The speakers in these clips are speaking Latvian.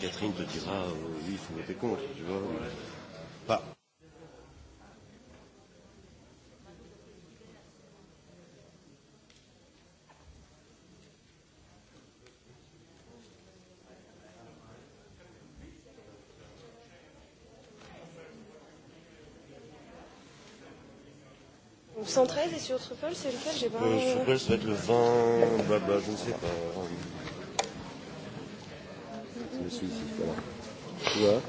Catherine te dira, euh, oui, il faut voter contre, tu vois. Ouais. Pas. Donc 113 et sur Truffle, c'est lequel J'ai pas. Euh, Truffle, ça va être le 20. Bah, bah, je ne sais pas. This is voilà. Tu vois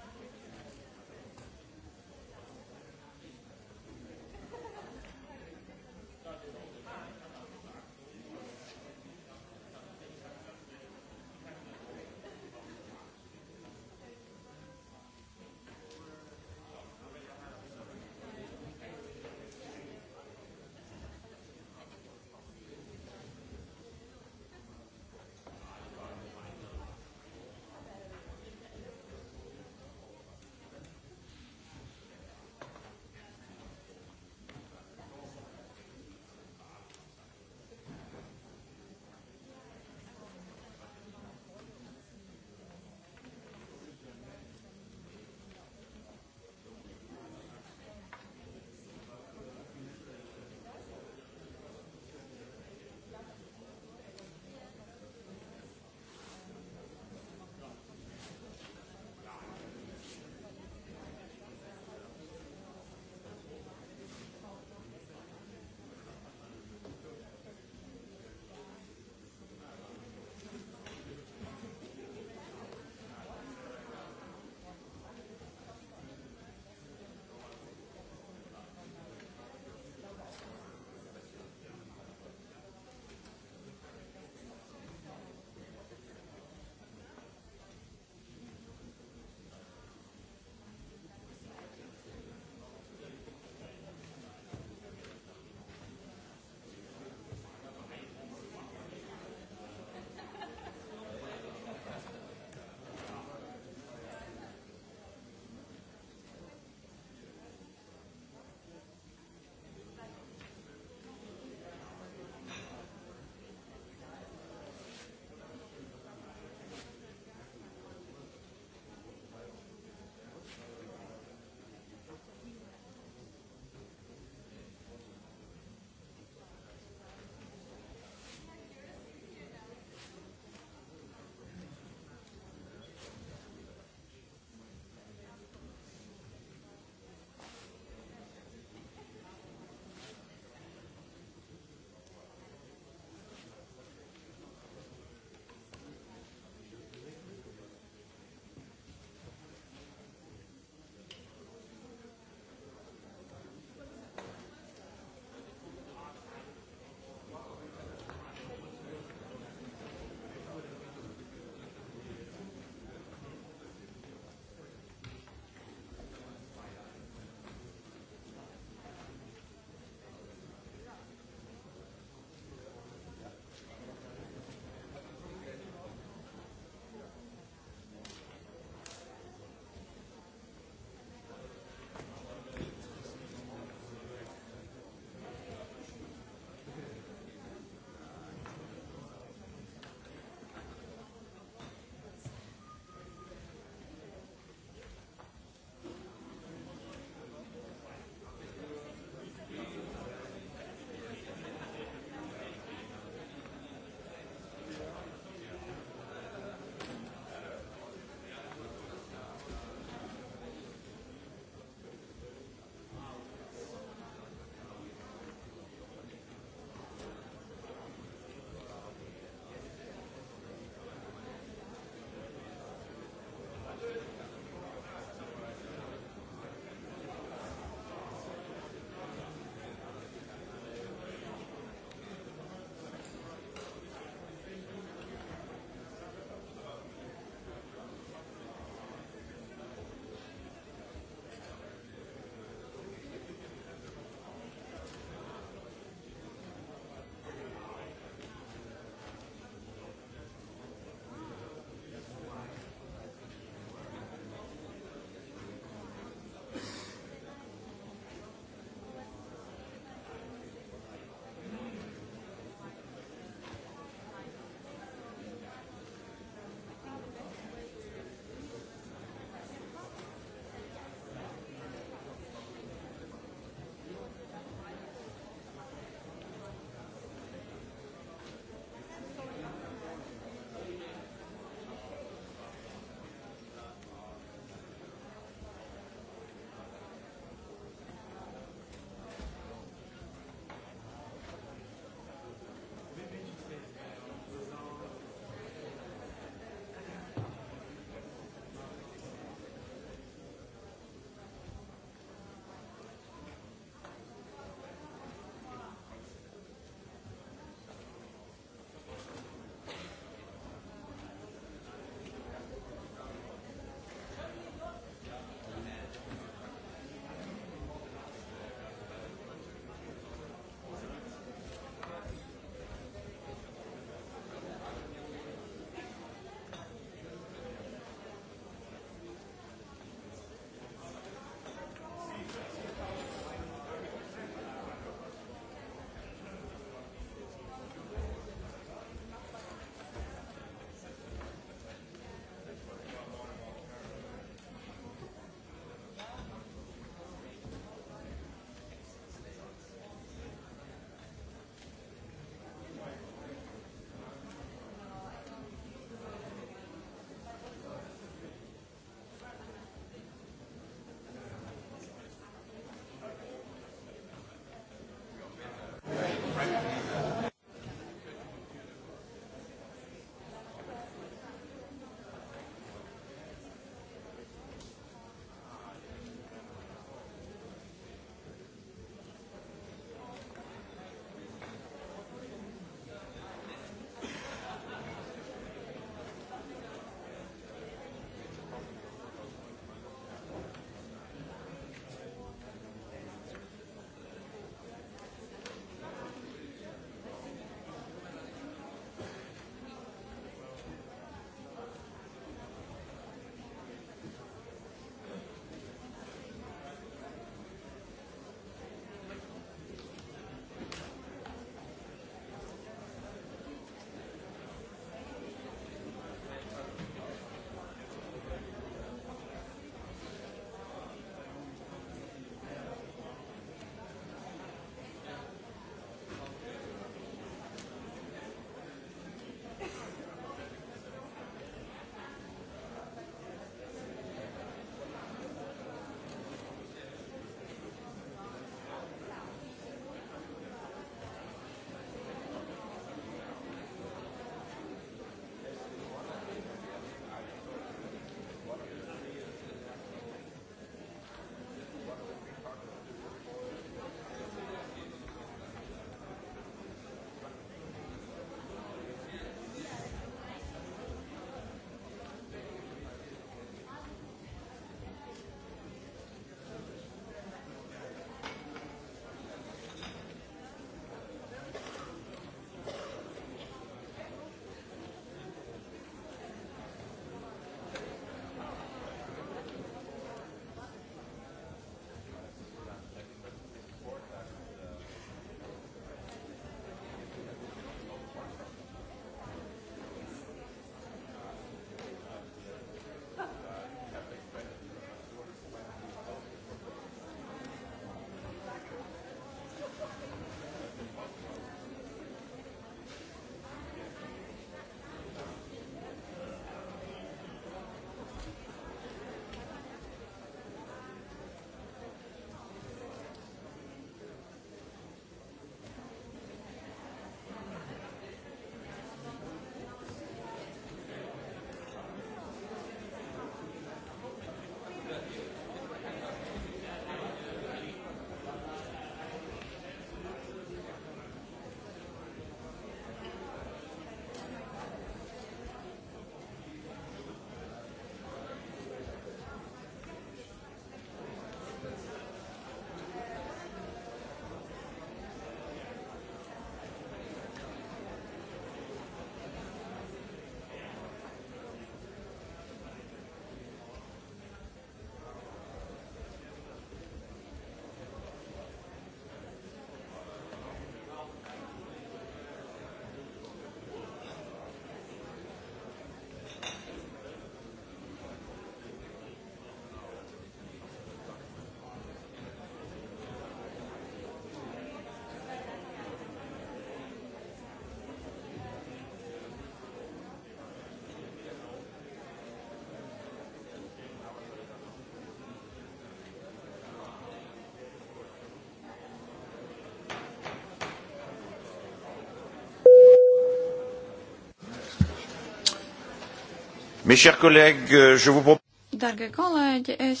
Mes chers collègues, euh, je vous propose. Dargie kolēģi, es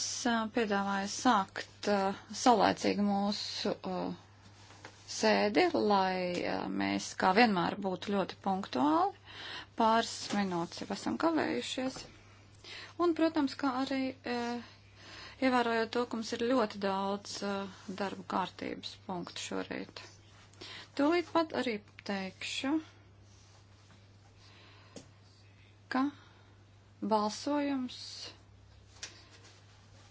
piedāvāju sākt saulēcīgi mūsu sēdi, lai mēs, kā vienmēr, būtu ļoti punktuāli. Pāris minūtes jau esam kavējušies. Un, protams, kā arī ievērojot to, ka mums ir ļoti daudz darbu kārtības punktu šorīt. Tūlīt pat arī teikšu, ka Balsojums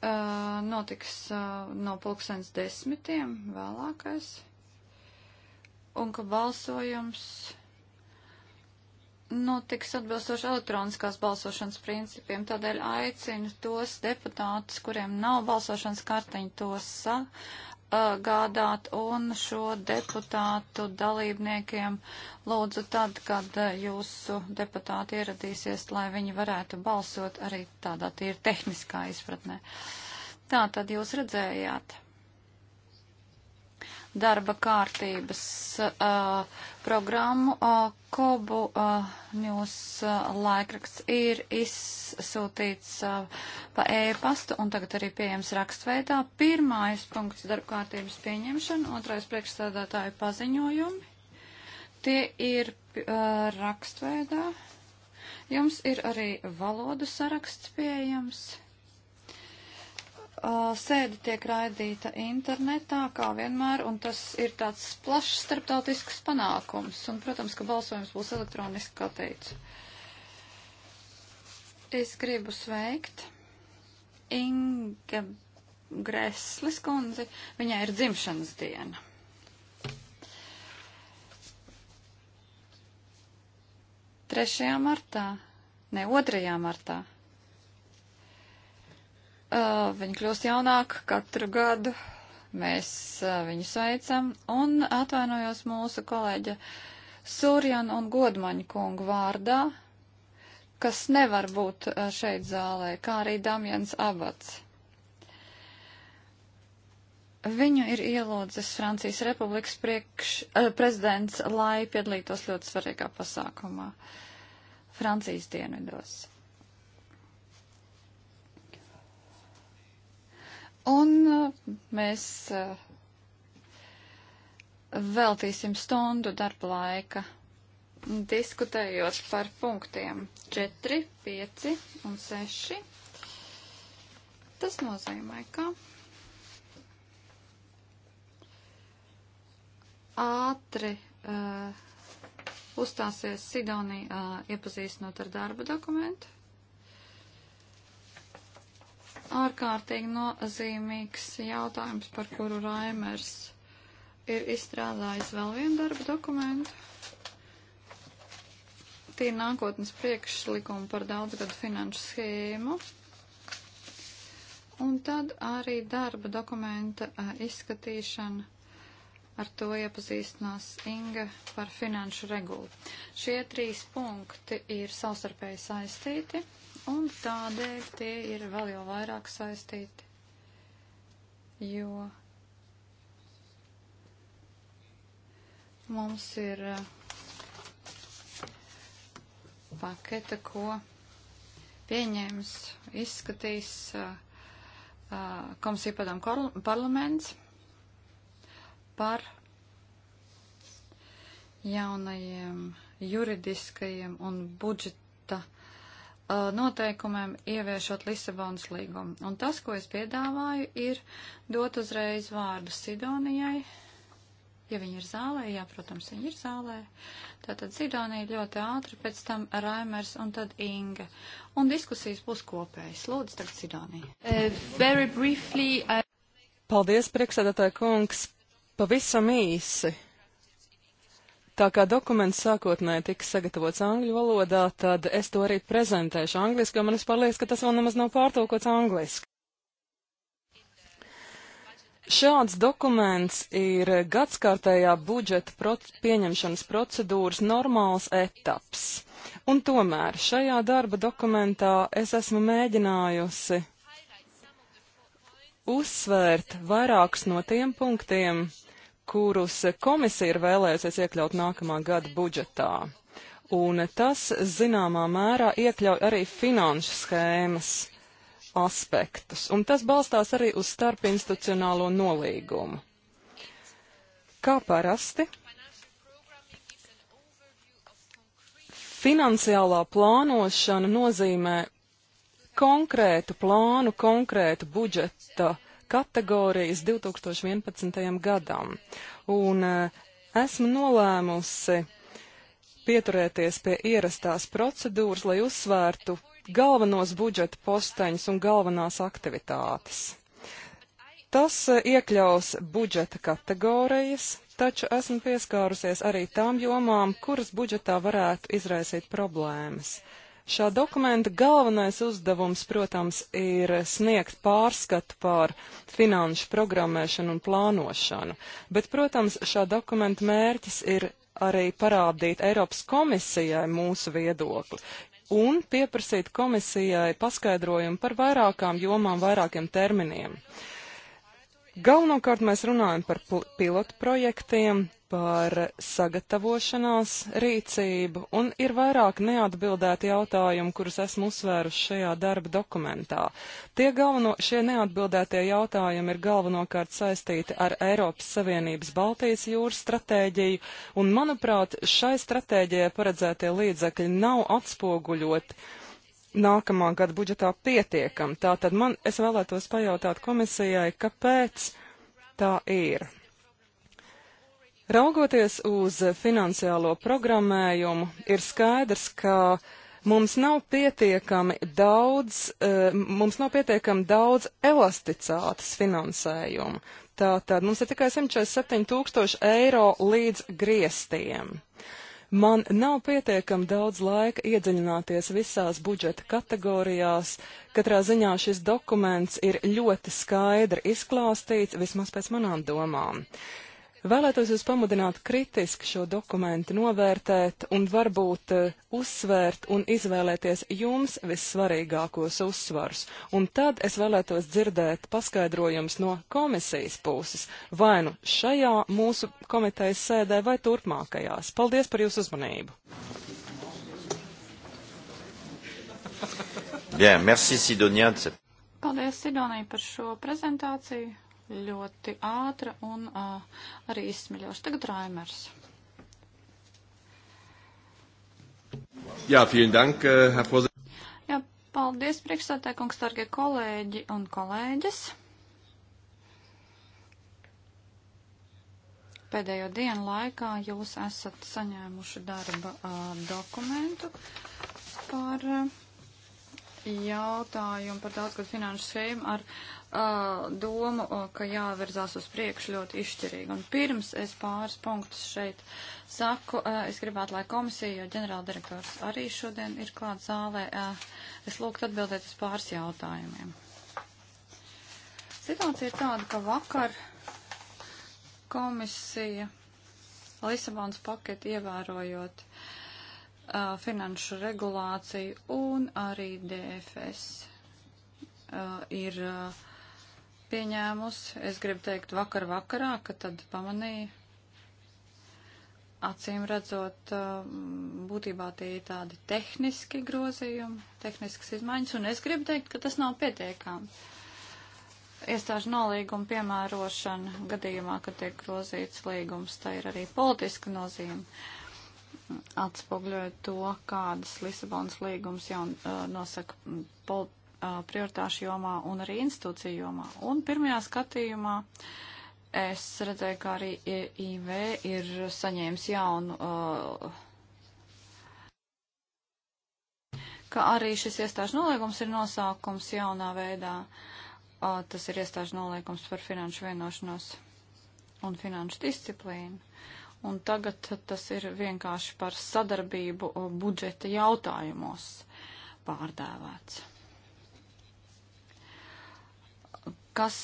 uh, notiks uh, no pulkstens desmitiem vēlākais, un ka balsojums notiks atbilstoši elektroniskās balsošanas principiem. Tādēļ aicinu tos deputātus, kuriem nav balsošanas karteņi, tos gādāt un šo deputātu dalībniekiem lūdzu tad, kad eh, jūsu deputāti ieradīsies, lai viņi varētu balsot arī tādā tīri tehniskā izpratnē. Tā tad jūs redzējāt darba kārtības uh, programmu. Uh, Kobu uh, news uh, laikraksts ir izsūtīts uh, pa e-pastu un tagad arī pieejams rakstveidā. Pirmais punkts darba kārtības pieņemšana, otrais priekšstādātāju paziņojumi. Tie ir uh, rakstveidā. Jums ir arī valodu saraksts pieejams. Uh, sēde tiek raidīta internetā, kā vienmēr, un tas ir tāds plašs starptautisks panākums. Un, protams, ka balsojums būs elektroniski, kā teicu. Es gribu sveikt Inga Greslis kundzi. Viņai ir dzimšanas diena. Trešajā martā, ne otrajā martā. Uh, viņi kļūst jaunāki katru gadu. Mēs uh, viņu sveicam un atvainojos mūsu kolēģa Surjana un Godmaņa kungu vārdā, kas nevar būt uh, šeit zālē, kā arī Damjans Abats. Viņu ir ielūdzis Francijas Republikas priekš, uh, prezidents, lai piedalītos ļoti svarīgā pasākumā Francijas dienvidos. Un uh, mēs uh, veltīsim stundu darba laika diskutējot par punktiem 4, 5 un 6. Tas nozīmē, ka ātri uh, uzstāsies Sidonija uh, iepazīstinot ar darba dokumentu ārkārtīgi nozīmīgs jautājums, par kuru Raimers ir izstrādājis vēl vienu darbu dokumentu. Tie ir nākotnes priekšlikumi par daudzgadu finanšu schēmu. Un tad arī darba dokumenta izskatīšana. Ar to iepazīstinās Inga par finanšu regulu. Šie trīs punkti ir savstarpēji saistīti un tādēļ tie ir vēl jau vairāk saistīti, jo mums ir eh, paketa, ko pieņēmis, izskatīs eh, eh, komisija padām parlaments par jaunajiem juridiskajiem un budžeta Uh, noteikumiem, ieviešot Lisabonas līgumu. Un tas, ko es piedāvāju, ir dot uzreiz vārdu Sidonijai, ja viņi ir zālē, jā, protams, viņi ir zālē. Tātad Sidonija ļoti ātri, pēc tam Raimers un tad Inga. Un diskusijas būs kopējas. Lūdzu, tagad Sidonija. Uh, very briefly, I... Uh, Paldies, priekšsēdētāja kungs. Pavisam īsi. Tā kā dokuments sākotnēji tika sagatavots angļu valodā, tad es to arī prezentēšu angliski, jo man vispār liekas, ka tas vēl nemaz nav pārtulkots angliski. Šāds dokuments ir gadskārtējā budžeta proc pieņemšanas procedūras normāls etaps. Un tomēr šajā darba dokumentā es esmu mēģinājusi uzsvērt vairākus no tiem punktiem, uh, kurus komisija ir vēlējusies iekļaut nākamā gada budžetā. Un tas zināmā mērā iekļauj arī finanšu schēmas aspektus, un tas balstās arī uz starpinstitucionālo nolīgumu. Kā parasti, finansiālā plānošana nozīmē konkrētu plānu, konkrētu budžeta uh, kategorijas 2011. gadam. Un eh, esmu nolēmusi pieturēties pie ierastās procedūras, lai uzsvērtu galvenos budžeta posteņus un galvenās aktivitātes. Tas eh, iekļaus budžeta kategorijas, taču esmu pieskārusies arī tām jomām, kuras budžetā varētu izraisīt problēmas. Šā dokumenta galvenais uzdevums, protams, ir sniegt pārskatu pār finanšu programmēšanu un plānošanu, bet, protams, šā dokumenta mērķis ir arī parādīt Eiropas komisijai mūsu viedokli, un pieprasīt komisijai paskaidrojumu par vairākām jomām, vairākiem terminiem. Galvenokārt mēs runājam par pilotu projektiem, par sagatavošanās rīcību, un ir vairāk neatbildēti jautājumi, kurus esmu uzsvērusi šajā darba dokumentā. Tie galveno, šie neatbildētie jautājumi ir galvenokārt saistīti ar Eiropas Savienības Baltijas jūras stratēģiju, un, manuprāt, šai stratēģijai paredzētie līdzekļi nav atspoguļoti nākamā gada budžetā pietiekam. Tātad man es vēlētos pajautāt komisijai, kāpēc tā ir. Raugoties uz finansiālo programmējumu, ir skaidrs, ka mums nav pietiekami daudz, eh, mums nav pietiekami daudz elasticātas finansējumu. Tātad mums ir tikai 147 tūkstoši eiro līdz griestiem. Uh, Man nav pietiekami daudz laika iedziļināties visās budžeta kategorijās. Katrā ziņā šis dokuments ir ļoti skaidri izklāstīts, vismaz pēc manām domām. Vēlētos jūs pamudināt kritiski šo dokumentu novērtēt un varbūt uh, uzsvērt un izvēlēties jums vissvarīgākos uzsvars. Un tad es vēlētos dzirdēt paskaidrojums no komisijas puses, vai nu šajā mūsu komitejas sēdē vai turpmākajās. Paldies par jūsu uzmanību! Bien, merci Sidonia. Paldies Sidonai par šo prezentāciju ļoti ātra un uh, arī izsmeļoša. Tagad Raimers. Jā, vielen dank, Herr Vorsitzender. Jā, paldies, priekšsētāji, kungs, targie kolēģi un kolēģis. Pēdējo dienu laikā jūs esat saņēmuši darba uh, dokumentu par uh, jautājumu par daudzgad finanšu schēmu ar uh, uh, domu, ka jāvirzās uz priekšu ļoti izšķirīgi. Un pirms es pāris punktus šeit saku, uh, es gribētu, lai komisija, jo ģenerāldirektors arī šodien ir klāt zālē, uh, es lūgtu atbildēt uz pāris jautājumiem. Situācija ir tāda, ka vakar komisija Lisabonas paketi ievērojot uh, finanšu regulāciju un arī DFS uh, ir uh, pieņēmusi. Es gribu teikt vakar vakarā, ka tad pamanīju, acīm redzot, um, būtībā tie ir tādi tehniski grozījumi, tehniskas izmaiņas, un es gribu teikt, ka tas nav pietiekami. Iestāžu nolīguma piemērošana gadījumā, kad tiek grozīts līgums, tā ir arī politiska nozīme. Atspogļoja to, kādas Lisabonas līgums jau uh, nosaka pol prioritāšu jomā un arī institūciju jomā. Un pirmajā skatījumā es redzēju, ka arī IV ir saņēmis jaunu. Uh, ka arī šis iestāžu nolīgums ir nosaukums jaunā veidā. Uh, tas ir iestāžu nolīgums par finanšu vienošanos un finanšu disciplīnu. Un tagad tas ir vienkārši par sadarbību budžeta jautājumos pārdēvēts. Kas,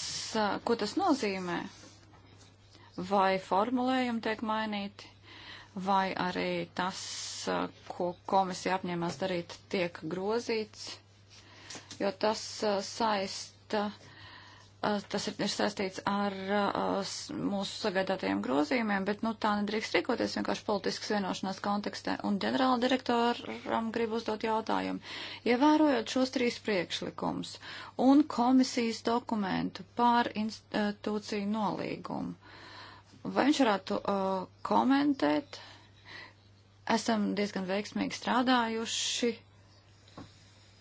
ko tas nozīmē? Vai formulējumi tiek mainīti, vai arī tas, ko komisija apņēmās darīt, tiek grozīts, jo tas saista. Uh, Eh, tas ir, ir saistīts ar eh, mūsu sagaidātajiem grozījumiem, bet nu, tā nedrīkst rīkoties vienkārši politiskas vienošanās kontekstē. Un ģenerāla direktoram grib uzdot jautājumu. Ievērojot šos trīs priekšlikumus un komisijas dokumentu pār institūciju nolīgumu, vai viņš varētu uh, komentēt? Esam diezgan veiksmīgi strādājuši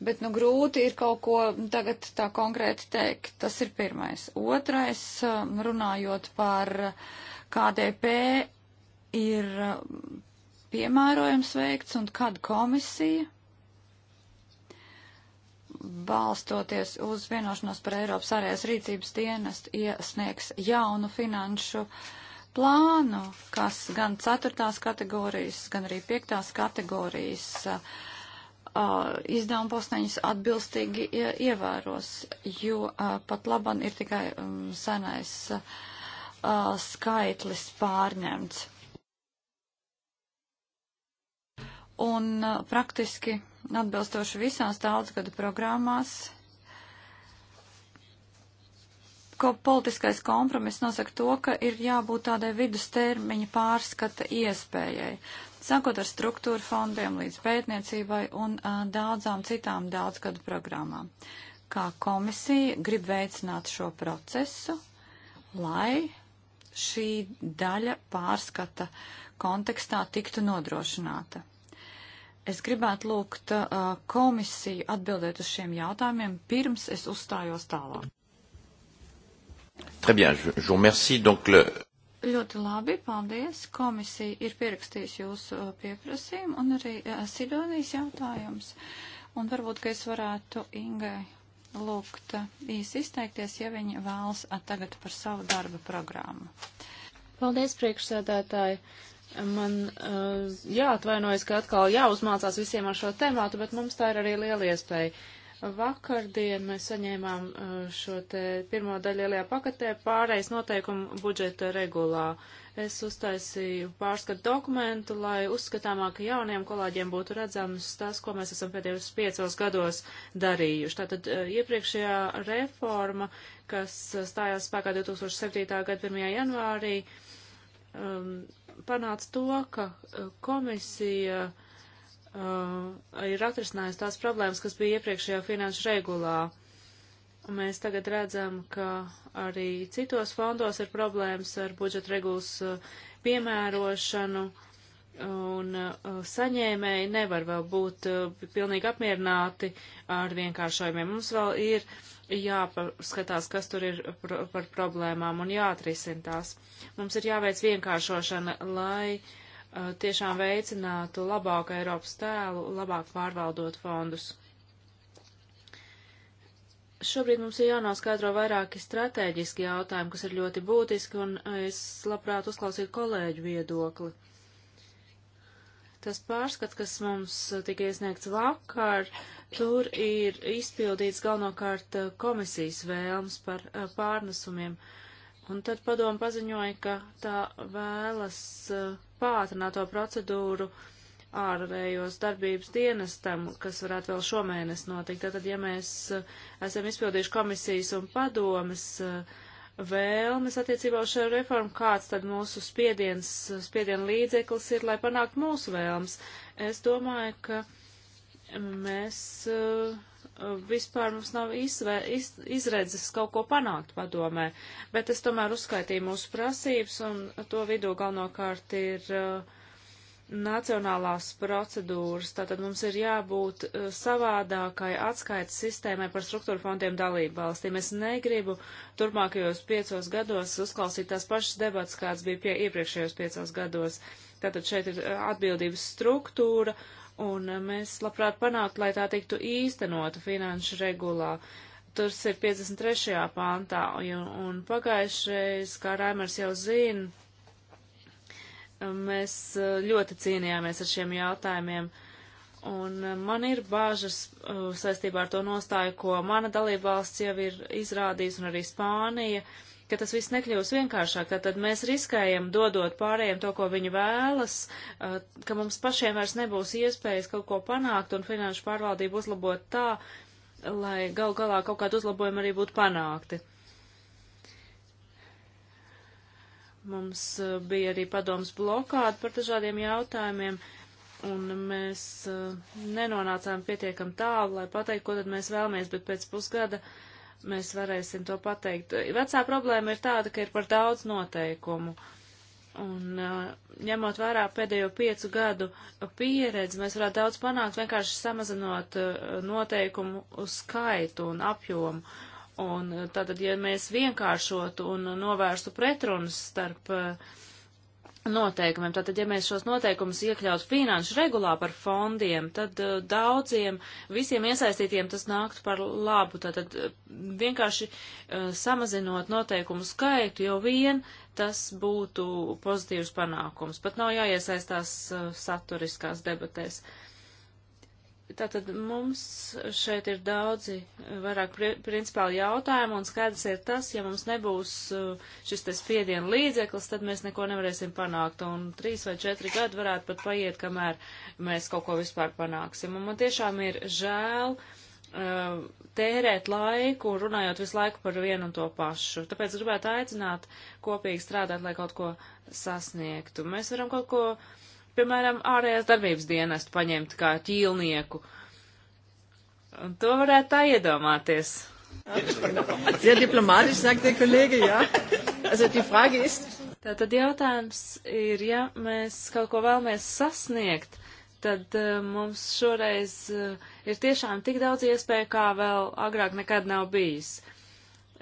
bet nu grūti ir kaut ko tagad tā konkrēti teikt. Tas ir pirmais. Otrais, um, runājot par KDP, ir um, piemērojums veikts un kad komisija balstoties uz vienošanos par Eiropas ārējās rīcības dienestu, iesniegs jaunu finanšu plānu, kas gan ceturtās kategorijas, gan arī piektās kategorijas uh, uh, izdevuma posmeņus atbilstīgi ievēros, jo uh, pat laban ir tikai um, senais uh, skaitlis pārņemts. Un uh, praktiski atbilstoši visās daudzgadu programmās, ko politiskais kompromiss nosaka to, ka ir jābūt tādai vidustermiņa pārskata iespējai sākot ar struktūra fondiem līdz pētniecībai un uh, daudzām citām daudzgadu programmām. Kā komisija grib veicināt šo procesu, lai šī daļa pārskata kontekstā tiktu nodrošināta. Es gribētu lūgt uh, komisiju atbildēt uz šiem jautājumiem, pirms es uzstājos tālāk. Très bien, je vous remercie. Donc le... Ļoti labi, paldies. Komisija ir pierakstījusi jūsu uh, pieprasījumu un arī uh, Sidonijas jautājums. Un varbūt, ka es varētu Ingai lūgt uh, īsi izteikties, ja viņa vēlas tagad par savu darba programmu. Paldies, priekšsēdētāji. Man uh, jāatvainojas, ka atkal jāuzmācās visiem ar šo temātu, bet mums tā ir arī liela iespēja. Uh, Vakardien mēs saņēmām uh, šo te pirmo daļu lielajā paketē pārējais noteikumu budžeta regulā. Es uztaisīju pārskatu dokumentu, lai uzskatāmāk jauniem kolēģiem būtu redzams tas, ko mēs esam pēdējos piecos gados darījuši. Tātad uh, iepriekšējā reforma, kas uh, stājās spēkā 2007. gada 1. janvārī, um, panāca to, ka komisija uh, uh, ir atrisinājusi tās problēmas, kas bija iepriekšējā finanšu regulā. Un mēs tagad redzam, ka arī citos fondos ir problēmas ar budžeta regulas uh, piemērošanu, un uh, saņēmēji nevar vēl būt uh, pilnīgi apmierināti ar vienkāršojumiem. Mums vēl ir jāpaskatās, kas tur ir par, par problēmām un jāatrisina tās. Mums ir jāveic vienkāršošana, lai uh, Uh, tiešām veicinātu labāku Eiropas tēlu, labāk pārvaldot fondus. Šobrīd mums ir jānoskaidro vairāki strateģiski jautājumi, kas ir ļoti būtiski, un es labprāt uzklausītu kolēģu viedokli. Tas pārskats, kas mums tika iesniegts vakar, tur ir izpildīts galvenokārt uh, komisijas vēlms par uh, pārnesumiem. Uh, Un tad padomu paziņoja, ka tā vēlas uh, pātrināt to procedūru ārējos darbības dienestam, kas varētu vēl šomēnes notikt. Tātad, ja mēs uh, esam izpildījuši komisijas un padomas uh, vēlmes attiecībā uz šo reformu, kāds tad mūsu spiediens, spiediena līdzeklis ir, lai panāktu mūsu vēlmes? Es domāju, ka mēs uh, Uh, vispār mums nav izvē, iz, izredzes kaut ko panākt padomē, bet es tomēr uzskaitīju mūsu prasības, un to vidū galvenokārt ir uh, nacionālās procedūras. Tātad mums ir jābūt uh, savādākai atskaites sistēmai par struktūra fondiem dalību valstīm. Es negribu turpmākajos piecos gados uzklausīt tās pašas debatas, kāds bija pie iepriekšējos piecos gados. Tātad šeit ir uh, atbildības struktūra un eh, mēs labprāt panāktu, lai tā tiktu īstenota finanšu regulā. Tur ir 53. pāntā, un, un pagājušreiz, kā Raimers jau zina, mēs eh, ļoti cīnījāmies ar šiem jautājumiem. Un eh, man ir bāžas saistībā ar to nostāju, ko mana dalībvalsts jau ir izrādījusi, un arī Spānija. Uh, ka tas viss nekļūs vienkāršāk. Tātad mēs riskējam dodot pārējiem to, ko viņi vēlas, uh, ka mums pašiem vairs nebūs iespējas kaut ko panākt un finanšu pārvaldību uzlabot tā, lai gal galā kaut kādu uzlabojumu arī būtu panākti. Mums uh, bija arī padoms blokāti par dažādiem jautājumiem, un mēs uh, nenonācām pietiekam tālu, lai pateiktu, ko tad mēs vēlamies, bet pēc pusgada uh, mēs varēsim to pateikt. Vecā problēma ir tāda, ka ir par daudz noteikumu. Un uh, ņemot vērā pēdējo piecu gadu pieredzi, mēs varētu daudz panākt vienkārši samazinot uh, noteikumu skaitu un apjomu. Un uh, tātad, ja mēs vienkāršotu un novērstu pretrunas starp uh, noteikumiem. Tātad, ja mēs šos noteikumus iekļautu finanšu regulā par fondiem, tad uh, daudziem, visiem iesaistītiem tas nāktu par labu. Tātad uh, vienkārši uh, samazinot noteikumu skaitu jau vien, tas būtu pozitīvs panākums. Pat nav jāiesaistās uh, saturiskās debatēs. Uh, Tātad mums šeit ir daudzi eh, vairāk pri, principāli jautājumi, un skaidrs ir tas, ja mums nebūs eh, šis te spiediena līdzeklis, tad mēs neko nevarēsim panākt, un trīs vai četri gadi varētu pat paiet, kamēr mēs kaut ko vispār panāksim. Un man tiešām ir žēl uh, tērēt laiku, runājot visu laiku par vienu un to pašu. Tāpēc gribētu aicināt kopīgi strādāt, lai kaut ko sasniegtu. Mēs varam kaut ko uh, piemēram, ārējās darbības dienestu paņemt kā ķīlnieku. Un to varētu tā iedomāties. Sehr diplomātiski saka tie kolēģi, jā. Also, die Frage ist. Tātad jautājums ir, ja mēs kaut ko vēlamies sasniegt, tad uh, mums šoreiz uh, ir tiešām tik daudz iespēju, kā vēl agrāk nekad nav bijis.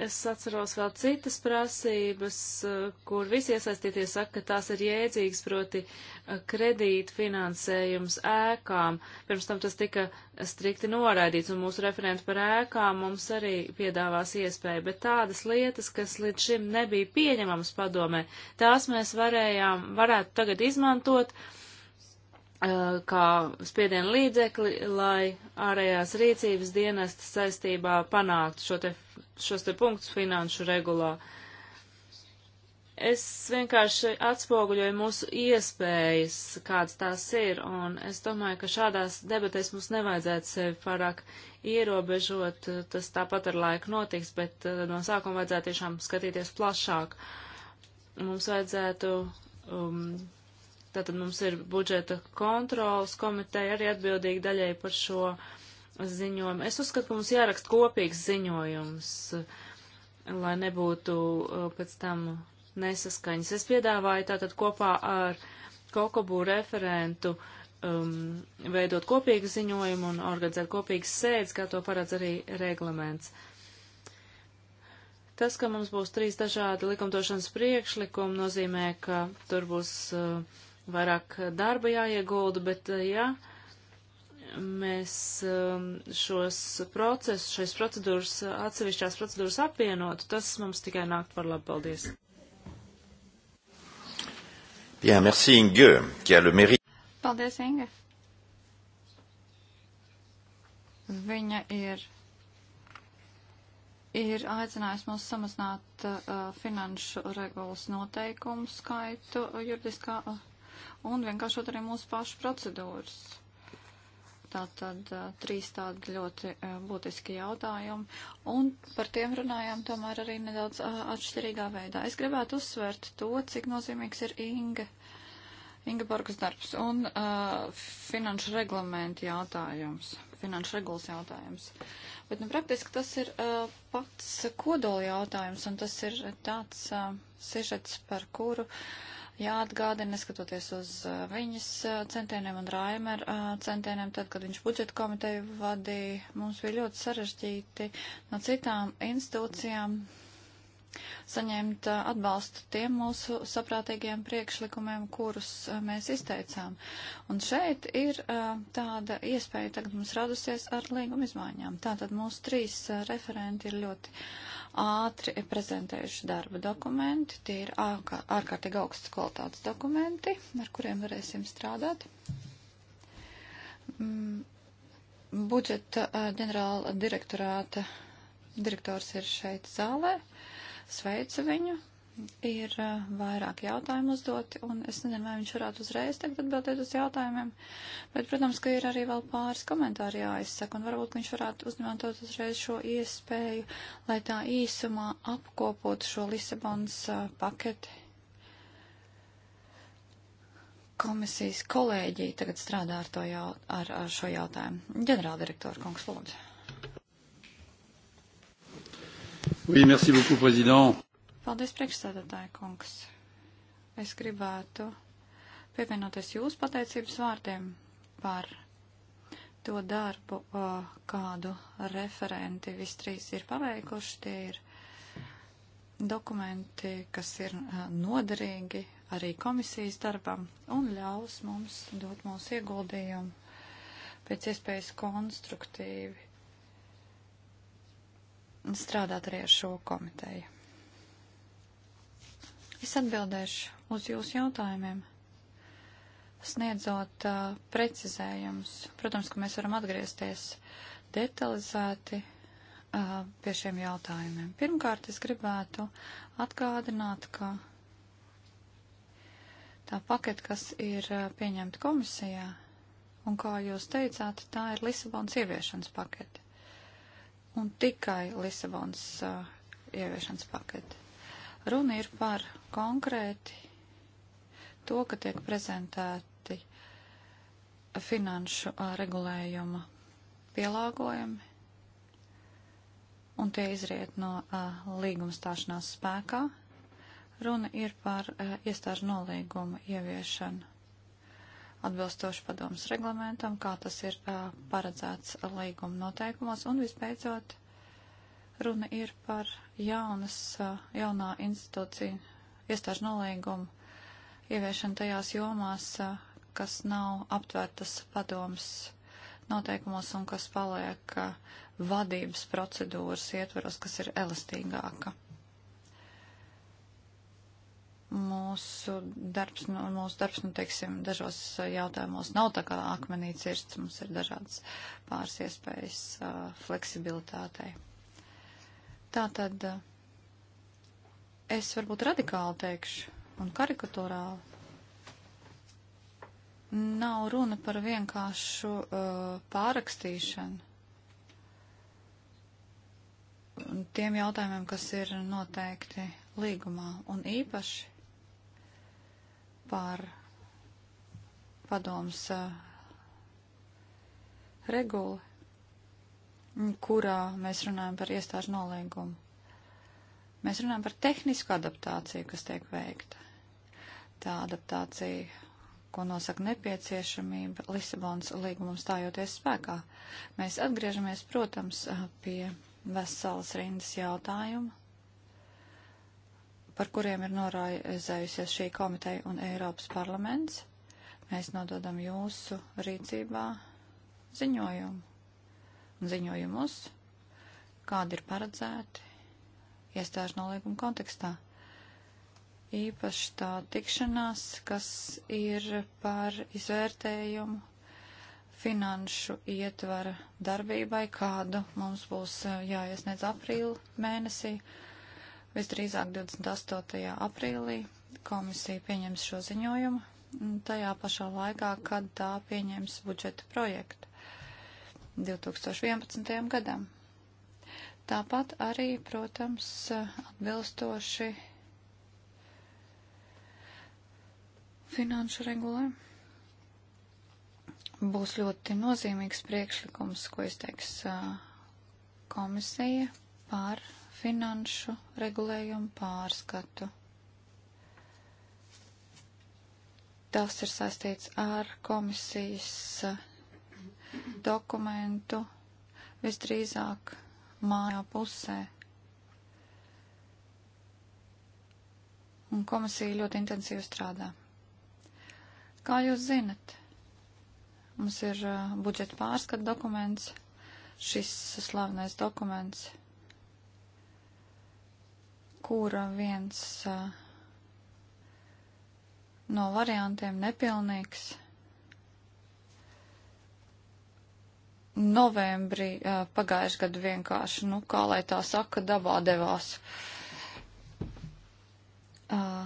Es atceros vēl citas prasības, eh, kur visi iesaistītie saka, ka tās ir jēdzīgas, proti eh, kredīt finansējums ēkām. Pirms tam tas tika strikti noraidīts, un mūsu referenti par ēkām mums arī piedāvās iespēju, bet tādas lietas, kas līdz šim nebija pieņemamas padomē, tās mēs varējām, varētu tagad izmantot eh, kā spiedienu līdzekli, lai ārējās rīcības dienestas saistībā panāktu šo te šos te punktus finanšu regulā. Es vienkārši atspoguļoju mūsu iespējas, kādas tās ir, un es domāju, ka šādās debatēs mums nevajadzētu sevi pārāk ierobežot, tas tāpat ar laiku notiks, bet eh, no sākuma vajadzētu tiešām skatīties plašāk. Mums vajadzētu um, Tātad mums ir budžeta kontrolas komiteja arī atbildīga daļai par šo ziņojumu. Es uzskatu, ka mums jāraksta kopīgs ziņojums, lai nebūtu uh, pēc tam nesaskaņas. Es piedāvāju tātad kopā ar Kokobu referentu um, veidot kopīgu ziņojumu un organizēt kopīgas sēdes, kā to paredz arī reglaments. Tas, ka mums būs trīs dažādi likumdošanas priekšlikumi, nozīmē, ka tur būs uh, vairāk darba jāiegulda, bet, uh, ja, uh, mēs um, šos procesus, šais procedūras, atsevišķās procedūras apvienotu, tas mums tikai nākt par labu. Paldies! Bien, merci Inge, qui a le mérite. Paldies, Inge. Viņa ir, ir aicinājusi mūs samazināt uh, finanšu regulas noteikumu skaitu juridiskā uh, un vienkāršot arī mūsu pašu procedūras tātad trīs tādi ļoti būtiski jautājumi, un par tiem runājām tomēr arī nedaudz atšķirīgā veidā. Es gribētu uzsvērt to, cik nozīmīgs ir Inga, Ingeborgas darbs un uh, finanšu reglamentu jautājums, finanšu regulas jautājums. Bet, nu, praktiski tas ir uh, pats kodola jautājums, un tas ir tāds uh, sižets, par kuru. Uh, jāatgādina, neskatoties uz viņas centieniem un Raimera centieniem, tad, kad viņš budžeta komiteju vadīja, mums bija ļoti sarežģīti no citām institūcijām saņemt atbalstu tiem mūsu saprātīgiem priekšlikumiem, kurus mēs izteicām. Un šeit ir tāda iespēja tagad mums radusies ar līguma izmaiņām. Tātad mūsu trīs referenti ir ļoti ātri prezentējuši darba dokumenti. Tie ir ārkārtīgi augstas kvalitātes dokumenti, ar kuriem varēsim strādāt. Mm, budžeta ģenerāla direktorāta direktors ir šeit zālē. Sveicu viņu. Ir uh, vairāk jautājumu uzdoti, un es nezinu, vai viņš varētu uzreiz tagad atbildēt uz jautājumiem, bet, protams, ka ir arī vēl pāris komentāri jāizsaka, un varbūt viņš varētu uzmantot uzreiz šo iespēju, lai tā īsumā apkopotu šo Lisabons uh, eh, paketi. Komisijas kolēģija tagad strādā ar, jau, ar, ar šo jautājumu. Ģenerāldirektora kungs, lūdzu. Oui, merci beaucoup, président. Paldies, priekšstādātāja kungs. Es gribētu pievienoties jūsu pateicības vārdiem par to darbu, kādu referenti vis trīs ir paveikuši. Tie ir dokumenti, kas ir noderīgi arī komisijas darbam un ļaus mums dot mūsu ieguldījumu pēc iespējas konstruktīvi strādāt arī ar šo komiteju. Es atbildēšu uz jūsu jautājumiem, sniedzot uh, precizējumus. Protams, ka mēs varam atgriezties detalizēti uh, pie šiem jautājumiem. Pirmkārt, es gribētu atgādināt, ka tā paketa, kas ir uh, pieņemta komisijā, un kā jūs teicāt, tā ir Lisabonas ieviešanas pakete un tikai Lisabonas uh, ieviešanas paketi. Runa ir par konkrēti to, ka tiek prezentēti finanšu uh, regulējuma pielāgojumi, un tie izriet no uh, līguma stāšanās spēkā. Runa ir par uh, iestāžu nolīgumu ieviešanu atbilstoši padomas reglamentam, kā tas ir uh, paredzēts līguma noteikumos, un visbeidzot runa ir par jaunas, uh, jaunā institūcija iestāžu nolīgumu ieviešanu tajās jomās, uh, kas nav aptvērtas padomas noteikumos un kas paliek uh, vadības procedūras ietveros, kas ir elastīgāka mūsu darbs, nu, mūsu darbs, nu, teiksim, dažos jautājumos nav tā kā akmenī cirsts, mums ir dažādas pāris iespējas uh, fleksibilitātei. Tā tad uh, es varbūt radikāli teikšu un karikatūrāli. Nav runa par vienkāršu uh, pārakstīšanu tiem jautājumiem, kas ir noteikti līgumā un īpaši par padoms eh, regulu, kurā mēs runājam par iestāžu nolīgumu. Mēs runājam par tehnisku adaptāciju, kas tiek veikta. Tā adaptācija, ko nosaka nepieciešamība Lisabonas līgumam stājoties spēkā. Mēs atgriežamies, protams, eh, pie veselas rindas jautājuma par kuriem ir noraizējusies šī komiteja un Eiropas parlaments. Mēs nododam jūsu rīcībā ziņojumu un ziņojumus, kādi ir paredzēti iestāžu nolīguma kontekstā. Īpaši tā tikšanās, kas ir par izvērtējumu finanšu ietvara darbībai, kādu mums būs eh, jāiesniedz aprīla mēnesī Visdrīzāk 28. aprīlī komisija pieņems šo ziņojumu, tajā pašā laikā, kad tā pieņems budžeta projektu 2011. gadam. Tāpat arī, protams, atbilstoši finanšu regulē būs ļoti nozīmīgs priekšlikums, ko izteiks komisija par finanšu regulējumu pārskatu. Tas ir saistīts ar komisijas eh, dokumentu visdrīzāk mājā pusē. Un komisija ļoti intensīvi strādā. Kā jūs zinat, mums ir eh, budžeta pārskata dokuments, šis slavenais dokuments – kura viens no variantiem nepilnīgs. Novembrī pagājuši gadu vienkārši, nu, kā lai tā saka, dabā devās. Uh,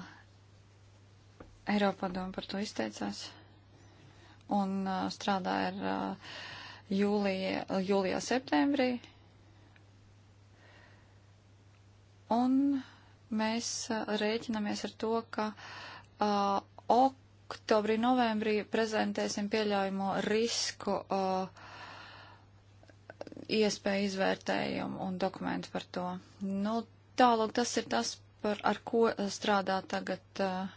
Eiropā doma par to izteicās un uh, strādāja ar uh, jūlija, jūlijā, septembrī Un mēs uh, rēķinamies ar to, ka uh, oktobrī, novembrī prezentēsim pieļaujamo risku uh, iespēju izvērtējumu un dokumentu par to. Nu, tālāk tas ir tas, par, ar ko strādā tagad uh,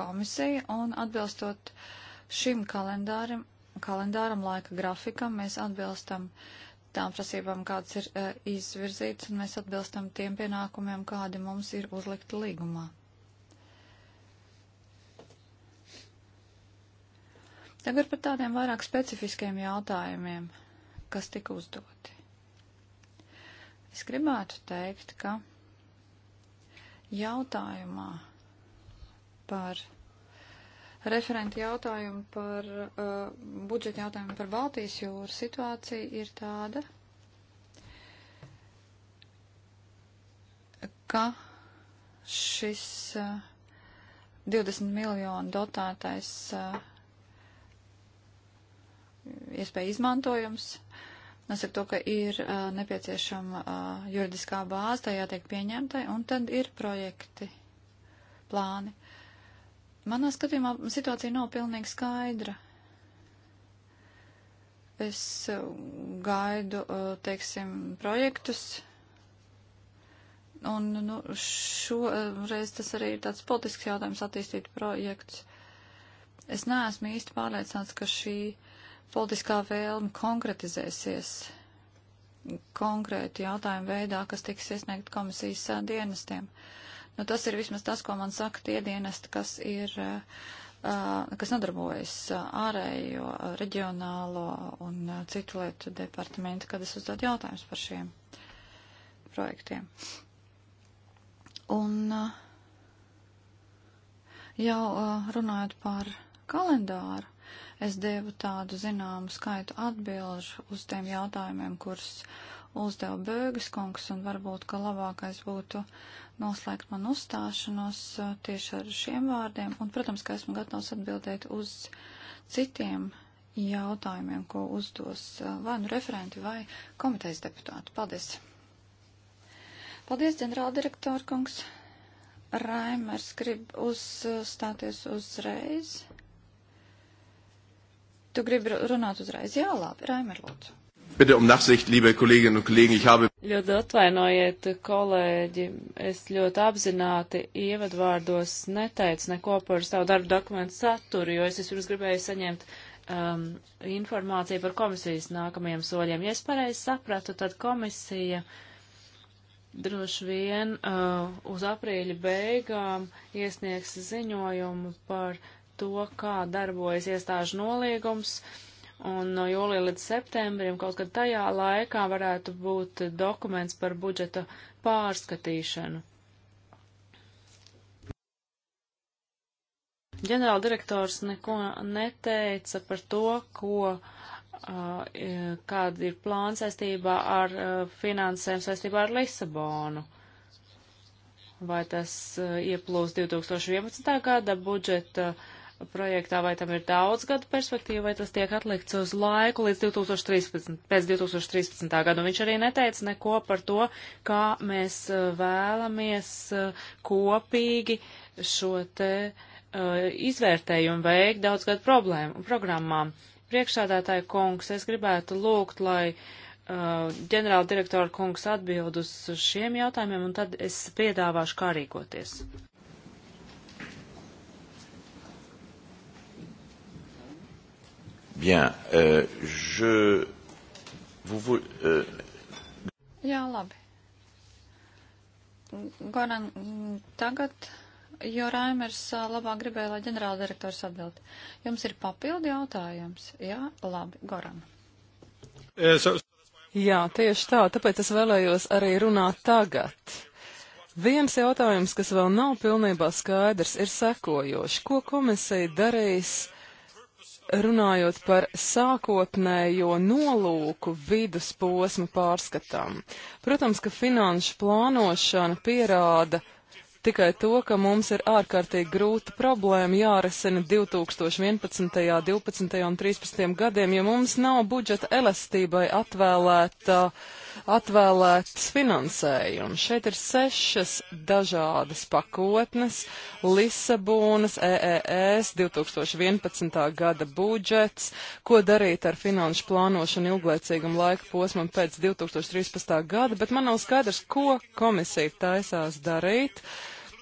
komisija un atbilstot šim kalendārim, kalendāram laika grafikam, mēs atbilstam tām prasībām, kādas ir uh, izvirzītas, un mēs atbilstam tiem pienākumiem, kādi mums ir uzlikti līgumā. Tagad par tādiem vairāk specifiskiem jautājumiem, kas tika uzdoti. Es gribētu teikt, ka jautājumā par referenta jautājumu par uh, budžeta jautājumu par Baltijas jūru situācija ir tāda, ka šis uh, 20 miljonu dotētais uh, iespēja izmantojums nosaka to, ka ir uh, nepieciešama uh, juridiskā bāze, tajā tiek pieņemtai, un tad ir projekti, plāni. Manā skatījumā situācija nav pilnīgi skaidra. Es uh, gaidu, uh, teiksim, projektus, un nu, šoreiz uh, tas arī ir tāds politisks jautājums attīstīt projektus. Es neesmu īsti pārliecināts, ka šī politiskā vēlme konkretizēsies konkrēti jautājumu veidā, kas tiks iesniegt komisijas dienestiem. Uh, Nu, tas ir vismaz tas, ko man saka tie dienesti, kas ir, kas nodarbojas ārējo, reģionālo un citu lietu departamentu, kad es uzdod jautājumus par šiem projektiem. Un jau runājot par kalendāru, es devu tādu zināmu skaitu atbilžu uz tiem jautājumiem, kurus uzdeva Bēgas kungs, un varbūt, ka labākais būtu noslēgt man uzstāšanos uh, tieši ar šiem vārdiem. Un, protams, ka esmu gatavs atbildēt uz citiem jautājumiem, ko uzdos uh, vai nu referenti vai komitejas deputāti. Paldies! Paldies, ģenerāldirektor kungs! Raimers grib uzstāties uzreiz. Tu gribi runāt uzreiz? Jā, labi, Raimer, lūdzu. Bitte um Nachsicht, liebe Kolleginnen un kolēģi, ich habe. Ļoti atvainojiet, kolēģi, es ļoti apzināti ievadvārdos neteicu neko par savu darbu dokumentu saturu, jo es vispirms gribēju saņemt um, informāciju par komisijas nākamajiem soļiem. Ja es pareizi sapratu, tad komisija droši vien uh, uz aprīļa beigām iesniegs ziņojumu par to, kā darbojas iestāžu noliegums. Uh, un no jūlija līdz septembrim kaut kad tajā laikā varētu būt dokuments par budžeta pārskatīšanu. Ģenerāldirektors neko neteica par to, ko uh, kāda ir plāna saistībā ar uh, finansēm saistībā ar Lisabonu. Vai tas uh, ieplūs 2011. gada budžeta projektā, vai tam ir daudz gadu perspektīva, vai tas tiek atlikts uz laiku līdz 2013, pēc 2013. gadu. Un viņš arī neteica neko par to, kā mēs eh, vēlamies eh, kopīgi šo te uh, izvērtējumu veikt daudz gadu problēmu, programmām. Priekšsādātāja kungs, es gribētu lūgt, lai uh, ģenerāla direktora kungs atbild uz šiem jautājumiem, un tad es piedāvāšu, kā rīkoties. Bien, euh, je vous, vous euh... Jā, labi. Goran, tagad, jo Raimers labāk gribēja, lai ģenerāldirektors atbild. Jums ir papildi jautājums? Jā, labi, Goran. Eh, Jā, tieši tā, tāpēc es vēlējos arī runāt tagad. Viens jautājums, kas vēl nav pilnībā skaidrs, ir sekojoši. Ko komisija darīs? runājot par sākotnējo nolūku vidusposmu pārskatām. Protams, ka finanšu plānošana pierāda tikai to, ka mums ir ārkārtīgi grūta problēma jārisina 2011., 12. un 13. gadiem, jo mums nav budžeta elastībai atvēlēta uh, atvēlēts finansējums. Šeit ir sešas dažādas pakotnes - Lisabonas, EES, 2011. gada budžets, ko darīt ar finanšu plānošanu ilglaicīgam laika posmam pēc 2013. gada, bet man nav skaidrs, ko komisija taisās darīt.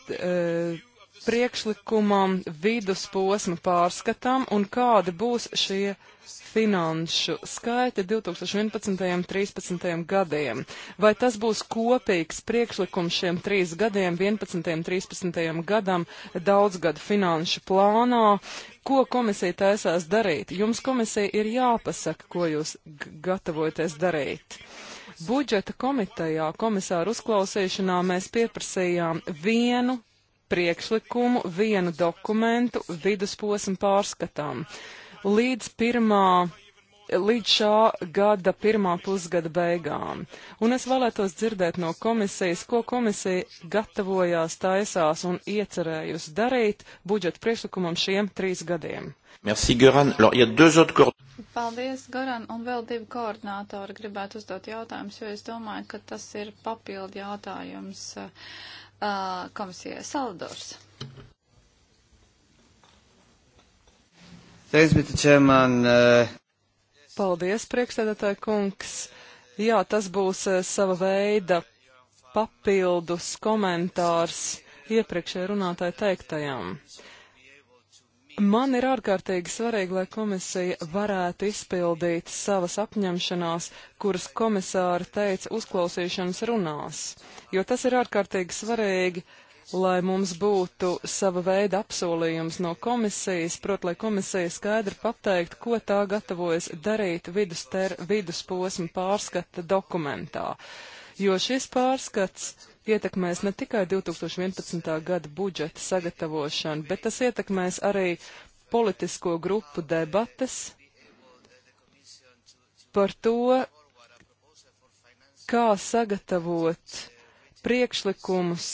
E, priekšlikumam vidusposma pārskatam un kādi būs šie finanšu skaiti 2011. un 2013. gadiem. Vai tas būs kopīgs priekšlikums šiem trīs gadiem, 11. un 13. gadam, daudzgadu finanšu plānā? Ko komisija taisās darīt? Jums komisija ir jāpasaka, ko jūs gatavojaties darīt. Budžeta komitejā komisāru uzklausīšanā mēs pieprasījām vienu priekšlikumu, vienu dokumentu vidusposmu pārskatām līdz pirmā līdz šā gada pirmā pusgada beigām. Un es vēlētos dzirdēt no komisijas, ko komisija gatavojās, taisās un iecerējusi darīt budžeta priekšlikumam šiem trīs gadiem. Merci, Goran. Alors, il y a deux autres coord... Paldies, Goran, un vēl divi koordinātori gribētu uzdot jautājumus, jo es domāju, ka tas ir papildu jautājums uh, komisijai. Saldors. Thanks, Mr. Chairman. Uh... Paldies, priekšstādātāja kungs. Jā, tas būs uh, sava veida papildus komentārs iepriekšējā runātāja teiktajam. Man ir ārkārtīgi svarīgi, lai komisija varētu izpildīt savas apņemšanās, kuras komisāri teica uzklausīšanas runās, jo tas ir ārkārtīgi svarīgi, uh, lai mums būtu sava veida apsolījums no komisijas, proti, lai komisija skaidri pateikt, ko tā gatavojas darīt viduster, vidusposma pārskata dokumentā. Jo šis pārskats ietekmēs ne tikai 2011. gada budžeta sagatavošanu, bet tas ietekmēs arī politisko grupu debates par to, kā sagatavot priekšlikumus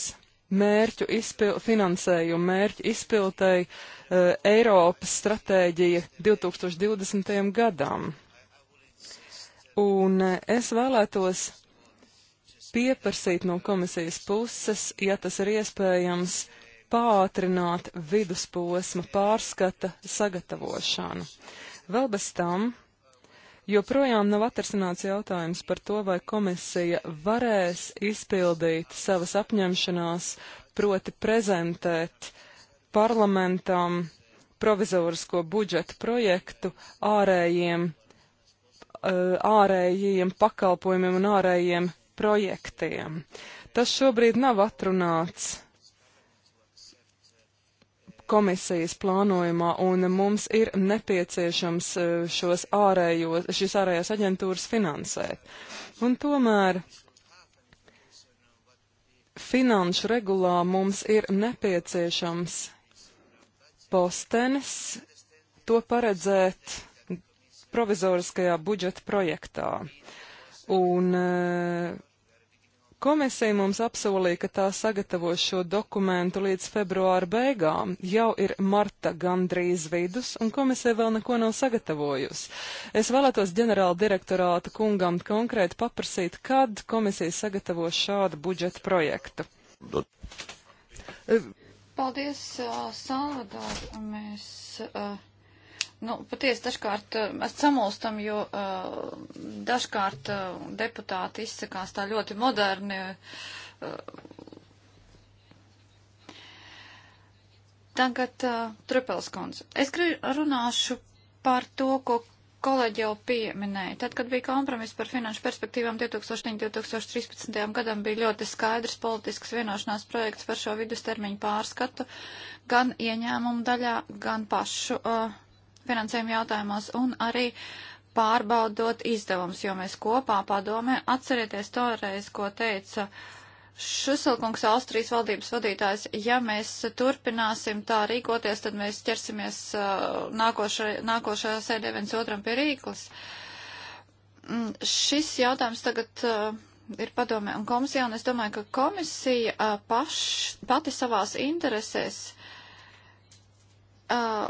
mērķu izpil, finansējumu mērķu izpildēji uh, eh, Eiropas stratēģija 2020. gadam. Un eh, es vēlētos pieprasīt no komisijas puses, ja tas ir iespējams, pātrināt vidusposma pārskata sagatavošanu. Vēl bez tam Joprojām nav atrasināts jautājums par to, vai komisija varēs izpildīt savas apņemšanās, proti prezentēt parlamentam provizorisko budžeta projektu ārējiem, eh, ārējiem pakalpojumiem un ārējiem projektiem. Tas šobrīd nav atrunāts komisijas plānojumā, un mums ir nepieciešams e, šos ārējos, šīs ārējās aģentūras finansēt. Un tomēr finanšu regulā mums ir nepieciešams postenis to paredzēt provizoriskajā budžeta projektā. Un, uh, Komisija mums apsolīja, ka tā sagatavos šo dokumentu līdz februāra beigām. Jau ir marta gandrīz vidus, un komisija vēl neko nav sagatavojusi. Es vēlētos ģenerāla direktorāta kungam konkrēti paprasīt, kad komisija sagatavos šādu budžeta projektu. Paldies, uh, Salvador. Mēs uh, Nu, patiesi dažkārt es eh, samulstam, jo uh, dažkārt uh, deputāti izsakās tā ļoti moderni. Uh, tagad uh, Trupelskons. Es runāšu par to, ko kolēģi jau pieminēja. Tad, kad bija kompromiss par finanšu perspektīvām 2009-2013. gadam, bija ļoti skaidrs politisks vienošanās projekts par šo vidustermiņu pārskatu gan ieņēmumu daļā, gan pašu uh, finansējuma jautājumos un arī pārbaudot izdevums, jo mēs kopā padomē atcerieties toreiz, ko teica Šuselkungs, Austrijas valdības vadītājs, ja mēs turpināsim tā rīkoties, tad mēs ķersimies nākošajā, uh, nākošajā sēdē viens otram pie rīklas. Mm, šis jautājums tagad uh, ir padomē un komisija, un es domāju, ka komisija uh, paš, pati savās interesēs uh,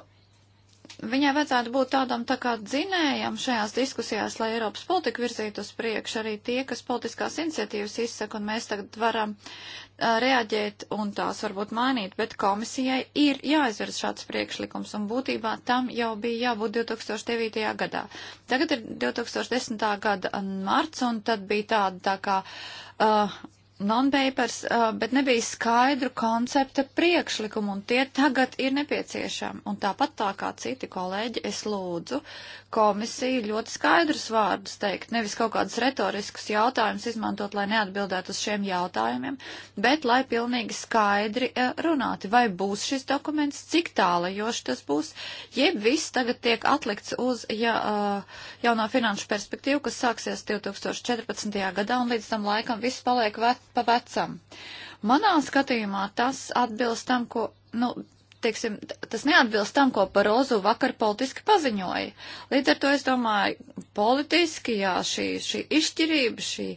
Viņai vajadzētu būt tādam tā kā dzinējam šajās diskusijās, lai Eiropas politika virzītu uz priekšu arī tie, kas politiskās iniciatīvas izsaka, un mēs tagad varam uh, reaģēt un tās varbūt mainīt, bet komisijai ir jāizvirz šāds priekšlikums, un būtībā tam jau bija jābūt 2009. gadā. Tagad ir 2010. gada marts, un tad bija tāda tā kā. Uh, non-papers, uh, bet nebija skaidru koncepta priekšlikumu, un tie tagad ir nepieciešami. Un tāpat tā kā citi kolēģi, es lūdzu komisiju ļoti skaidrus vārdus teikt, nevis kaut kādus retoriskus jautājumus izmantot, lai neatbildētu uz šiem jautājumiem, bet lai pilnīgi skaidri uh, runātu, vai būs šis dokuments, cik tālajoši tas būs, jeb viss tagad tiek atlikts uz ja, uh, jaunā finanšu perspektīvu, kas sāksies 2014. gadā, un līdz tam laikam viss paliek vec pa vecam. Manā skatījumā tas atbilst tam, ko, nu, teiksim, tas neatbilst tam, ko Parozu vakar politiski paziņoja. Līdz ar to es domāju, politiski, jā, šī, šī izšķirība, šī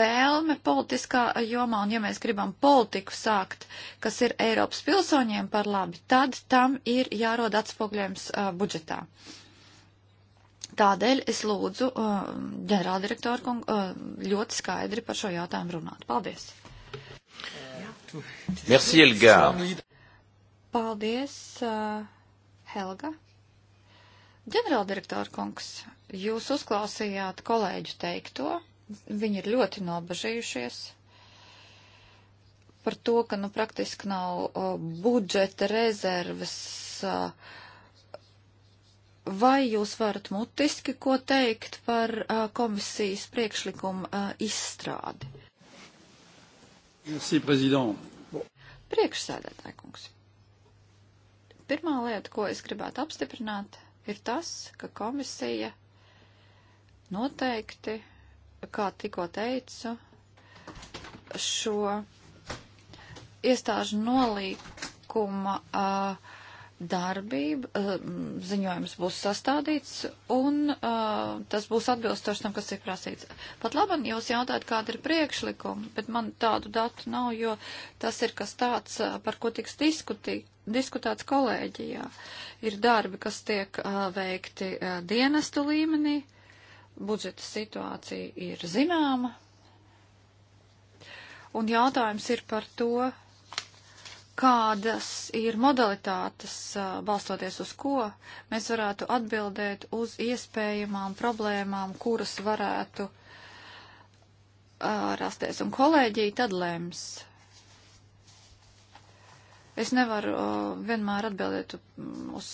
vēlme politiskā jomā, un ja mēs gribam politiku sākt, kas ir Eiropas pilsoņiem par labi, tad tam ir jārod atspogļojums uh, budžetā. Uh, Tādēļ es lūdzu uh, ģenerāldirektoru kungu uh, ļoti skaidri par šo jautājumu runāt. Paldies! Merci, Helga! Paldies, uh, Helga! Ģenerāldirektora kungs, jūs uzklausījāt kolēģu teikto, viņi ir ļoti nobažījušies par to, ka nu praktiski nav uh, budžeta rezerves. Uh, Vai jūs varat mutiski ko teikt par uh, komisijas priekšlikumu uh, izstrādi? Merci, Priekšsēdētāji kungs. Pirmā lieta, ko es gribētu apstiprināt, ir tas, ka komisija noteikti, kā tikko teicu, šo iestāžu nolīkuma uh, darbība, eh, ziņojums būs sastādīts un eh, tas būs atbilstoši tam, kas ir prasīts. Pat labam jūs jautājat, kāda ir priekšlikuma, bet man tādu datu nav, jo tas ir kas tāds, eh, par ko tiks diskutīt, diskutēts kolēģijā. Ir darbi, kas tiek veikti dienestu līmenī, budžeta situācija ir zināma. Un jautājums ir par to, kādas ir modalitātes, balstoties uz ko mēs varētu atbildēt uz iespējamām problēmām, kuras varētu rasties, un kolēģija tad lems. Es nevaru vienmēr atbildēt uz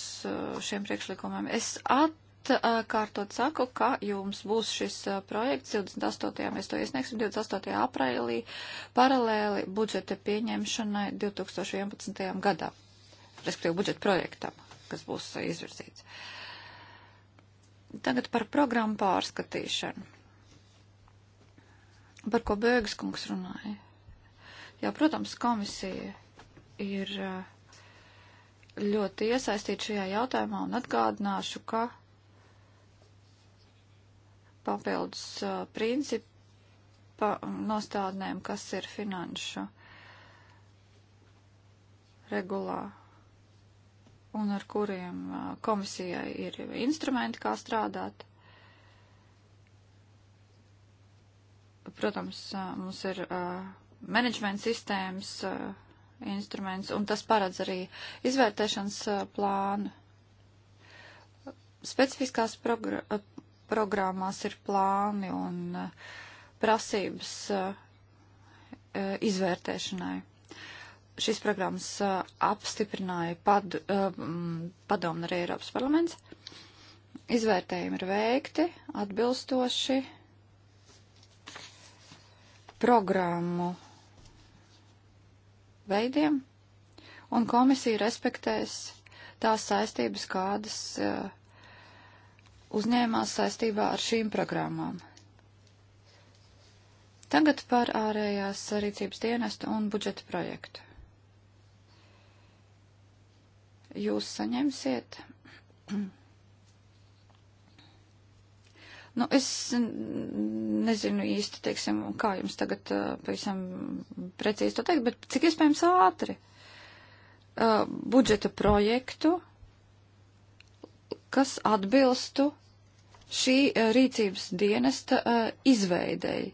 šiem priekšlikumiem. Es at atkārtot saku, ka jums būs šis projekts 28. mēs to iesniegsim 28. aprīlī paralēli budžeta pieņemšanai 2011. gadā, respektīvi budžeta projektam, kas būs izvirzīts. Tagad par programmu pārskatīšanu, par ko Bēgas kungs runāja. Jā, protams, komisija ir ļoti iesaistīta šajā jautājumā un atgādināšu, ka papildus uh, principa nostādnēm, kas ir finanšu regulā un ar kuriem uh, komisijai ir instrumenti, kā strādāt. Protams, uh, mums ir menedžment sistēmas instruments, un tas paredz arī izvērtēšanas plānu specifiskās programmās ir plāni un eh, prasības eh, eh, izvērtēšanai. Šīs programmas apstiprināja pad, padomu arī Eiropas parlaments. Izvērtējumi ir veikti atbilstoši programmu veidiem, un komisija respektēs tās saistības, kādas uh, uzņēmās saistībā ar šīm programmām. Tagad par ārējās rīcības dienestu un budžeta projektu. Jūs saņemsiet. Nu, es nezinu īsti, teiksim, kā jums tagad pavisam precīzi to teikt, bet cik iespējams ātri budžeta projektu kas atbilstu šī eh, rīcības dienesta eh, izveidei.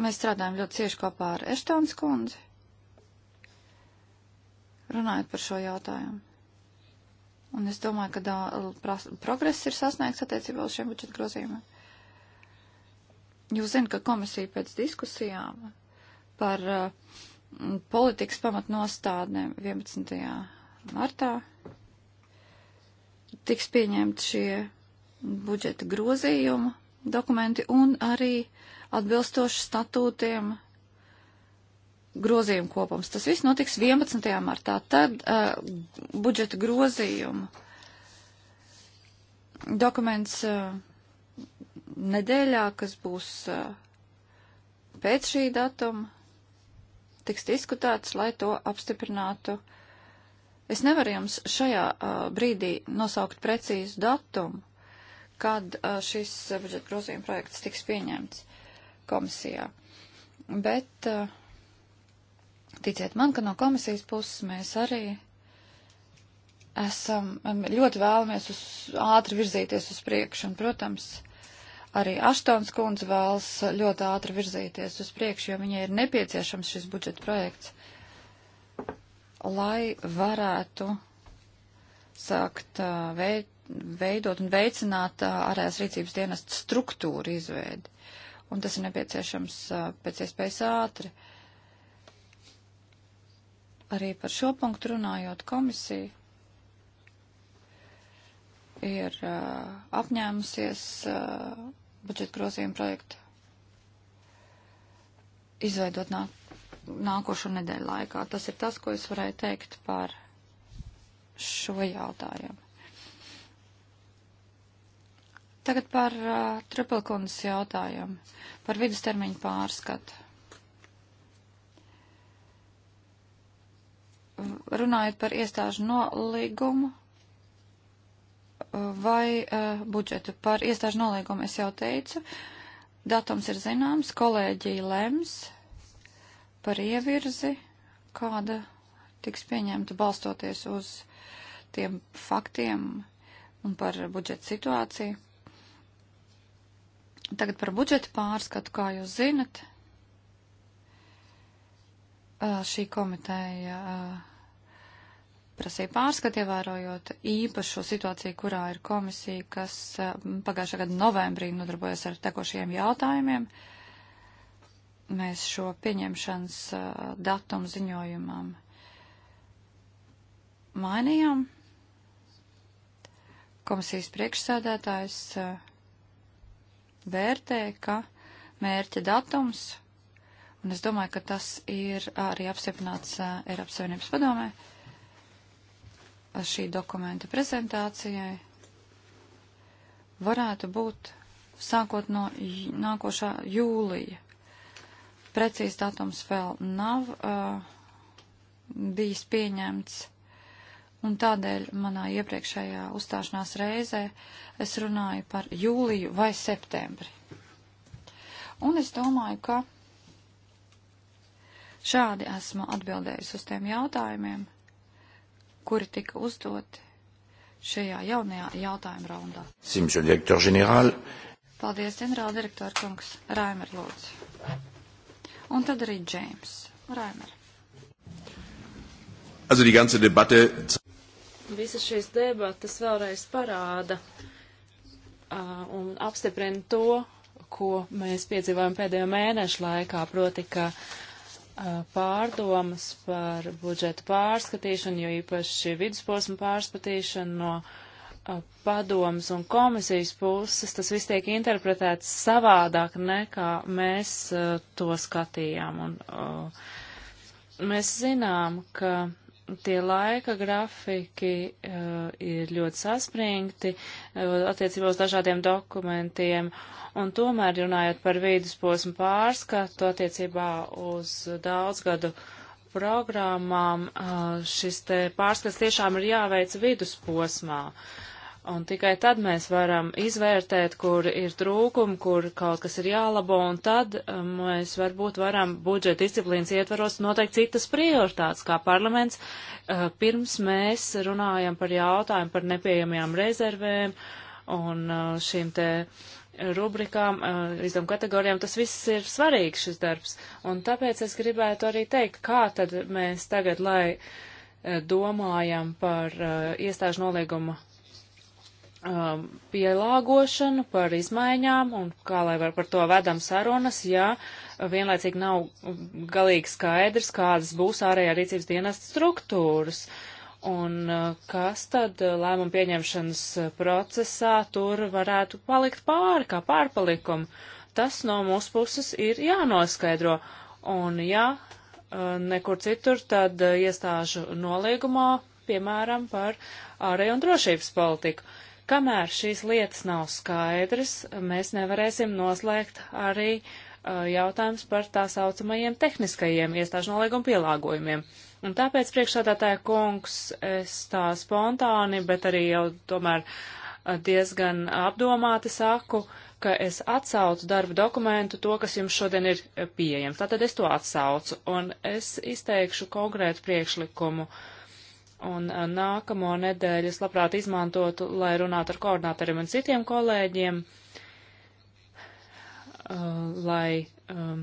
Mēs strādājam ļoti cieši kopā ar Eštons kundzi, runājot par šo jautājumu. Un es domāju, ka dā, pras, progress ir sasniegts attiecībā uz šiem budžeta grozījumiem. Jūs zināt, ka komisija pēc diskusijām par uh, politikas pamatnostādnēm 11. martā tiks pieņemti šie budžeta grozījuma dokumenti un arī atbilstoši statūtiem grozījumu kopums. Tas viss notiks 11. martā. Tad uh, budžeta grozījuma dokuments uh, nedēļā, kas būs uh, pēc šī datuma, tiks diskutēts, lai to apstiprinātu. Es nevaru jums šajā uh, brīdī nosaukt precīzu datumu, kad uh, šis budžeta grozījuma projekts tiks pieņemts komisijā. Bet uh, ticiet man, ka no komisijas puses mēs arī esam, ļoti vēlamies uz, ātri virzīties uz priekšu un, protams, arī Aštons kundze vēlas ļoti ātri virzīties uz priekšu, jo viņai ir nepieciešams šis budžeta projekts, lai varētu sākt veid, veidot un veicināt ārējās rīcības dienestu struktūru izveidi. Un tas ir nepieciešams pēc iespējas ātri. Arī par šo punktu runājot komisiju ir apņēmusies budžeta grozījuma projektu izveidot nā, nākošo nedēļu laikā. Tas ir tas, ko es varēju teikt par šo jautājumu. Tagad par uh, Tripelkundas jautājumu, par vidustermiņu pārskatu. Runājot par iestāžu nolīgumu, vai uh, budžetu. Par iestāžu nolīgumu es jau teicu, datums ir zināms, kolēģija lems par ievirzi, kāda tiks pieņemta balstoties uz tiem faktiem un par budžeta situāciju. Tagad par budžeta pārskatu, kā jūs zinat, eh, šī komiteja uh, prasīja pārskatu, ievērojot īpašo situāciju, kurā ir komisija, kas pagājušā gada novembrī nodarbojas ar tekošajiem jautājumiem. Mēs šo pieņemšanas datumu ziņojumam mainījām. Komisijas priekšsēdētājs vērtē, ka mērķa datums, un es domāju, ka tas ir arī apstiprināts Eiropas Savienības padomē, šī dokumenta prezentācijai varētu būt sākot no nākošā jūlija. Precīzi datums vēl nav uh, bijis pieņemts, un tādēļ manā iepriekšējā uzstāšanās reizē es runāju par jūliju vai septembri. Un es domāju, ka šādi esmu atbildējis uz tiem jautājumiem, kuri tika uzdoti šajā jaunajā jautājuma raundā. Simšu direktor ģenerāl. Paldies, ģenerāla direktora kungs. Raimer, lūdzu. Un tad arī Džēms. Raimer. Also die ganze debate. Visas šīs debatas vēlreiz parāda uh, un apstiprina to, ko mēs piedzīvojam pēdējo mēnešu laikā, proti, ka uh, pārdomas par budžeta pārskatīšanu, jo īpaši vidusposma pārskatīšanu no padomas un komisijas puses, tas viss tiek interpretēts savādāk nekā mēs to skatījām. Un, mēs zinām, ka tie laika grafiki uh, ir ļoti saspringti uh, attiecībā uz dažādiem dokumentiem, un tomēr runājot par vīdusposmu pārskatu attiecībā uz daudzgadu programmām, uh, šis te pārskats tiešām ir jāveic vidusposmā. Uh, Un tikai tad mēs varam izvērtēt, kur ir trūkumi, kur kaut kas ir jālabo, un tad um, mēs varbūt varam budžeta disciplīnas ietvaros noteikt citas prioritātes, kā parlaments. Uh, pirms mēs runājam par jautājumu par nepieejamajām rezervēm un uh, šīm te rubrikām, uh, visam kategorijām, tas viss ir svarīgs šis darbs. Un tāpēc es gribētu arī teikt, kā tad mēs tagad, lai domājam par iestāžu noliegumu um, pielāgošanu, par izmaiņām un kā lai var par to vedam sarunas, ja vienlaicīgi nav galīgi skaidrs, kādas būs ārējā rīcības dienesta struktūras. Un uh, kas tad uh, lēmumu pieņemšanas uh, procesā tur varētu palikt pāri, kā pārpalikumu? Tas no mūsu puses ir jānoskaidro. Un ja nekur citur, tad iestāžu nolīgumā, piemēram, par ārēju un drošības politiku. Uh, Kamēr šīs lietas nav skaidras, mēs nevarēsim noslēgt arī uh, jautājums par tā saucamajiem tehniskajiem iestāžu nolīguma pielāgojumiem. Un tāpēc priekšsādātāja kungs es tā spontāni, bet arī jau tomēr uh, diezgan apdomāti saku, ka es atsaucu darba dokumentu, to, kas jums šodien ir uh, pieejams. Tātad es to atsaucu un es izteikšu konkrētu priekšlikumu. Uh, un uh, nākamo nedēļu es labprāt izmantotu, lai runātu ar koordinātoriem un citiem kolēģiem, uh, lai um,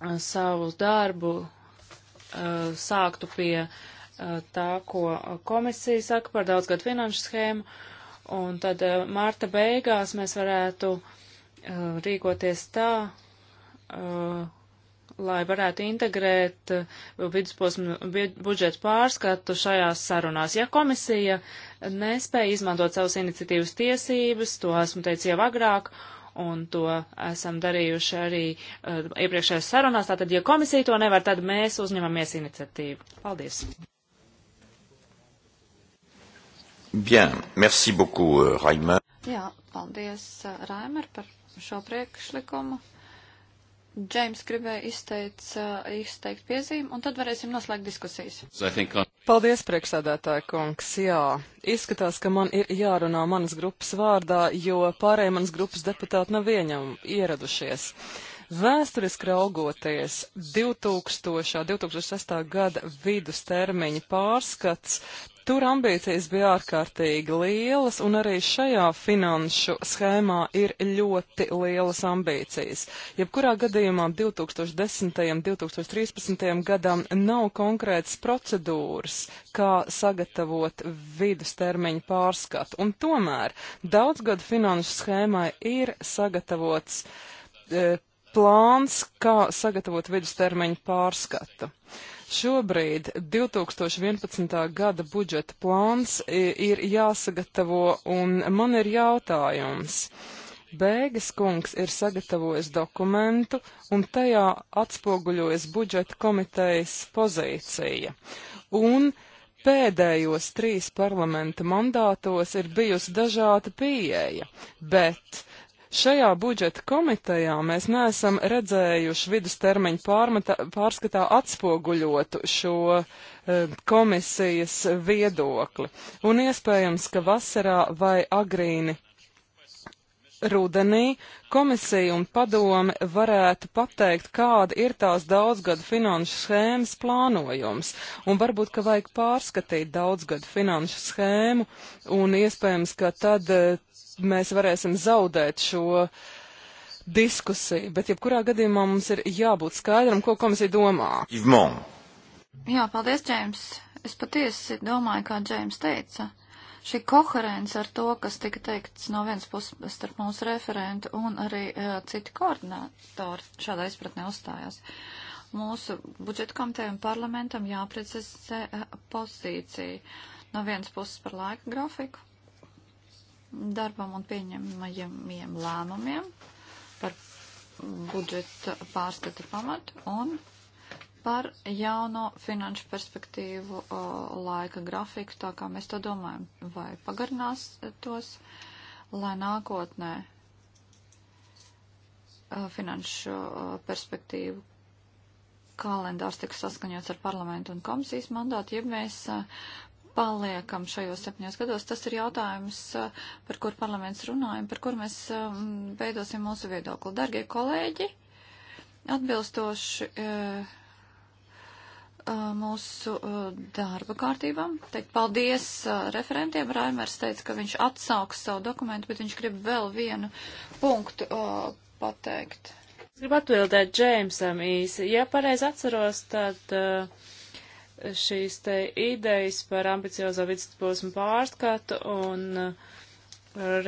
uh, savu darbu sāktu pie tā, ko komisija saka par daudzgadu finanšu schēmu, un tad mārta beigās mēs varētu rīkoties tā, lai varētu integrēt uh, vidusposmu budžetu pārskatu šajās sarunās. Ja komisija nespēja izmantot savas iniciatīvas tiesības, to esmu teicis jau agrāk, un to esam darījuši arī uh, iepriekšējās sarunās, tātad, ja komisija to nevar, tad mēs uzņemamies iniciatīvu. Paldies! Bien, merci beaucoup, Raimer. Jā, paldies, Raimer, par šo priekšlikumu. Džeims gribēja izteic, izteikt piezīmi, un tad varēsim noslēgt diskusijas. Uh, Paldies, priekšsēdētāja kungs. Jā, izskatās, ka man ir jārunā manas grupas vārdā, jo pārējie manas grupas deputāti nav ieņem ieradušies. Vēsturiski raugoties 2000. 2006. gada vidustermiņa pārskats Tur ambīcijas bija ārkārtīgi lielas, un arī šajā finanšu schēmā ir ļoti lielas ambīcijas. Jebkurā gadījumā 2010. un 2013. gadam nav konkrētas procedūras, kā sagatavot vidustermiņu pārskatu, un tomēr daudzgadu finanšu schēmai ir sagatavots e, plāns, kā sagatavot vidustermiņu pārskatu. Šobrīd 2011. gada budžeta plāns ir jāsagatavo, un man ir jautājums. Bēgas kungs ir sagatavojis dokumentu, un tajā atspoguļojas budžeta komitejas pozīcija. Un pēdējos trīs parlamenta mandātos ir bijusi dažāda pieeja, bet Šajā budžeta komitejā mēs neesam redzējuši vidustermiņu pārmata, pārskatā atspoguļotu šo e, komisijas viedokli. Un iespējams, ka vasarā vai agrīni rudenī komisija un padome varētu pateikt, kāda ir tās daudzgadu finanšu schēmas plānojums, un varbūt, ka vajag pārskatīt daudzgadu finanšu schēmu, un iespējams, ka tad e, mēs varēsim zaudēt šo diskusiju, bet jebkurā gadījumā mums ir jābūt skaidram, ko komisija domā. Jā, paldies, Džēms. Es patiesi domāju, kā Džēms teica, šī koherence ar to, kas tika teikts no vienas puses starp mūsu referentu un arī uh, citi koordinātori šādā izpratnē uzstājās. Mūsu budžeta komitejam parlamentam jāprecizē uh, pozīcija no vienas puses par laika grafiku darbam un pieņemajiem lēmumiem par budžeta pārskata pamatu un par jauno finanšu perspektīvu o, laika grafiku, tā kā mēs to domājam, vai pagarinās tos, lai nākotnē o, finanšu o, perspektīvu kalendārs tiks saskaņots ar parlamentu un komisijas mandātu, ja mēs paliekam šajos septiņos gados. Tas ir jautājums, eh, par kur parlaments runājam, par kur mēs veidosim eh, mūsu viedokli. Dargie kolēģi, atbilstoši eh, mūsu darba kārtībām, teikt paldies referentiem. Raimers teica, ka viņš atsauks savu dokumentu, bet viņš grib vēl vienu punktu pateikt. Es gribu atbildēt Džeimsam īsi. Ja pareizi atceros, tad. Uh šīs te idejas par ambiciozo vidusposmu pārskatu un uh,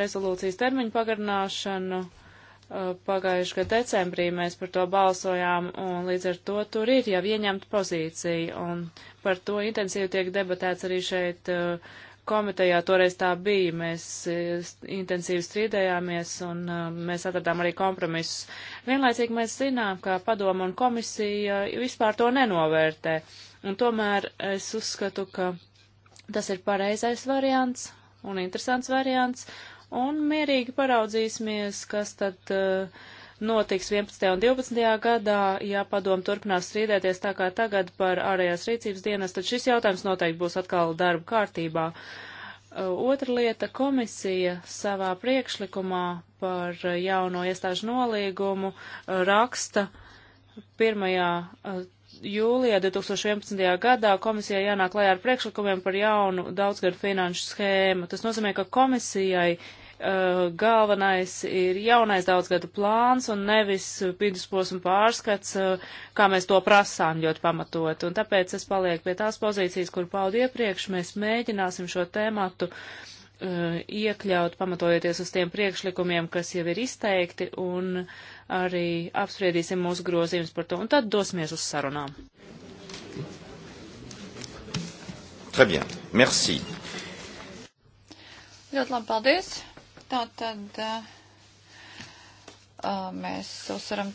rezolūcijas termiņu pagarināšanu. Uh, pagājušajā gadā decembrī mēs par to balsojām, un līdz ar to tur ir jau ieņemta pozīcija, un par to intensīvi tiek debatēts arī šeit uh, komitejā. Toreiz tā bija, mēs intensīvi strīdējāmies, un mēs atradām arī kompromisus. Vienlaicīgi mēs zinām, ka padoma un komisija vispār to nenovērtē Un tomēr es uzskatu, ka tas ir pareizais variants un interesants variants, un mierīgi paraudzīsimies, kas tad uh, notiks 11. un 12. gadā, ja padomu turpinās strīdēties tā kā tagad par ārējās rīcības dienas, tad šis jautājums noteikti būs atkal darba kārtībā. Uh, otra lieta - komisija savā priekšlikumā par jauno iestāžu nolīgumu uh, raksta, pirmajā uh, jūlijā 2011. gadā komisijai jānāk klajā ar priekšlikumiem par jaunu daudzgadu finanšu schēmu. Tas nozīmē, ka komisijai uh, galvenais ir jaunais daudzgadu plāns un nevis vidusposma pārskats, uh, kā mēs to prasām ļoti pamatot. Un tāpēc es palieku pie tās pozīcijas, kur paudu iepriekš, mēs mēģināsim šo tēmatu uh, iekļaut, pamatojoties uz tiem priekšlikumiem, kas jau ir izteikti, un uh, arī apspriedīsim mūsu grozījumus par to, un tad dosimies uz sarunām. Très bien. Merci. Ļoti labi, paldies. Tātad uh, mēs uzsveram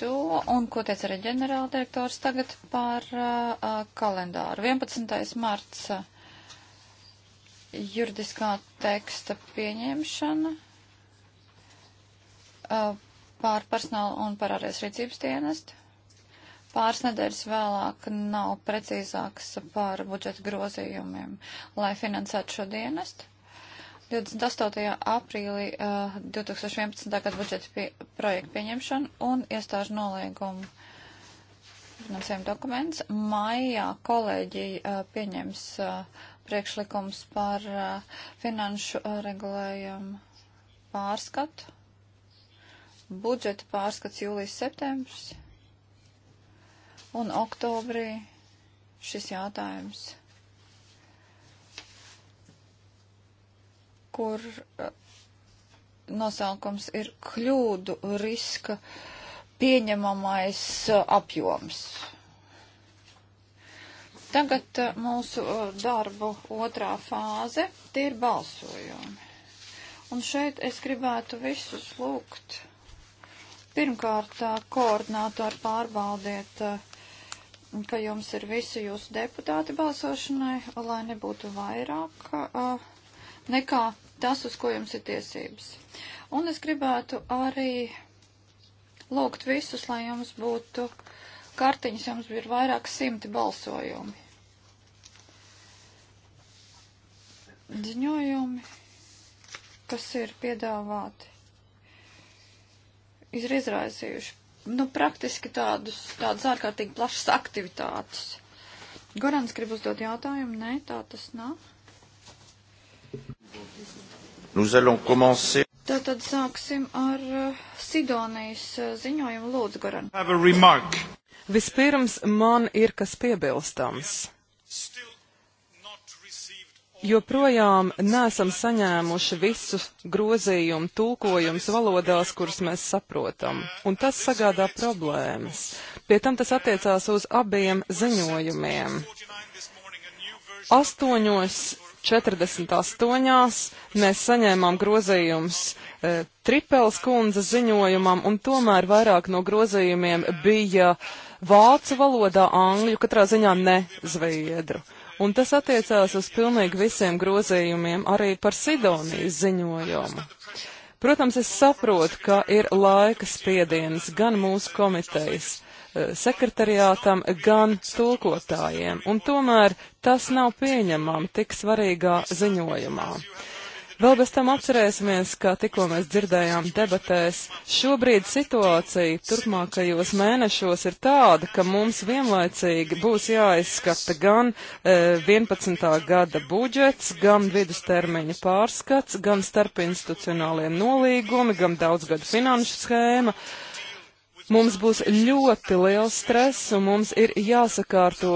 to, un ko teica arī ģenerāldirektors tagad par uh, kalendāru. 11. marts uh, juridiskā teksta pieņemšana. Uh, pār personālu un par ārējas rīcības dienestu. Pāris nedēļas vēlāk nav precīzāks par budžeta grozījumiem, lai finansētu šo dienestu. 28. aprīlī uh, eh, 2011. gada budžeta pie, projekta pieņemšanu un iestāžu noliegumu finansējuma dokuments. Maijā kolēģi uh, pieņems uh, priekšlikums par uh, finanšu regulējumu pārskatu budžeta pārskats jūlijas septembris un oktobrī šis jautājums, kur uh, nosaukums ir kļūdu riska pieņemamais uh, apjoms. Tagad uh, mūsu darbu otrā fāze - tie ir balsojumi. Un šeit es gribētu visus lūgt Pirmkārt, koordinātori pārbaudiet, ka jums ir visi jūsu deputāti balsošanai, lai nebūtu vairāk nekā tas, uz ko jums ir tiesības. Un es gribētu arī lūgt visus, lai jums būtu kartiņas, jums ir vairāk simti balsojumi. Ziņojumi, kas ir piedāvāti ir izraisījuši, nu, praktiski tādus, tādas ārkārtīgi plašas aktivitātes. Gorans grib uzdot jautājumu? Nē, tā tas nav. Tātad sāksim ar uh, Sidonijas uh, ziņojumu. Lūdzu, Goran. Vispirms man ir kas piebilstams. Still joprojām nesam saņēmuši visus grozījumu tulkojumus valodās, kuras mēs saprotam, un tas sagādā problēmas. Pie tam tas attiecās uz abiem ziņojumiem. Astoņos 48. mēs saņēmām grozījumus e, eh, Tripels kundzes ziņojumam, un tomēr vairāk no grozījumiem bija vācu valodā, angļu, katrā ziņā ne zviedru. Uh, Un tas attiecās uz pilnīgi visiem grozījumiem, arī par Sidonijas ziņojumu. Protams, es saprotu, ka ir laika spiediens gan mūsu komitejas eh, sekretariātam, gan tulkotājiem, un tomēr tas nav pieņemami tik svarīgā ziņojumā. Vēl bez tam atcerēsimies, kā tikko mēs dzirdējām debatēs, šobrīd situācija turpmākajos mēnešos ir tāda, ka mums vienlaicīgi būs jāizskata gan e, 11. gada budžets, gan vidustermiņa pārskats, gan starpinstitucionālie nolīgumi, gan daudzgada finanšu schēma. Mums būs ļoti liels stress un mums ir jāsakārto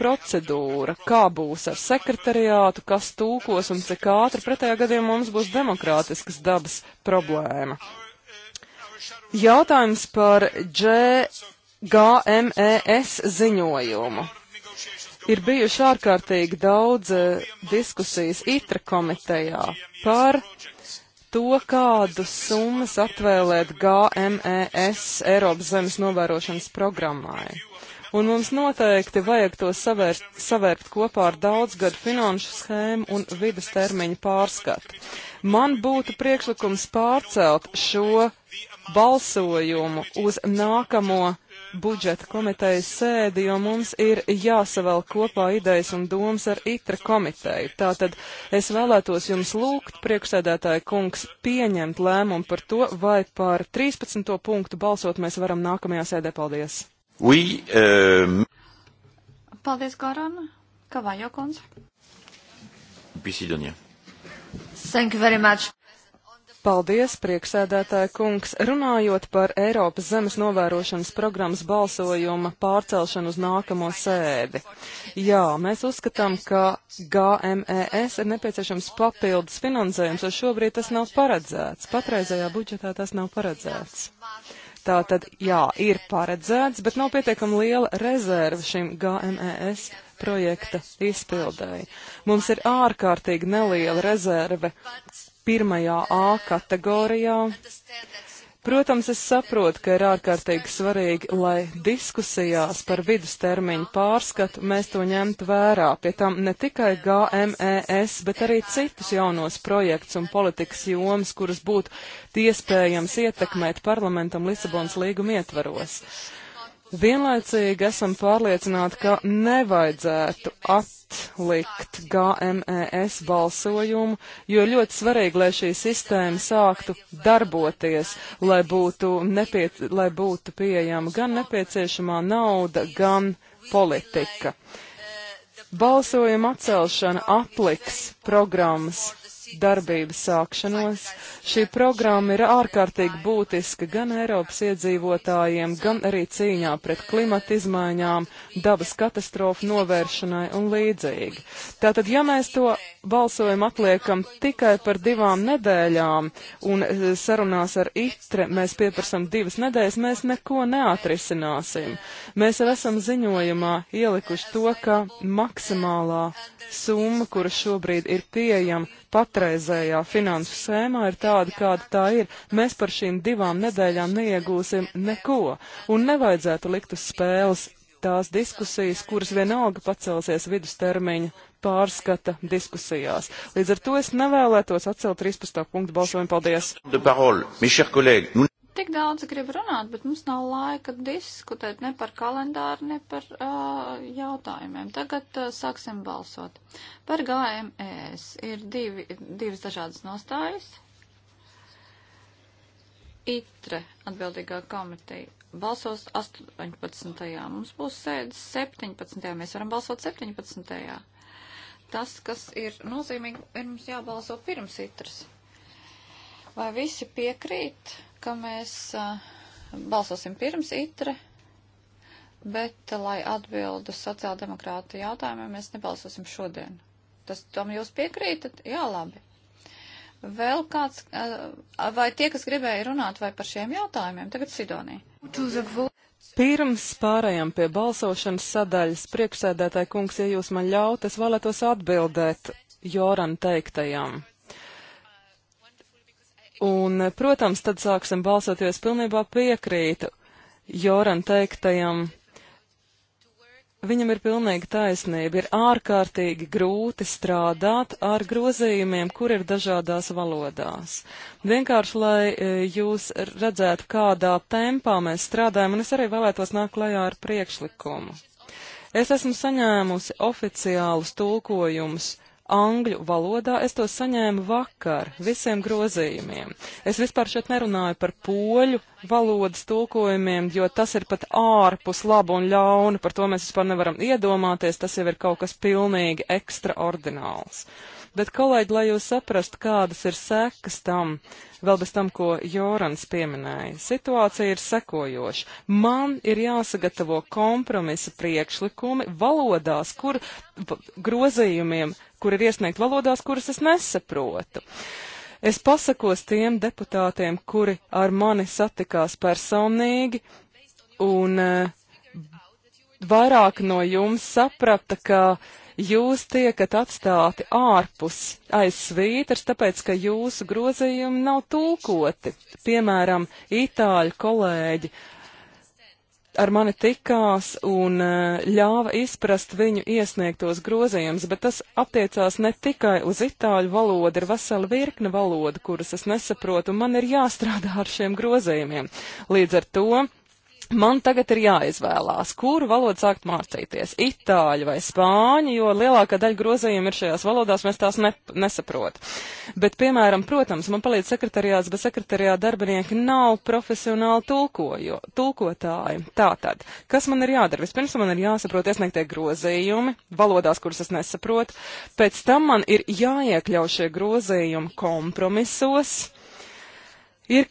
procedūra, kā būs ar sekretariātu, kas tūkos un cik ātri. Pretējā gadījumā mums būs demokrātiskas dabas problēma. Jautājums par G GMES ziņojumu. Ir bijuši ārkārtīgi daudz eh, diskusijas ITRA komitejā par uh, to, kādu summas atvēlēt GMES Eiropas zemes novērošanas programmai. Un mums noteikti vajag to savērst, savērpt kopā ar daudzgadu finanšu schēmu un vidas termiņu pārskatu. Man būtu priekšlikums pārcelt šo balsojumu uz nākamo budžeta komitejas sēdi, jo mums ir jāsavēl kopā idejas un domas ar itra komiteju. Tātad es vēlētos jums lūgt, priekšsēdētāji kungs, pieņemt lēmumu par to, vai par 13. punktu balsot mēs varam nākamajā sēdē. Paldies! Oui, um... Paldies, Gorana. Kavajo kundze. Pisidonija. Thank you very much. Paldies, prieksēdētāja kungs. Runājot par Eiropas zemes novērošanas programmas balsojuma pārcelšanu uz nākamo sēdi. Jā, mēs uzskatām, ka GMES ir nepieciešams papildus finansējums, jo šobrīd tas nav paredzēts. Patreizajā budžetā tas nav paredzēts. Tā tad, jā, ir paredzēts, bet nav pietiekami liela rezerva šim GMES projekta izpildēji. Mums ir ārkārtīgi neliela rezerve pirmajā A kategorijā. Protams, es saprotu, ka ir ārkārtīgi svarīgi, lai diskusijās par vidustermiņu pārskatu mēs to ņemtu vērā, pie tam ne tikai GMES, bet arī citus jaunos projekts un politikas jomas, kuras būtu iespējams ietekmēt parlamentam Lisabonas līguma ietvaros. Vienlaicīgi esam pārliecināti, ka nevajadzētu atlikt GMES balsojumu, jo ļoti svarīgi, lai šī sistēma sāktu darboties, lai būtu, nepiec lai būtu pieejama gan nepieciešamā nauda, gan politika. Balsojuma atcelšana atliks programmas darbības sākšanos. Šī programma ir ārkārtīgi būtiska gan Eiropas iedzīvotājiem, gan arī cīņā pret klimata izmaiņām, dabas katastrofu novēršanai un līdzīgi. Tātad, ja mēs to balsojumu atliekam tikai par divām nedēļām, un eh, sarunās ar ITRE mēs pieprasam divas nedēļas, mēs neko neatrisināsim. Mēs jau esam ziņojumā ielikuši to, ka maksimālā summa, kura šobrīd ir pieejama patreizējā finansu sēmā, ir tāda, kāda tā ir. Mēs par šīm divām nedēļām neiegūsim neko, un nevajadzētu likt uz spēles tās diskusijas, kuras vienalga pacelsies vidustermiņa pārskata diskusijās. Līdz ar to es nevēlētos atcelt 13. punktu balsojumu. Paldies! Tik daudz grib runāt, bet mums nav laika diskutēt ne par kalendāru, ne par uh, jautājumiem. Tagad uh, sāksim balsot. Par GMES ir divi, divas dažādas nostājas. ITRE atbildīgā komiteja balsos 18. Mums būs sēdes 17. Mēs varam balsot 17 tas, kas ir nozīmīgi, ir mums jābalso pirms itras. Vai visi piekrīt, ka mēs uh, balsosim pirms itre, bet, lai atbildu sociāldemokrāta jautājumiem, mēs nebalsosim šodien? Tas tam jūs piekrītat? Jā, labi. Vēl kāds, uh, vai tie, kas gribēja runāt vai par šiem jautājumiem, tagad Sidonī? Pirms pārējām pie balsošanas sadaļas, priekšsēdētāji kungs, ja jūs man ļaut, es vēlētos atbildēt Joran teiktajam. Un, protams, tad sāksim balsot, jo es pilnībā piekrītu Joran teiktajam Viņam ir pilnīga taisnība. Ir ārkārtīgi grūti strādāt ar grozījumiem, kur ir dažādās valodās. Vienkārši, lai e, jūs redzētu, kādā tempā mēs strādājam, un es arī vēlētos nākt klajā ar priekšlikumu. Es esmu saņēmusi oficiālus tulkojumus angļu valodā. Es to saņēmu vakar visiem grozījumiem. Es vispār šeit nerunāju par poļu valodas tulkojumiem, jo tas ir pat ārpus labu un ļaunu. Par to mēs vispār nevaram iedomāties. Tas jau ir kaut kas pilnīgi ekstraordināls. Uh, Bet, kolēģi, lai jūs saprastu, kādas ir sekas tam, vēl bez tam, ko Jorans pieminēja, situācija ir sekojoša. Man ir jāsagatavo kompromisa priekšlikumi valodās, kur grozījumiem, kur ir iesniegt valodās, kuras es nesaprotu. Es pasakos tiem deputātiem, kuri ar mani satikās personīgi, un eh, vairāk no jums saprata, ka uh, jūs tiekat atstāti ārpus aiz svītras, tāpēc, ka jūsu grozījumi nav tulkoti. Piemēram, itāļu kolēģi ar mani tikās un eh, ļāva izprast viņu iesniegtos grozījumus, bet tas attiecās ne tikai uz itāļu valodu, ir vesela virkne valodu, kuras es nesaprotu, un man ir jāstrādā ar šiem grozījumiem. Līdz ar to Man tagad ir jāizvēlās, kuru valodu sākt mācīties - itāļu vai spāņu, jo lielākā daļa grozījumu ir šajās valodās, mēs tās ne, nesaprotam. Bet, piemēram, protams, man palīdz sekretariāts, bet sekretariā darbinieki nav profesionāli tulkojo, tulkotāji. Tātad, kas man ir jādara? Vispirms man ir jāsaprot iesniegtie grozījumi valodās, kuras es nesaprotu, pēc tam man ir jāiekļauj šie grozījumi kompromisos. Ir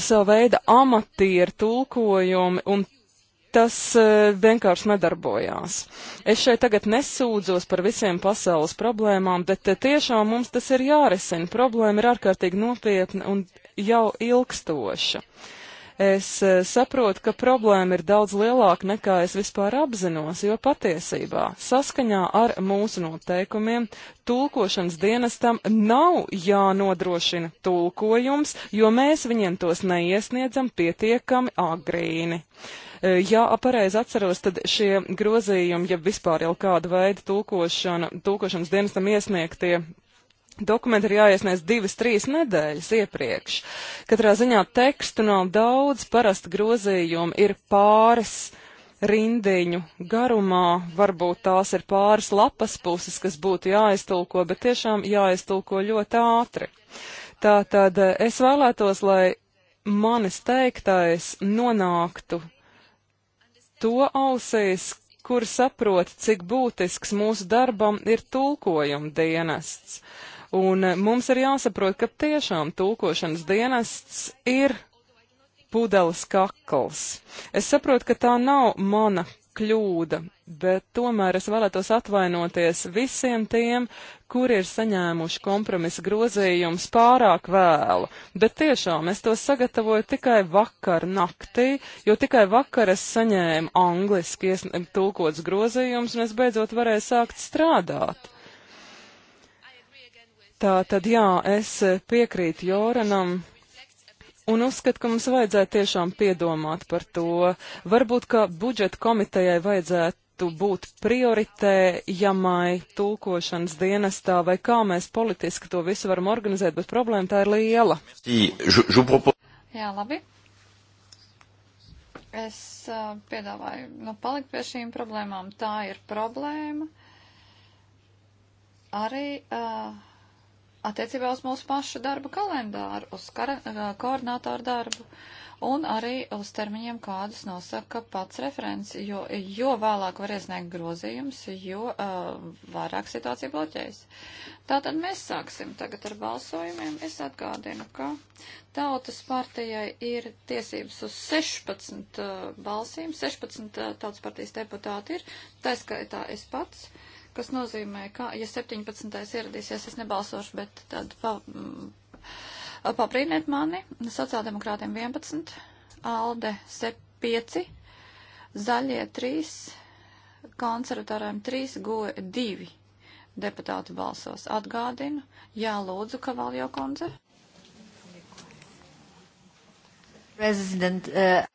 savu veidu amatieru tulkojumi un tas e, vienkārši nedarbojās. Es šeit tagad nesūdzos par visiem pasaules problēmām, bet e, tiešām mums tas ir jārisina. Problēma ir ārkārtīgi nopietna un jau ilgstoša. Uh, Es eh, saprotu, ka problēma ir daudz lielāka nekā es vispār apzinos, jo patiesībā saskaņā ar mūsu noteikumiem tulkošanas dienestam nav jānodrošina tulkojums, jo mēs viņiem tos neiesniedzam pietiekami agrīni. Eh, ja pareizi atceros, tad šie grozījumi, ja vispār jau kāda veida tulkošana, tulkošanas dienestam iesniegtie Dokumenti ir jāiesniedz divas, trīs nedēļas iepriekš. Katrā ziņā tekstu nav daudz, parasti grozījumi ir pāris rindiņu garumā, varbūt tās ir pāris lapas puses, kas būtu jāiztulko, bet tiešām jāiztulko ļoti ātri. Tātad eh, es vēlētos, lai manis teiktais nonāktu to ausīs, kur saprot, cik būtisks mūsu darbam ir tulkojuma dienests. Un eh, mums ir jāsaprot, ka tiešām tulkošanas dienests ir pudeles kakls. Es saprotu, ka tā nav mana kļūda, bet tomēr es vēlētos atvainoties visiem tiem, kuri ir saņēmuši kompromisa grozījums pārāk vēlu. Bet tiešām es to sagatavoju tikai vakar naktī, jo tikai vakar es saņēmu angliski tulkots grozījums un es beidzot varēju sākt strādāt. Tā tad jā, es piekrītu Joranam. Un uzskatu, ka mums vajadzētu tiešām piedomāt par to. Varbūt, ka budžeta komitejai vajadzētu būt prioritējamai tulkošanas dienestā, vai kā mēs politiski to visu varam organizēt, bet problēma tā ir liela. Jā, labi. Es uh, piedāvāju, nu, palikt pie šīm problēmām. Tā ir problēma. Arī. Uh, attiecībā uz mūsu pašu darba kalendāru, uz kara, eh, koordinātoru darbu un arī uz termiņiem, kādus nosaka pats referents, jo, jo vēlāk var iesniegt grozījums, jo uh, vairāk situācija bloķējas. Tātad mēs sāksim tagad ar balsojumiem. Es atgādinu, ka Tautas partijai ir tiesības uz 16 uh, eh, balsīm, 16 uh, Tautas partijas deputāti ir, taiskaitā es pats. Uh, kas nozīmē, ka, ja 17. ieradīsies, es nebalsošu, bet tad pa, mm, pabrīniet mani, sociāldemokrātiem 11, ALDE 5, zaļie 3, konservatoriem 3, goja 2 deputāti balsos. Atgādinu, jā, lūdzu, Kavaljo kundze. President, uh...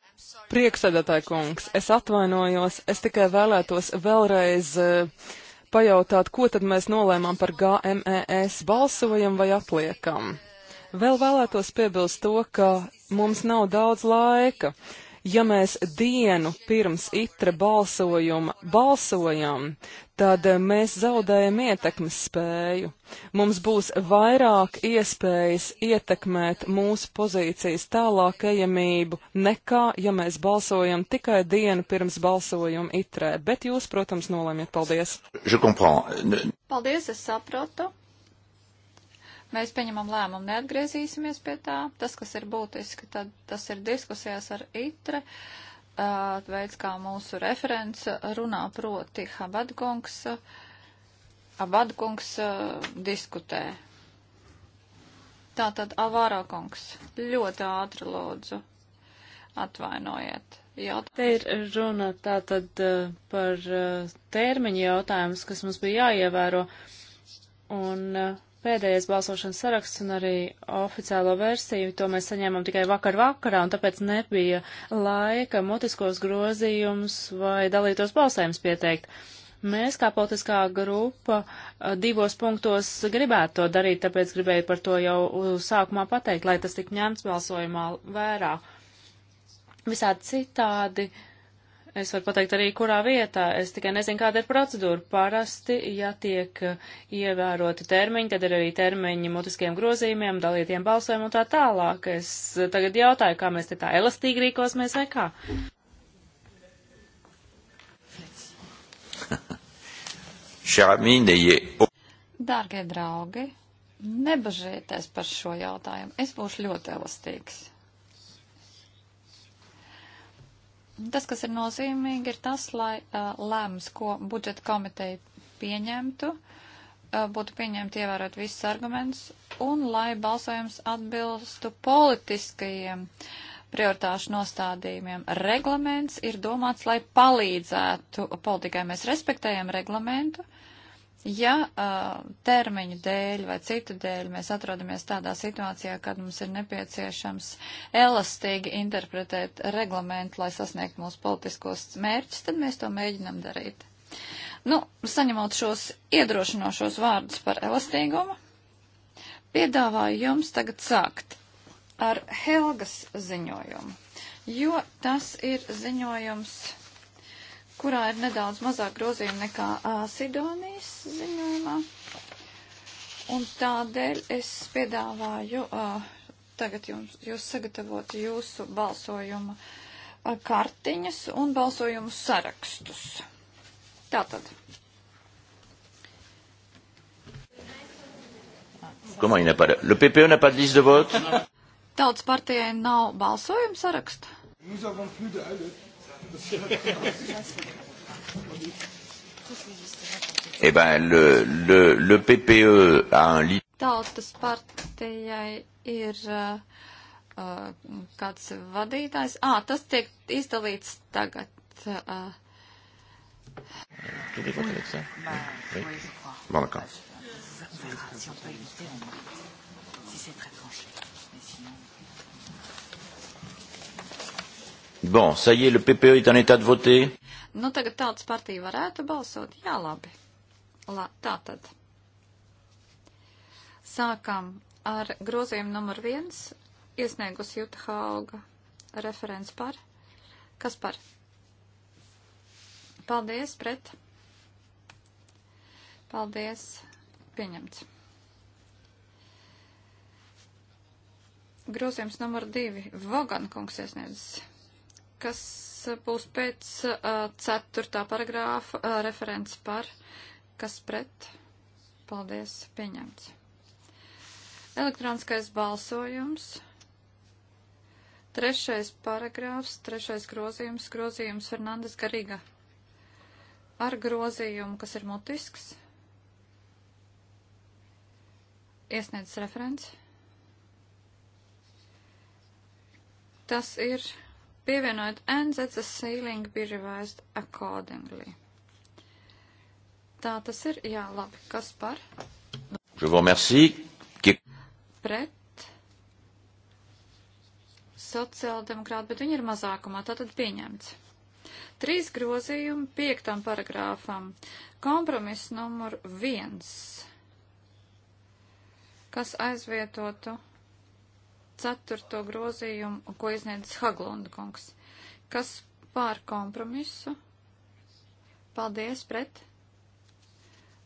Priekšsēdētāji kungs, es atvainojos, es tikai vēlētos vēlreiz uh, pajautāt, ko tad mēs nolēmām par GMES - balsojam vai atliekam. Vēl vēlētos piebilst to, ka mums nav daudz laika. Uh, ja mēs dienu pirms itra balsojuma balsojam, tad eh, mēs zaudējam ietekmes spēju. Mums būs vairāk iespējas ietekmēt mūsu pozīcijas tālākajamību nekā, ja mēs balsojam tikai dienu pirms balsojuma itrē. Bet jūs, protams, nolēmiet. Paldies! Paldies, es saprotu. Mēs pieņemam lēmumu, neatgriezīsimies pie tā. Tas, kas ir būtiski, tad tas ir diskusijās ar ITRE. Uh, veids, kā mūsu referents runā, proti Habadgungs, Abadgungs uh, diskutē. Tātad Alvāro kungs, ļoti ātri lūdzu, atvainojiet. Jautājums. Te ir runa tātad par termiņu jautājumus, kas mums bija jāievēro. Un uh, pēdējais balsošanas saraksts un arī oficiālo versiju, to mēs saņēmām tikai vakar vakarā, un tāpēc nebija laika mutiskos grozījumus vai dalītos balsējums pieteikt. Mēs kā politiskā grupa divos punktos gribētu to darīt, tāpēc gribēju par to jau sākumā pateikt, lai tas tik ņemts balsojumā vērā. Visādi citādi uh, Es varu pateikt arī, kurā vietā. Es tikai nezinu, kāda ir procedūra. Parasti, ja tiek uh, ievēroti termiņi, tad ir arī termiņi mutiskiem grozījumiem, dalītiem balsojumiem un tā tālāk. Es uh, tagad jautāju, kā mēs te tā elastīgi rīkosimies vai kā. Dārgie draugi, nebažieties par šo jautājumu. Es būšu ļoti elastīgs. Tas, kas ir nozīmīgi, ir tas, lai uh, lēmums, ko budžeta komiteja pieņemtu, uh, būtu pieņemti ievērot visus argumentus un lai balsojums atbilstu politiskajiem prioritāšu nostādījumiem. Reglaments ir domāts, lai palīdzētu politikai. Mēs respektējam reglamentu. Uh, Ja uh, termiņu dēļ vai citu dēļ mēs atrodamies tādā situācijā, kad mums ir nepieciešams elastīgi interpretēt reglamentu, lai sasniegtu mūsu politiskos mērķus, tad mēs to mēģinam darīt. Nu, saņemot šos iedrošinošos vārdus par elastīgumu, piedāvāju jums tagad sākt ar Helgas ziņojumu, jo tas ir ziņojums kurā ir nedaudz mazāk grozījumi nekā uh, Sidonijas ziņojumā. Un tādēļ es piedāvāju uh, tagad jums, jūs sagatavot jūsu balsojuma uh, kartiņas un balsojumu sarakstus. Tātad. Comment il n'a pas de... Le PPE n'a pas de liste de vote Tautas partijai nav balsojuma saraksta. Nous avons plus de... Eh ben, le, le, le PPE a un lit. Tautas partijai ir uh, uh kāds vadītājs. Ah, tas tiek izdalīts tagad. Uh. Tout est voté avec ça Oui. Bon, d'accord. Si c'est très Bon, ça y est, le PPE est en état de voter. Nu, tagad tautas partija varētu balsot. Jā, labi. La, tā tad. Sākam ar grozījumu numur viens, iesniegus Juta Hauga referents par. Kas par? Paldies, pret. Paldies, pieņemts. Grozījums numur divi. Vogan kungs iesniedzis kas būs pēc ceturtā paragrāfa referents par, kas pret. Paldies, pieņemts. Elektroniskais balsojums. Trešais paragrāfs, trešais grozījums, grozījums Fernandes Garīga. Ar grozījumu, kas ir mutisks, iesniedzis referents. Tas ir pievienojot and that the ceiling be revised accordingly. Tā tas ir, jā, labi, kas par? Je vous remercie. Pret sociāldemokrāti, bet viņi ir mazākumā, tātad pieņemts. Trīs grozījumi piektam paragrāfam. Kompromiss numur viens, kas aizvietotu ceturto grozījumu, ko izniedz Haglunda kungs. Kas pār kompromisu? Paldies, pret.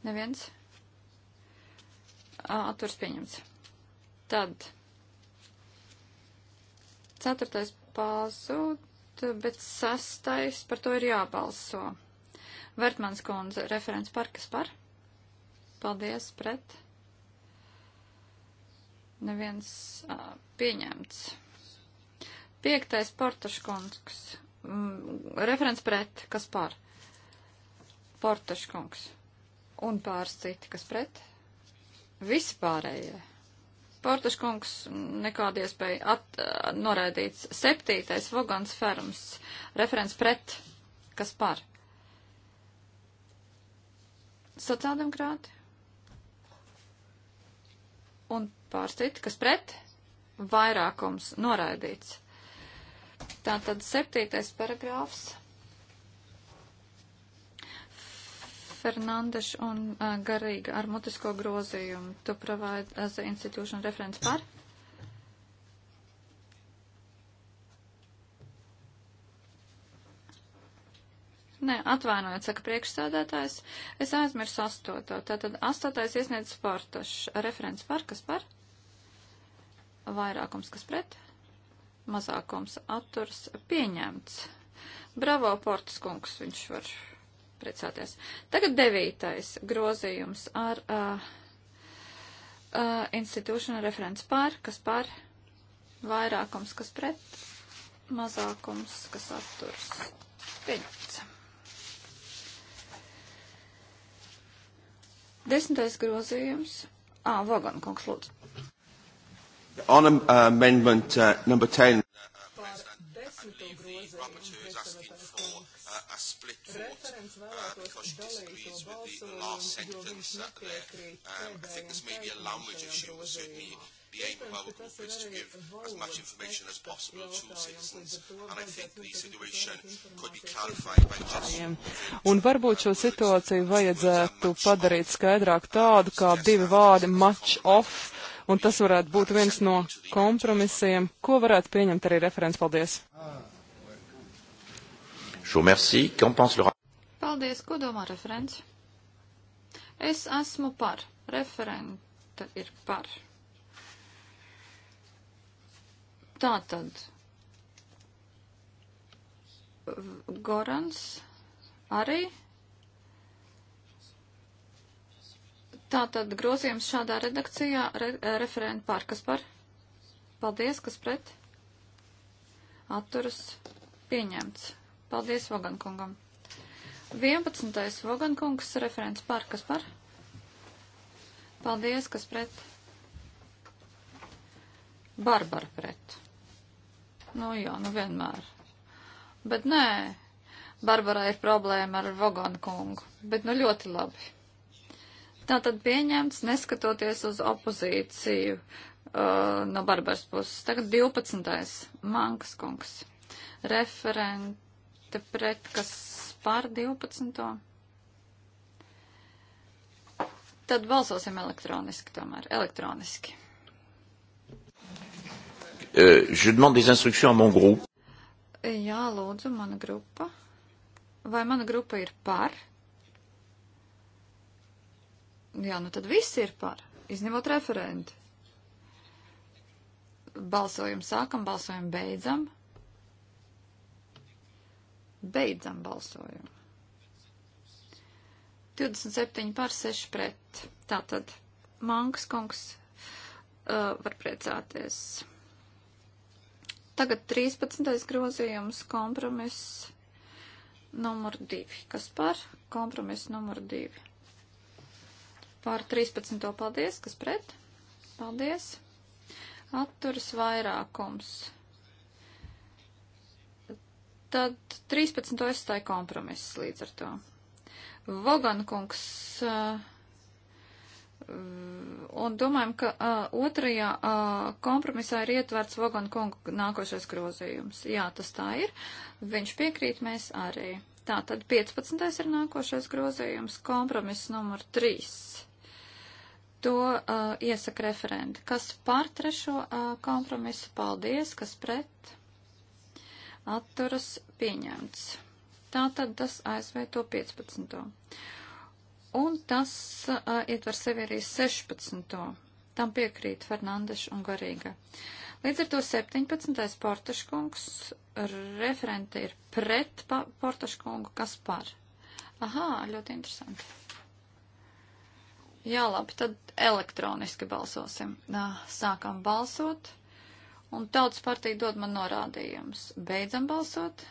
Neviens. Atturs pieņemts. Tad. Ceturtais pazūd, bet sastais par to ir jābalso. Vertmans kundze, referents par kas par? Paldies, pret. Neviens uh, pieņemts. Piektais Portaškungs. Mm, referents pret, kas par? Portaškungs. Un pāris citi, kas pret? Visi pārējie. Portaškungs nekāda iespēja at, uh, noraidīts. Septītais Vogans Ferms. Referents pret, kas par? Sociāldemokrāti? un pārstīt, kas pret, vairākums noraidīts. Tātad septītais paragrāfs. Fernandeša un uh, Garīga ar mutisko grozījumu. Tu provide as the institution reference par, Nē, atvainojiet, saka priekšsādātājs. Es aizmirsu astoto. Tātad astotais iesniedz sportašs. Referents par, kas par? Vairākums, kas pret? Mazākums atturs pieņemts. Bravo, Portas kungs, viņš var priecāties. Tagad devītais grozījums ar uh, uh, institūšanu referents par, kas par? Vairākums, kas pret? Mazākums, kas atturs pieņemts. Desmitais grozījums. Ā, Vagan, kungs, lūdzu. On amendment uh, number 10. Par desmito grozījumu, Referents vēlētos uh, dalīt to balsojumu, jo viņš uh, nepiekrīt um, pēdējiem pēcījumu the aim of our group is to give as much information as possible to citizens. And I think the situation could be clarified by just... Un varbūt šo situāciju vajadzētu padarīt skaidrāk tādu, kā divi vārdi match off, un tas varētu būt viens no kompromisiem, ko varētu pieņemt arī referents. Paldies! Ah. Je vous remercie. Qu'en pense le Paldies, ko domā referents? Es esmu par. Referenta ir par. Tātad. Gorans arī. Tātad grozījums šādā redakcijā re, referenta par. Kas par? Paldies, kas pret? Atturas pieņemts. Paldies Vogankungam. 11. Vogankungs referents par, kas par? Paldies, kas pret? Barbara pret. Nu jā, nu vienmēr. Bet nē, Barbarai ir problēma ar Vogankungu, bet nu ļoti labi. Tā tad pieņemts, neskatoties uz opozīciju uh, no Barbaras puses. Tagad 12. Mankas kungs. Referent te pret, kas pār 12. Tad balsosim elektroniski tomēr, elektroniski. Uh, je demande des instructions à mon groupe. Jā, lūdzu, mana grupa. Vai mana grupa ir par? Jā, nu tad viss ir par, izņemot referenti. Balsojumu sākam, balsojumu beidzam. Beidzam balsojumu. 27 pār 6 pret. Tātad Mankas kungs uh, var priecāties. Tagad 13. grozījums kompromiss numur 2. Kas par? Kompromiss numur 2. Pār 13. paldies. Kas pret? Paldies. Atturas vairākums. Tad 13. aizstāja kompromiss līdz ar to. Vogankungs. Uh, un domājam, ka uh, otrajā uh, kompromisā ir ietverts Vogan kungu nākošais grozījums. Jā, tas tā ir. Viņš piekrīt, mēs arī. Tā tad 15. ir nākošais grozījums, kompromiss numur 3. To uh, iesaka referenti. Kas par trešo uh, kompromisu? Paldies, kas pret? atturas pieņemts. Tātad tas ASV to 15. Un tas uh, ietver sevi arī 16. Tam piekrīt Fernandeša un Garīga. Līdz ar to 17. portaškungs referente ir pret portaškungu, kas par. Aha, ļoti interesanti. Jā, labi, tad elektroniski balsosim. Sākam balsot. Un tautas partija dod man norādījumus. Beidzam balsot.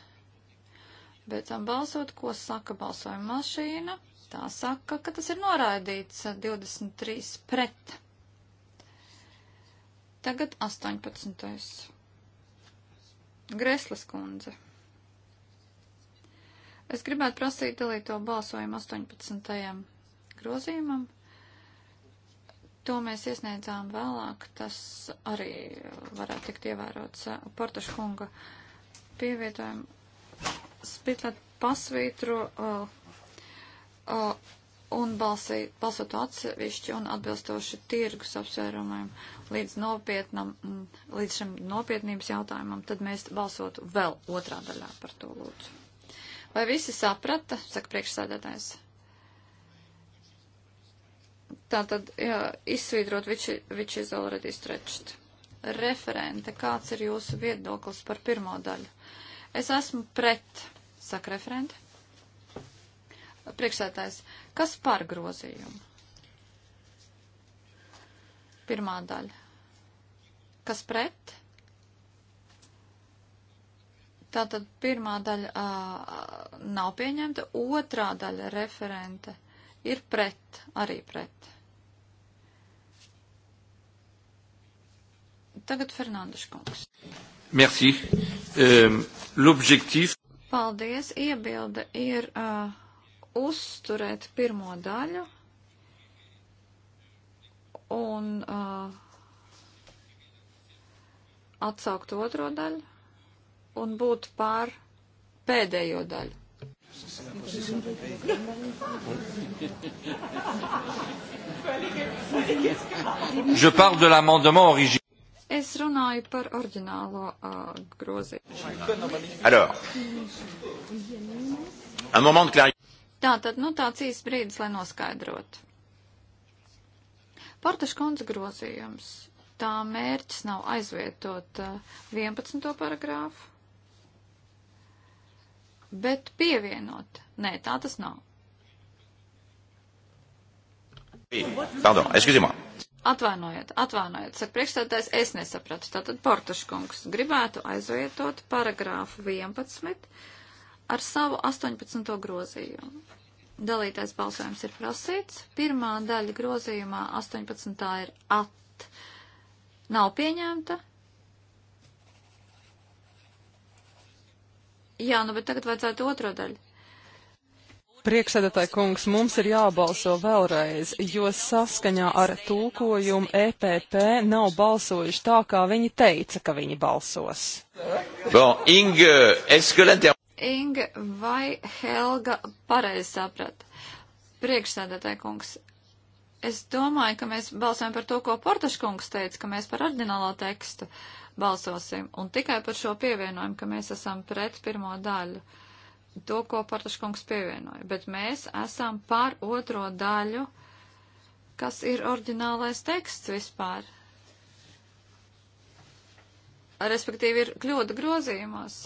Beidzam balsot, ko saka balsojuma mašīna. Tā saka, ka tas ir noraidīts 23 pret. Tagad 18. Greslas kundze. Es gribētu prasīt dalīto balsojumu 18. grozījumam. To mēs iesniedzām vēlāk, tas arī varētu tikt ievērots eh, Portaškunga pievietojumu. Spitlet pasvītro uh, uh, un balsī, balsotu atsevišķi un atbilstoši tirgus apsvērumiem līdz nopietnam, mm, līdz šim nopietnības jautājumam, tad mēs balsotu vēl otrā daļā par to lūdzu. Vai visi saprata, saka priekšsēdētājs? Tātad jā, izsvītrot, which, which is already stretched. Referente, kāds ir jūsu viedoklis par pirmo daļu? Es esmu pret, saka referente. Priekšsētājs, kas par grozījumu? Pirmā daļa. Kas pret? Tātad pirmā daļa uh, nav pieņemta, otrā daļa referente ir pret, arī pret. Tagad Fernandes kungs. Merci. Um, ehm, L'objektīvs. Paldies. Iebilde ir uh, uzturēt pirmo daļu un uh, atsaukt otro daļu un būt pār pēdējo daļu. Je parle de l'amendement original. Es runāju par oriģinālo uh, grozījumu. Tā tad, nu, tāds īsts brīdis, lai noskaidrotu. Portaškundze grozījums. Tā mērķis nav aizvietot uh, 11. paragrāfu, bet pievienot. Nē, tā tas nav. Pardon, excusez-moi. Atvainojiet, atvainojiet, saka priekšstādājs, es nesapratu. Tātad Portaškungs gribētu aizvietot paragrāfu 11 ar savu 18. grozījumu. Dalītais balsojums ir prasīts. Pirmā daļa grozījumā 18. ir at. Nav pieņemta. Jā, nu bet tagad vajadzētu otro daļu. Priekšsēdētāji kungs, mums ir jābalso vēlreiz, jo saskaņā ar tūkojumu EPP nav balsojuši tā, kā viņi teica, ka viņi balsos. Bon, Inga, eskalentē... Inga vai Helga pareizi saprata? Priekšsēdētāji kungs, es domāju, ka mēs balsojam par to, ko Portaškungs teica, ka mēs par ordinālo tekstu balsosim, un tikai par šo pievienojumu, ka mēs esam pret pirmo daļu. Uh, to, ko Portaškungs pievienoja, bet mēs esam par otro daļu, kas ir oriģinālais teksts vispār. Respektīvi ir kļūda grozījumos.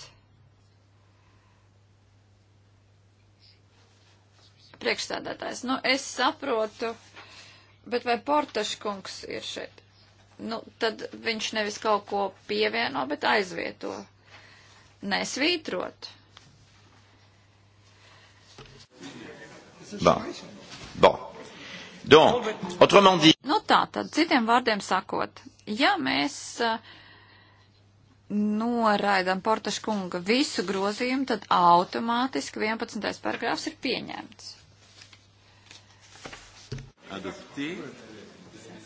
Priekšstādātājs. Nu, es saprotu, bet vai Portaškungs ir šeit? Nu, tad viņš nevis kaut ko pievieno, bet aizvieto. Nesvītrot. Bon. Bon. Donc, autrement dit. Nu tā, tad citiem vārdiem sakot, ja mēs uh, eh, noraidam Portaša kunga visu grozījumu, tad automātiski 11. paragrāfs ir pieņemts. Adoptē.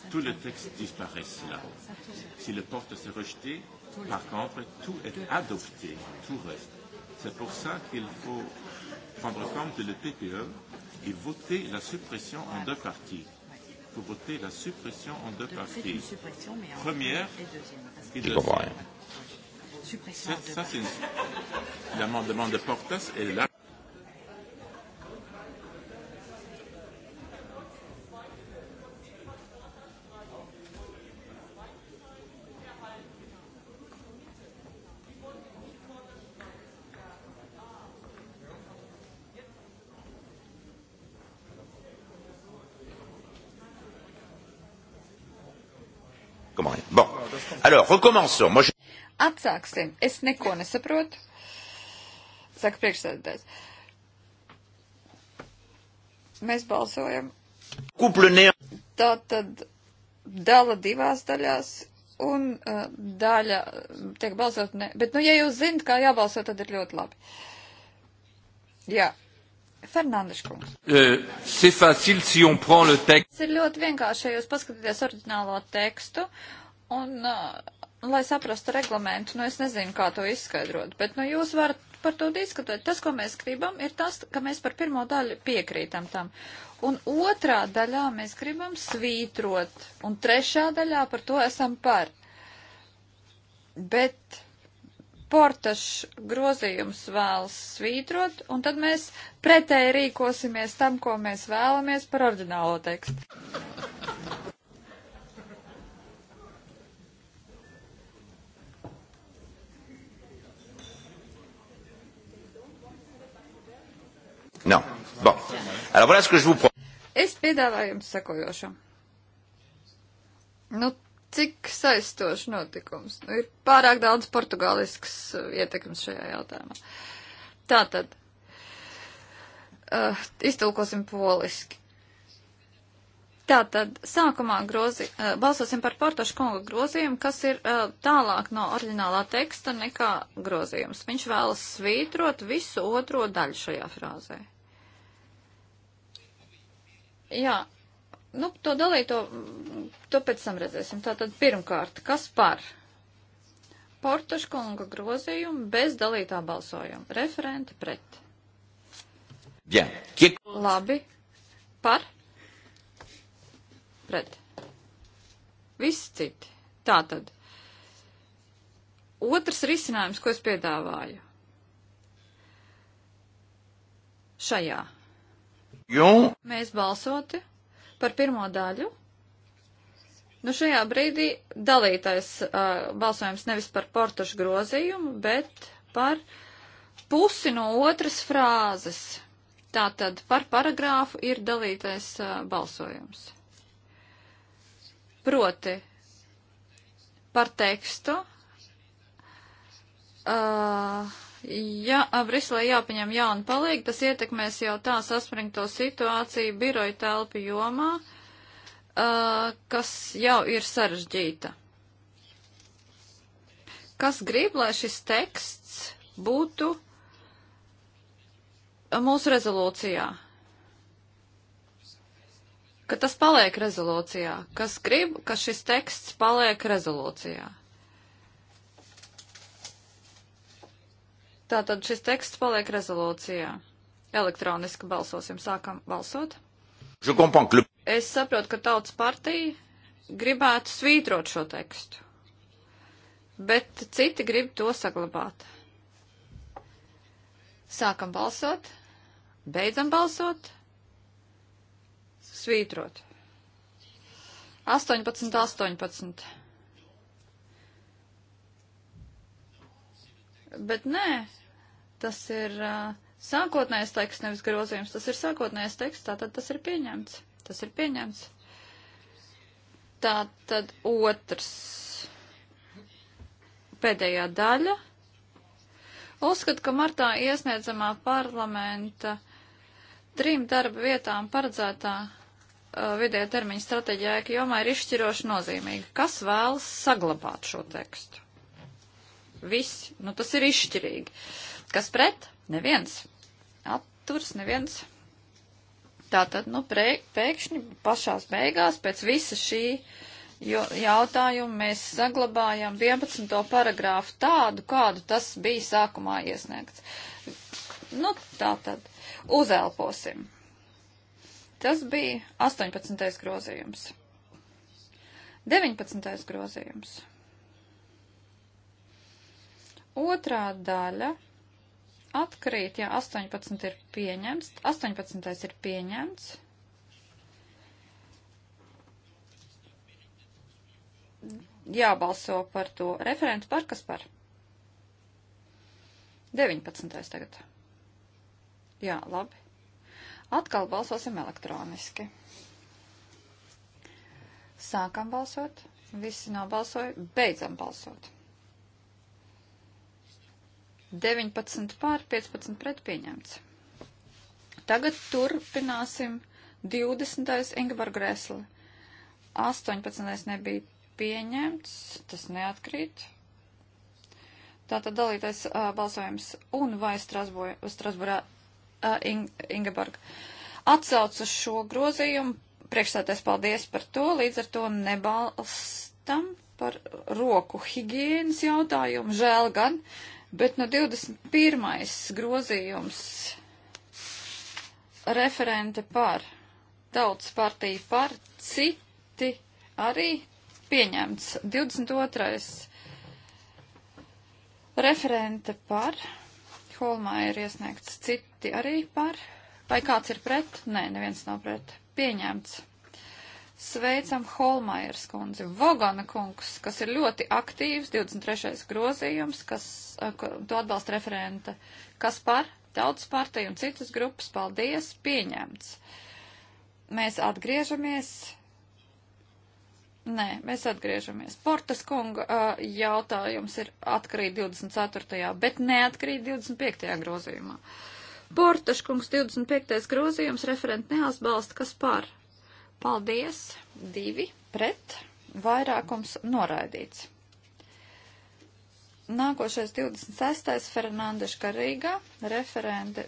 Tout le texte disparaît là. Si le porte est rejeté, par contre, tout est adopté, tout reste. C'est pour ça qu'il faut prendre compte que le PPE et voter la suppression voilà. en deux parties. Pour voter la suppression en deux de, parties. Suppression, mais en Première et deuxième. Et deuxième. Suppression ça, en deux ça, parties. Une... L'amendement de Portas est là. Alors, recommençons. Moi, je... Atsāksim. Es neko nesaprotu. Saka priekšsēdētājs. Mēs balsojam. Kuplinē. Tā tad dala divās daļās un uh, daļa mm, tiek balsot ne. Bet, nu, ja jūs zinat, kā jābalso, tad ir ļoti labi. Jā. Fernandes kungs. Uh, facile, si Tas ir ļoti vienkārši, ja jūs paskatāties oriģinālo tekstu Un, uh, lai saprastu reglamentu, nu es nezinu, kā to izskaidrot, bet, nu, jūs varat par to diskutēt. Tas, ko mēs gribam, ir tas, ka mēs par pirmo daļu piekrītam tam. Un otrā daļā mēs gribam svītrot, un trešā daļā par to esam par. Bet portašs grozījums vēlas svītrot, un tad mēs pretēji rīkosimies tam, ko mēs vēlamies par orģinālo tekstu. Non. Bon. Alors voilà ce que je vous propose. Es piedāvāju jums sekojošo. Nu, cik saistoši notikums? Nu, ir pārāk daudz portugālisks uh, ietekmes šajā jautājumā. Tātad, uh, iztulkosim poliski. Tātad sākumā grozi, uh, balsosim par Portašu kunga grozījumu, kas ir uh, tālāk no oriģinālā teksta nekā grozījums. Viņš vēlas svītrot visu otro daļu šajā frāzē. Jā, nu, to dalīto, to pēc tam redzēsim. Tātad pirmkārt, kas par Portaškunga grozījumu bez dalītā balsojuma? Referenti pret. Jā. Kiek... Labi. Par? Pret. Viss citi. Tātad. Otrs risinājums, ko es piedāvāju. Šajā Jum. Mēs balsoti par pirmo daļu. Nu, šajā brīdī dalītais uh, balsojums nevis par portašu grozījumu, bet par pusi no otras frāzes. Tātad par paragrāfu ir dalītais uh, balsojums. Proti par tekstu. Uh, Ja Briselē jāpaņem jauna palīga, tas ietekmēs jau tā saspringto situāciju biroja telpu jomā, uh, kas jau ir sarežģīta. Kas grib, lai šis teksts būtu mūsu rezolūcijā? Ka tas paliek rezolūcijā. Kas grib, ka šis teksts paliek rezolūcijā? Tātad šis teksts paliek rezolūcijā. Elektroniski balsosim, sākam balsot. Es saprotu, ka tautas partija gribētu svītrot šo tekstu, bet citi grib to saglabāt. Sākam balsot, beidzam balsot, svītrot. 18, 18. Bet nē, Tas ir uh, sākotnējais teksts, nevis grozījums. Tas ir sākotnējais teksts, tātad tas ir pieņemts. Tas ir pieņemts. Tātad otrs pēdējā daļa. Uzskat, ka martā iesniedzamā parlamenta trim darba vietām paredzētā uh, vidēja termiņa stratēģija jomā ir izšķiroši nozīmīga. Kas vēlas saglabāt šo tekstu? Visi, nu tas ir izšķirīgi. Uh, Kas pret? Neviens. Atturs neviens. Tātad, nu, pre, pēkšņi pašās beigās pēc visa šī jautājuma mēs saglabājam 11. paragrāfu tādu, kādu tas bija sākumā iesniegts. Nu, tātad, uzelposim. Tas bija 18. grozījums. 19. grozījums. Otrā daļa atkrīt, ja 18 ir pieņemts. 18. ir pieņemts. Jābalso par to. Referents par kas par? 19. tagad. Jā, labi. Atkal balsosim elektroniski. Sākam balsot. Visi nobalsoja. Beidzam balsot. 19 pār 15 pret pieņemts. Tagad turpināsim 20. Ingvar Gresli. 18. nebija pieņemts, tas neatkrīt. Tātad dalītais uh, balsojums un vai Strasbūrā uh, In Ingeborg. Atsauc uz šo grozījumu, priekšstātais paldies par to, līdz ar to nebalstam par roku higiēnas jautājumu. Žēl gan, uh, Bet no 21. grozījums referente par, tautas partija par, citi arī pieņemts. 22. referente par, Holmā ir iesniegts citi arī par, vai kāds ir pret? Nē, neviens nav pret. Pieņemts. Sveicam Holmajers kundzi, Vogana kungs, kas ir ļoti aktīvs, 23. grozījums, kas, eh, to atbalsta referente, kas par tautas partiju un citas grupas, paldies, pieņemts. Mēs atgriežamies Nē, mēs atgriežamies. Portas kunga uh, jautājums ir atkarīt 24. bet neatkarīt 25. grozījumā. Portaš kungs 25. grozījums referenti neatbalsta, kas par? Paldies, divi pret, vairākums noraidīts. Nākošais 26. Fernandeša Karīga, referende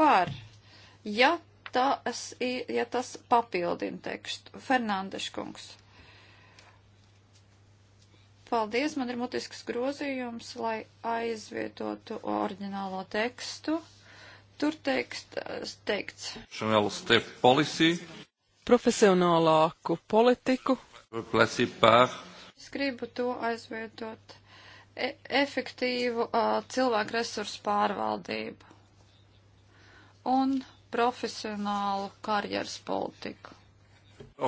par, ja tas, ja tas papildina tekstu. Fernandeša kungs. Paldies, man ir mutisks grozījums, lai aizvietotu oriģinālo tekstu. Tur teikst, teikts. Chanel step policy profesionālāku politiku. Es gribu to aizvietot e efektīvu uh, cilvēku resursu pārvaldību un profesionālu karjeras politiku. Un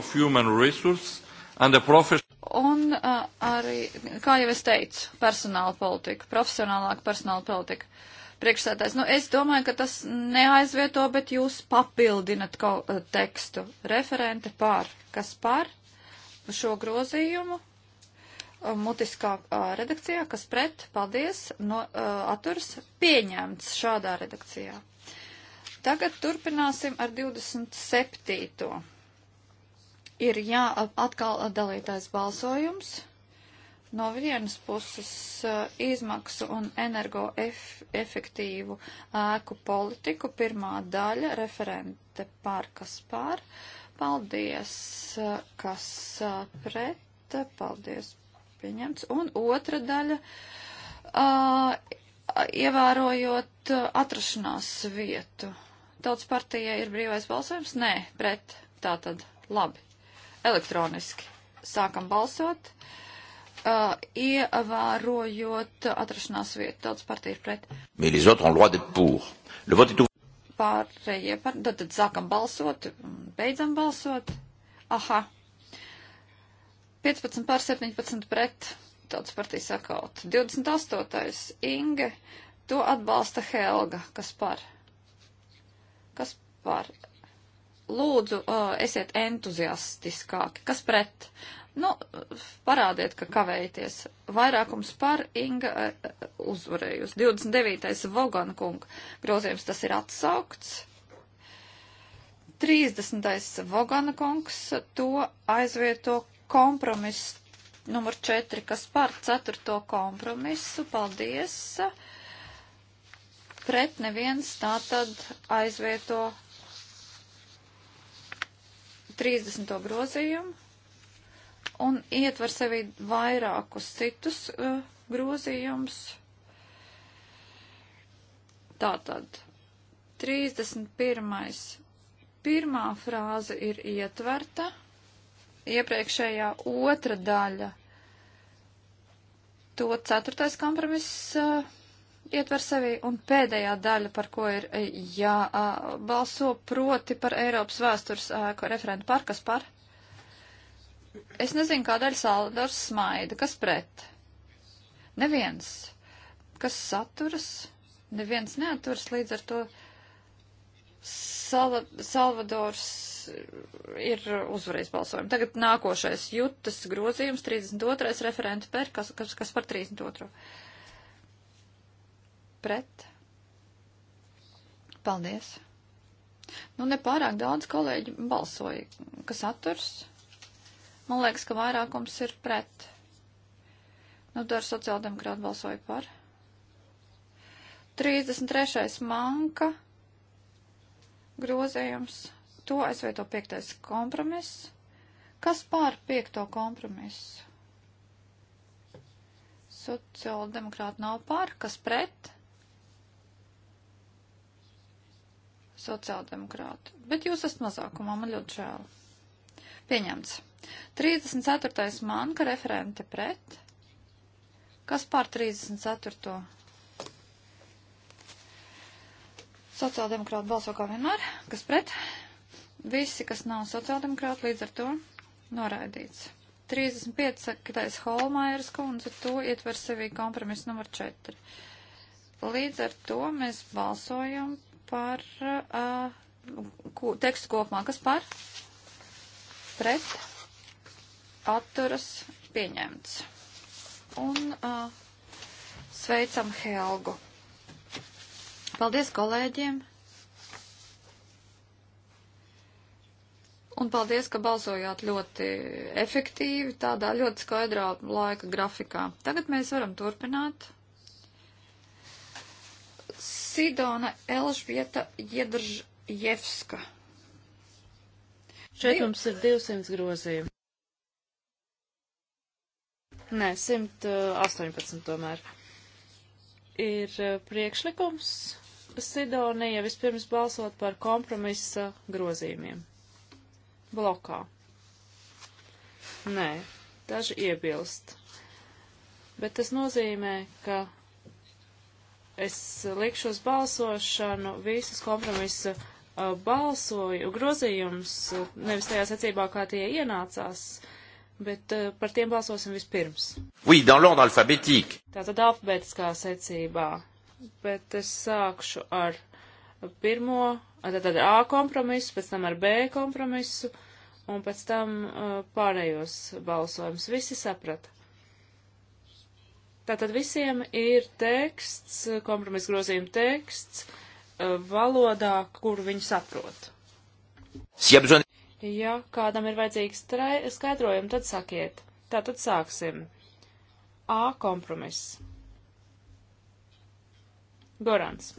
uh, arī, kā jau es teicu, personāla politika, profesionālāka personāla politika. Uh, Priekšsētājs, nu es domāju, ka tas neaizvieto, bet jūs papildinat kaut eh, tekstu. Referente pār. Kas pār šo grozījumu? Eh, mutiskā eh, redakcijā, kas pret, paldies, no, aturs pieņemts šādā redakcijā. Tagad turpināsim ar 27. Ir jā, atkal dalītais balsojums no vienas puses eh, izmaksu un energoefektīvu ēku politiku. Pirmā daļa referente par eh, kas par. Paldies, kas pret. Paldies, pieņemts. Un otra daļa. Eh, ievērojot atrašanās vietu. Tautas partijai ir brīvais balsojums? Nē, pret. Tātad, labi. Elektroniski. Sākam balsot. Uh, uh, ievērojot atrašanās vietu. Tautas partija ir pret. Mais les autres ont droit d'être pour. Le vote est ouvert. Pārējie, par, tad, nu, tad sākam balsot, beidzam balsot. Aha. 15 pār 17 pret. Tautas partija sakaut. 28. Inge. To atbalsta Helga. Kas par? Kas par? Lūdzu, uh, esiet entuziastiskāki. Kas pret? Uh, Nu, parādiet, ka kavējaties. Vairākums par Inga eh, uzvarējusi. 29. Vogana kunga grozījums tas ir atsaukts. 30. Vogana kungs to aizvieto kompromiss numur 4, kas par 4. kompromisu. Paldies! Pret neviens tā tad aizvieto 30. grozījumu un ietver sevī vairākus citus uh, grozījumus. Tātad 31. Pirmā frāze ir ietverta, iepriekšējā otra daļa. To ceturtais kompromiss uh, ietver sevī, un pēdējā daļa, par ko ir uh, jābalso, proti par Eiropas vēstures ēku referentu par, kas par Es nezinu, kādēļ Salvadors smaida. Kas pret? Neviens. Kas saturas? Neviens neaturas līdz ar to. Sal Salvadors ir uzvarējis balsojumu. Tagad nākošais jutas grozījums 32. referenta per, kas, kas, kas par 32. Pret. Paldies. Nu, nepārāk daudz kolēģi balsoja. Kas atturs? Man liekas, ka vairākums ir pret. Nu, dar sociāldemokrāti balsoja par. 33. manka grozējums. To aizvieto piektais kompromiss. Kas pār piekto kompromisu? Sociāldemokrāti nav pār. Kas pret? Sociāldemokrāti. Bet jūs esat mazākumā, man ļoti žēl. Pieņemts. 34. manka referente pret. Kas pār 34. Sociāldemokrāti balso kā vienmēr. Kas pret? Visi, kas nav sociāldemokrāti, līdz ar to noraidīts. 35. Holmaieras kundze to ietver sevī kompromisu numur 4. Līdz ar to mēs balsojam par uh, tekstu kopumā. Kas par? Pret? atturas pieņemts. Un uh, sveicam Helgu. Paldies kolēģiem. Un paldies, ka balsojāt ļoti efektīvi, tādā ļoti skaidrā laika grafikā. Tagad mēs varam turpināt. Sidona Elžbieta Jedržjevska. Šeit mums ir 200 grozījumi. Nē, 118 tomēr. Ir priekšlikums Sidonija vispirms balsot par kompromisa grozījumiem. Blokā. Nē, daži iebilst. Bet tas nozīmē, ka es likšu uz balsošanu visus kompromisa balsoju grozījums, nevis tajā secībā, kā tie ienācās. Uh, bet uh, par tiem balsosim vispirms. Oui, dans l'ordre alfabētique. Tātad alfabētiskā secībā, bet es sākšu ar pirmo, tātad ar A kompromisu, pēc tam ar B kompromisu, un pēc tam uh, pārējos balsojums. Visi saprata. Tātad visiem ir teksts, kompromisa grozījuma teksts, uh, valodā, kuru viņi saprot. Si Ja kādam ir vajadzīgi skaidrojumi, tad sakiet. Tātad sāksim. A kompromiss. Gorans.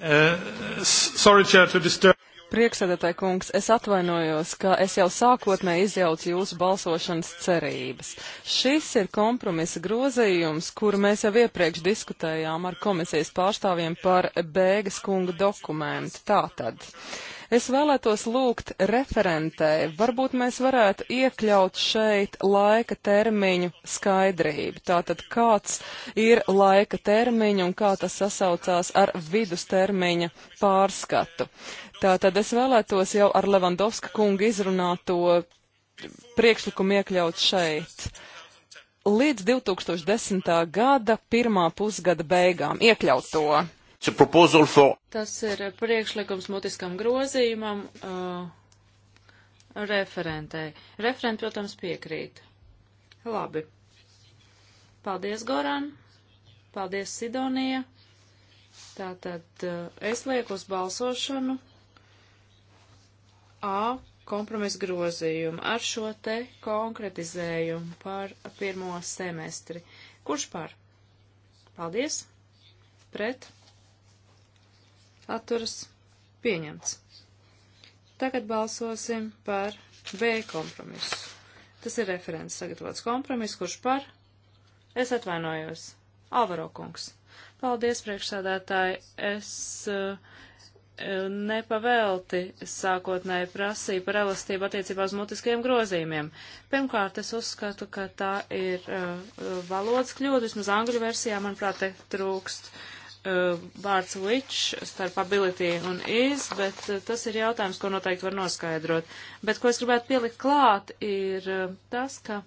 Uh, sorry, chair, to disturb. Prieksēdētāji kungs, es atvainojos, ka es jau sākotnē izjaucu jūsu balsošanas cerības. Šis ir kompromisa grozījums, kuru mēs jau iepriekš diskutējām ar komisijas pārstāvjiem par bēgas kunga dokumentu. Tātad. Uh, Es vēlētos lūgt referentei, varbūt mēs varētu iekļaut šeit laika termiņu skaidrību. Tātad kāds ir laika termiņu un kā tas sasaucās ar vidustermiņa pārskatu. Tātad es vēlētos jau ar Levandovska kungu izrunāto priekšlikumu iekļaut šeit. Līdz 2010. gada pirmā pusgada beigām iekļaut to. For... Tas ir priekšlikums mutiskam grozījumam uh, referentei. Referenti, protams, piekrīt. Labi. Paldies, Goran. Paldies, Sidonija. Tātad uh, es lieku uz balsošanu A kompromisu grozījumu ar šo te konkretizējumu par pirmo semestri. Kurš par? Paldies. Pret atturas pieņemts. Tagad balsosim par B kompromisu. Tas ir referents sagatavots kompromiss, kurš par? Es atvainojos. Alvaro kungs. Paldies, priekšsādātāji. Es uh, eh, nepavēlti sākotnēji prasīja par elastību attiecībā uz mutiskajiem grozījumiem. Pirmkārt, es uzskatu, ka tā ir uh, valodas kļūda, vismaz angļu versijā, manuprāt, te trūkst uh, Eh, vārds which starp ability un is, bet eh, tas ir jautājums, ko noteikti var noskaidrot. Bet ko es gribētu pielikt klāt ir eh, tas, ka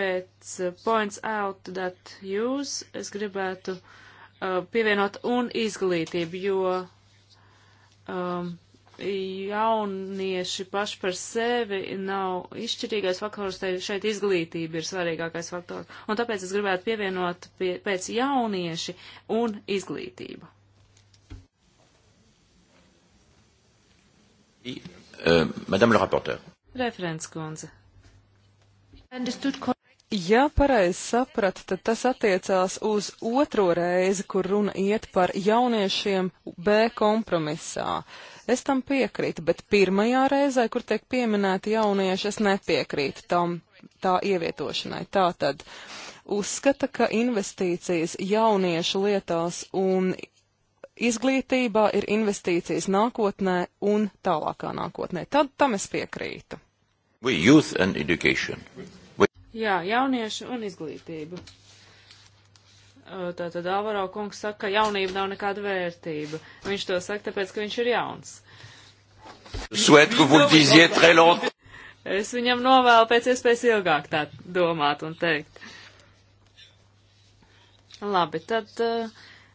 pēc points out that use es gribētu pievienot un izglītību, jo um, jaunieši paši par sevi nav izšķirīgais faktors, te šeit izglītība ir svarīgākais faktors. Un tāpēc es gribētu pievienot pie, pēc jaunieši un izglītība. Uh, Madame le rapporteur. Referents kundze. Ja pareizi sapratu, tad tas attiecās uz otro reizi, kur runa iet par jauniešiem B kompromisā. Es tam piekrītu, bet pirmajā reizē, kur tiek pieminēti jaunieši, es nepiekrītu tam tā ievietošanai. Tātad uzskata, ka investīcijas jauniešu lietās un izglītībā ir investīcijas nākotnē un tālākā nākotnē. Tad tam es piekrītu. We youth and education. Jā, jaunieši un izglītība. Tātad Alvaro kungs saka, ka jaunība nav nekāda vērtība. Viņš to saka, tāpēc, ka viņš ir jauns. Souhaite que vous le disiez très longtemps. Es viņam novēlu pēc iespējas ilgāk tā domāt un teikt. Labi, tad uh,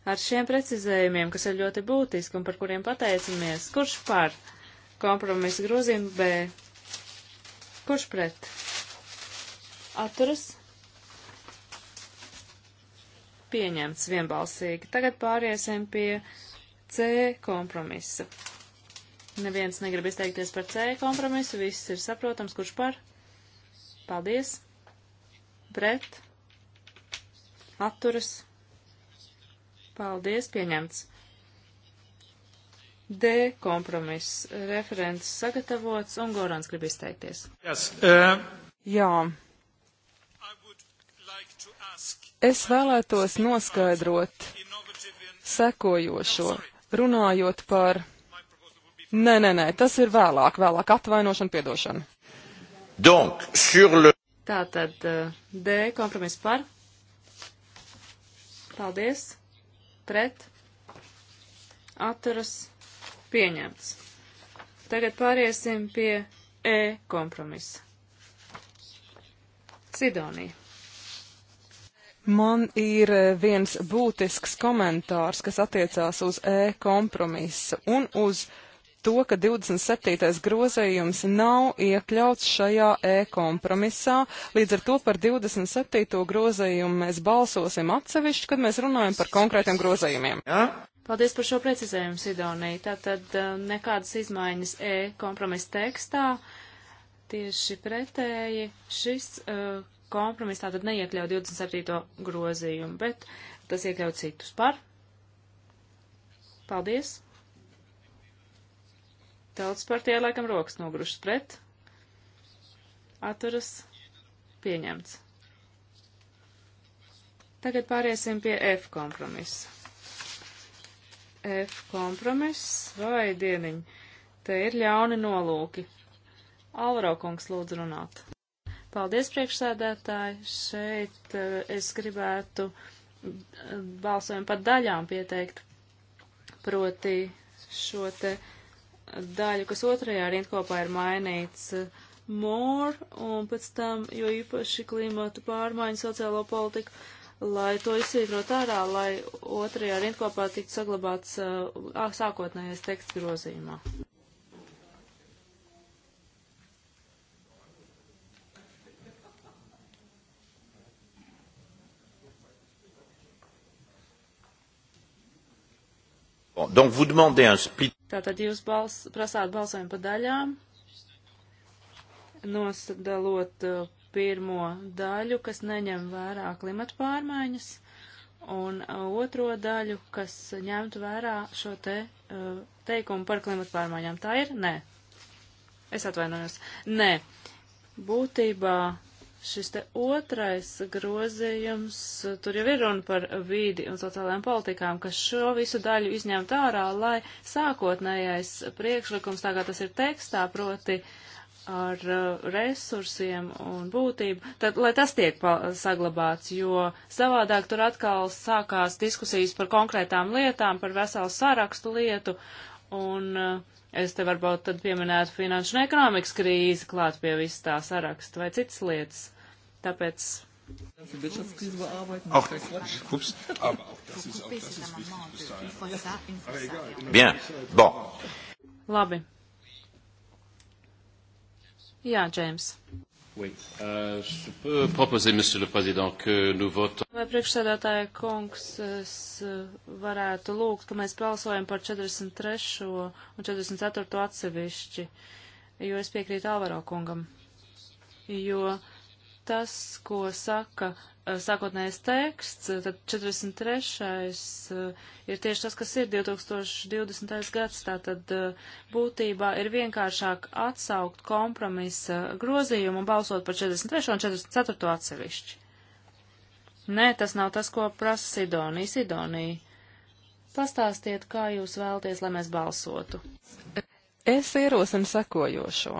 ar šiem precizējumiem, kas ir ļoti būtiski un par kuriem pateicamies, kurš par kompromisu grozījumu B? Kurš pret? atturas pieņemts vienbalsīgi. Tagad pāriesim pie C kompromisa. Neviens negrib izteikties par C kompromisu, viss ir saprotams, kurš par. Paldies. Pret. Atturas. Paldies, pieņemts. D kompromiss. Referents sagatavots un Gorans grib izteikties. Yes, uh... Jā. Es vēlētos noskaidrot sekojošo, runājot par. Nē, nē, nē, tas ir vēlāk, vēlāk atvainošana, piedošana. Donc, sur le... Tātad eh, D kompromiss par. Paldies. Pret. Atturas. Pieņemts. Tagad pāriesim pie E kompromisa. Sidonija. Man ir e, viens būtisks komentārs, kas attiecās uz e-kompromisu un uz to, ka 27. grozējums nav iekļauts šajā e-kompromisā. Līdz ar to par 27. grozējumu mēs balsosim atsevišķi, kad mēs runājam par konkrētiem grozējumiem. Ja? Paldies par šo precizējumu, Sidonija. Tātad e, nekādas izmaiņas e-kompromisa tekstā. Tieši pretēji šis. Uh, kompromiss tātad neiekļauj 27. grozījumu, bet tas iekļauj citus par. Paldies. Tautas partijā laikam rokas nogrušas pret. Atturas pieņemts. Tagad pāriesim pie F kompromisa. F kompromiss vai dieniņ, te ir ļauni nolūki. Alvaro kungs lūdzu runāt. Paldies, priekšsēdētāji. Šeit eh, es gribētu eh, balsojumu par daļām pieteikt. Proti šo te daļu, kas otrajā rindkopā ir mainīts eh, more, un pēc tam, jo īpaši klimatu pārmaiņu sociālo politiku, lai to izsvītrot ārā, lai otrajā rindkopā tiktu saglabāts uh, sākotnējais teksts grozījumā. Donc vous demandez un split. Tātad jūs bals, prasāt balsojumu pa daļām, nosadalot uh, pirmo daļu, kas neņem vērā klimata pārmaiņas, un uh, otro daļu, kas ņemtu vērā šo te uh, teikumu par klimata pārmaiņām. Tā ir? Nē. Es atvainojos. Nē. Būtībā Šis te otrais grozījums, tur jau ir runa par vīdi un sociālajām politikām, kas šo visu daļu izņemt ārā, lai sākotnējais priekšlikums, tā kā tas ir tekstā, proti ar uh, resursiem un būtību, tad, lai tas tiek saglabāts, jo savādāk tur atkal sākās diskusijas par konkrētām lietām, par veselu sarakstu lietu, un uh, Es te varbūt tad pieminētu finanšu un ekonomikas krīzi klāt pie visu tā sarakstu vai citas lietas. Tāpēc. Auch, ups, aber auch das ist, auch das ist wichtig. Bien, bon. Labi. Jā, Džeims. Oui. Uh, proposer, Mr. President, que nous votons. Vai priekšsēdētāja kungs eh, varētu lūgt, ka mēs balsojam par 43. un 44. atsevišķi, jo es piekrītu Alvaro kungam. Jo tas, ko saka Eh, sākotnējais teksts, eh, tad 43. Eh, ir tieši tas, kas ir 2020. gads, tātad būtībā ir vienkāršāk atsaukt kompromisa grozījumu un balsot par 43. un 44. atsevišķi. Nē, tas nav tas, ko prasa Sidonija. Sidonija, pastāstiet, kā jūs vēlties, lai mēs balsotu. Es ierosinu sekojošo.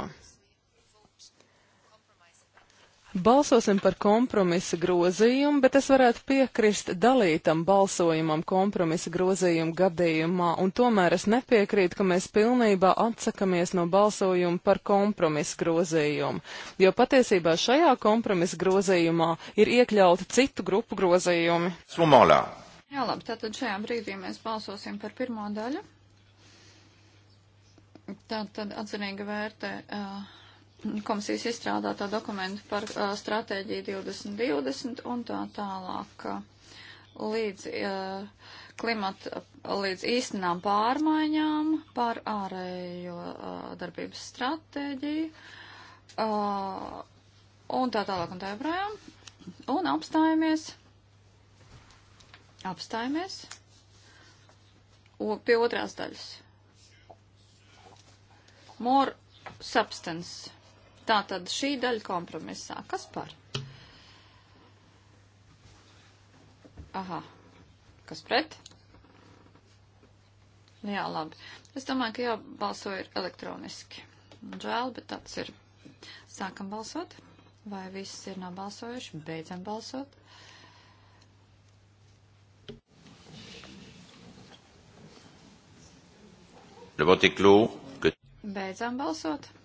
Balsosim par kompromisa grozījumu, bet es varētu piekrist dalītam balsojumam kompromisa grozījumu gadījumā, un tomēr es nepiekrītu, ka mēs pilnībā atsakamies no balsojuma par kompromisa grozījumu, jo patiesībā šajā kompromisa grozījumā ir iekļauti citu grupu grozījumi. Sumolā. Jā, labi, tātad šajā brīdī mēs balsosim par pirmo daļu. Tātad atzinīgi vērtē. Uh komisijas izstrādāto dokumentu par uh, stratēģiju 2020 un tā tālāk līdz uh, klimata, līdz īstenām pārmaiņām par ārējo uh, darbības stratēģiju uh, un tā tālāk un tā joprojām. Un apstājamies. Apstājamies. O, pie otrās daļas. More substance Tātad šī daļa kompromisā. Kas par? Aha. Kas pret? Jā, labi. Es domāju, ka jābalso ir elektroniski. Žēl, bet tāds ir. Sākam balsot. Vai viss ir nobalsojuši? Beidzam balsot. Le vote est clos. Beidzam balsot.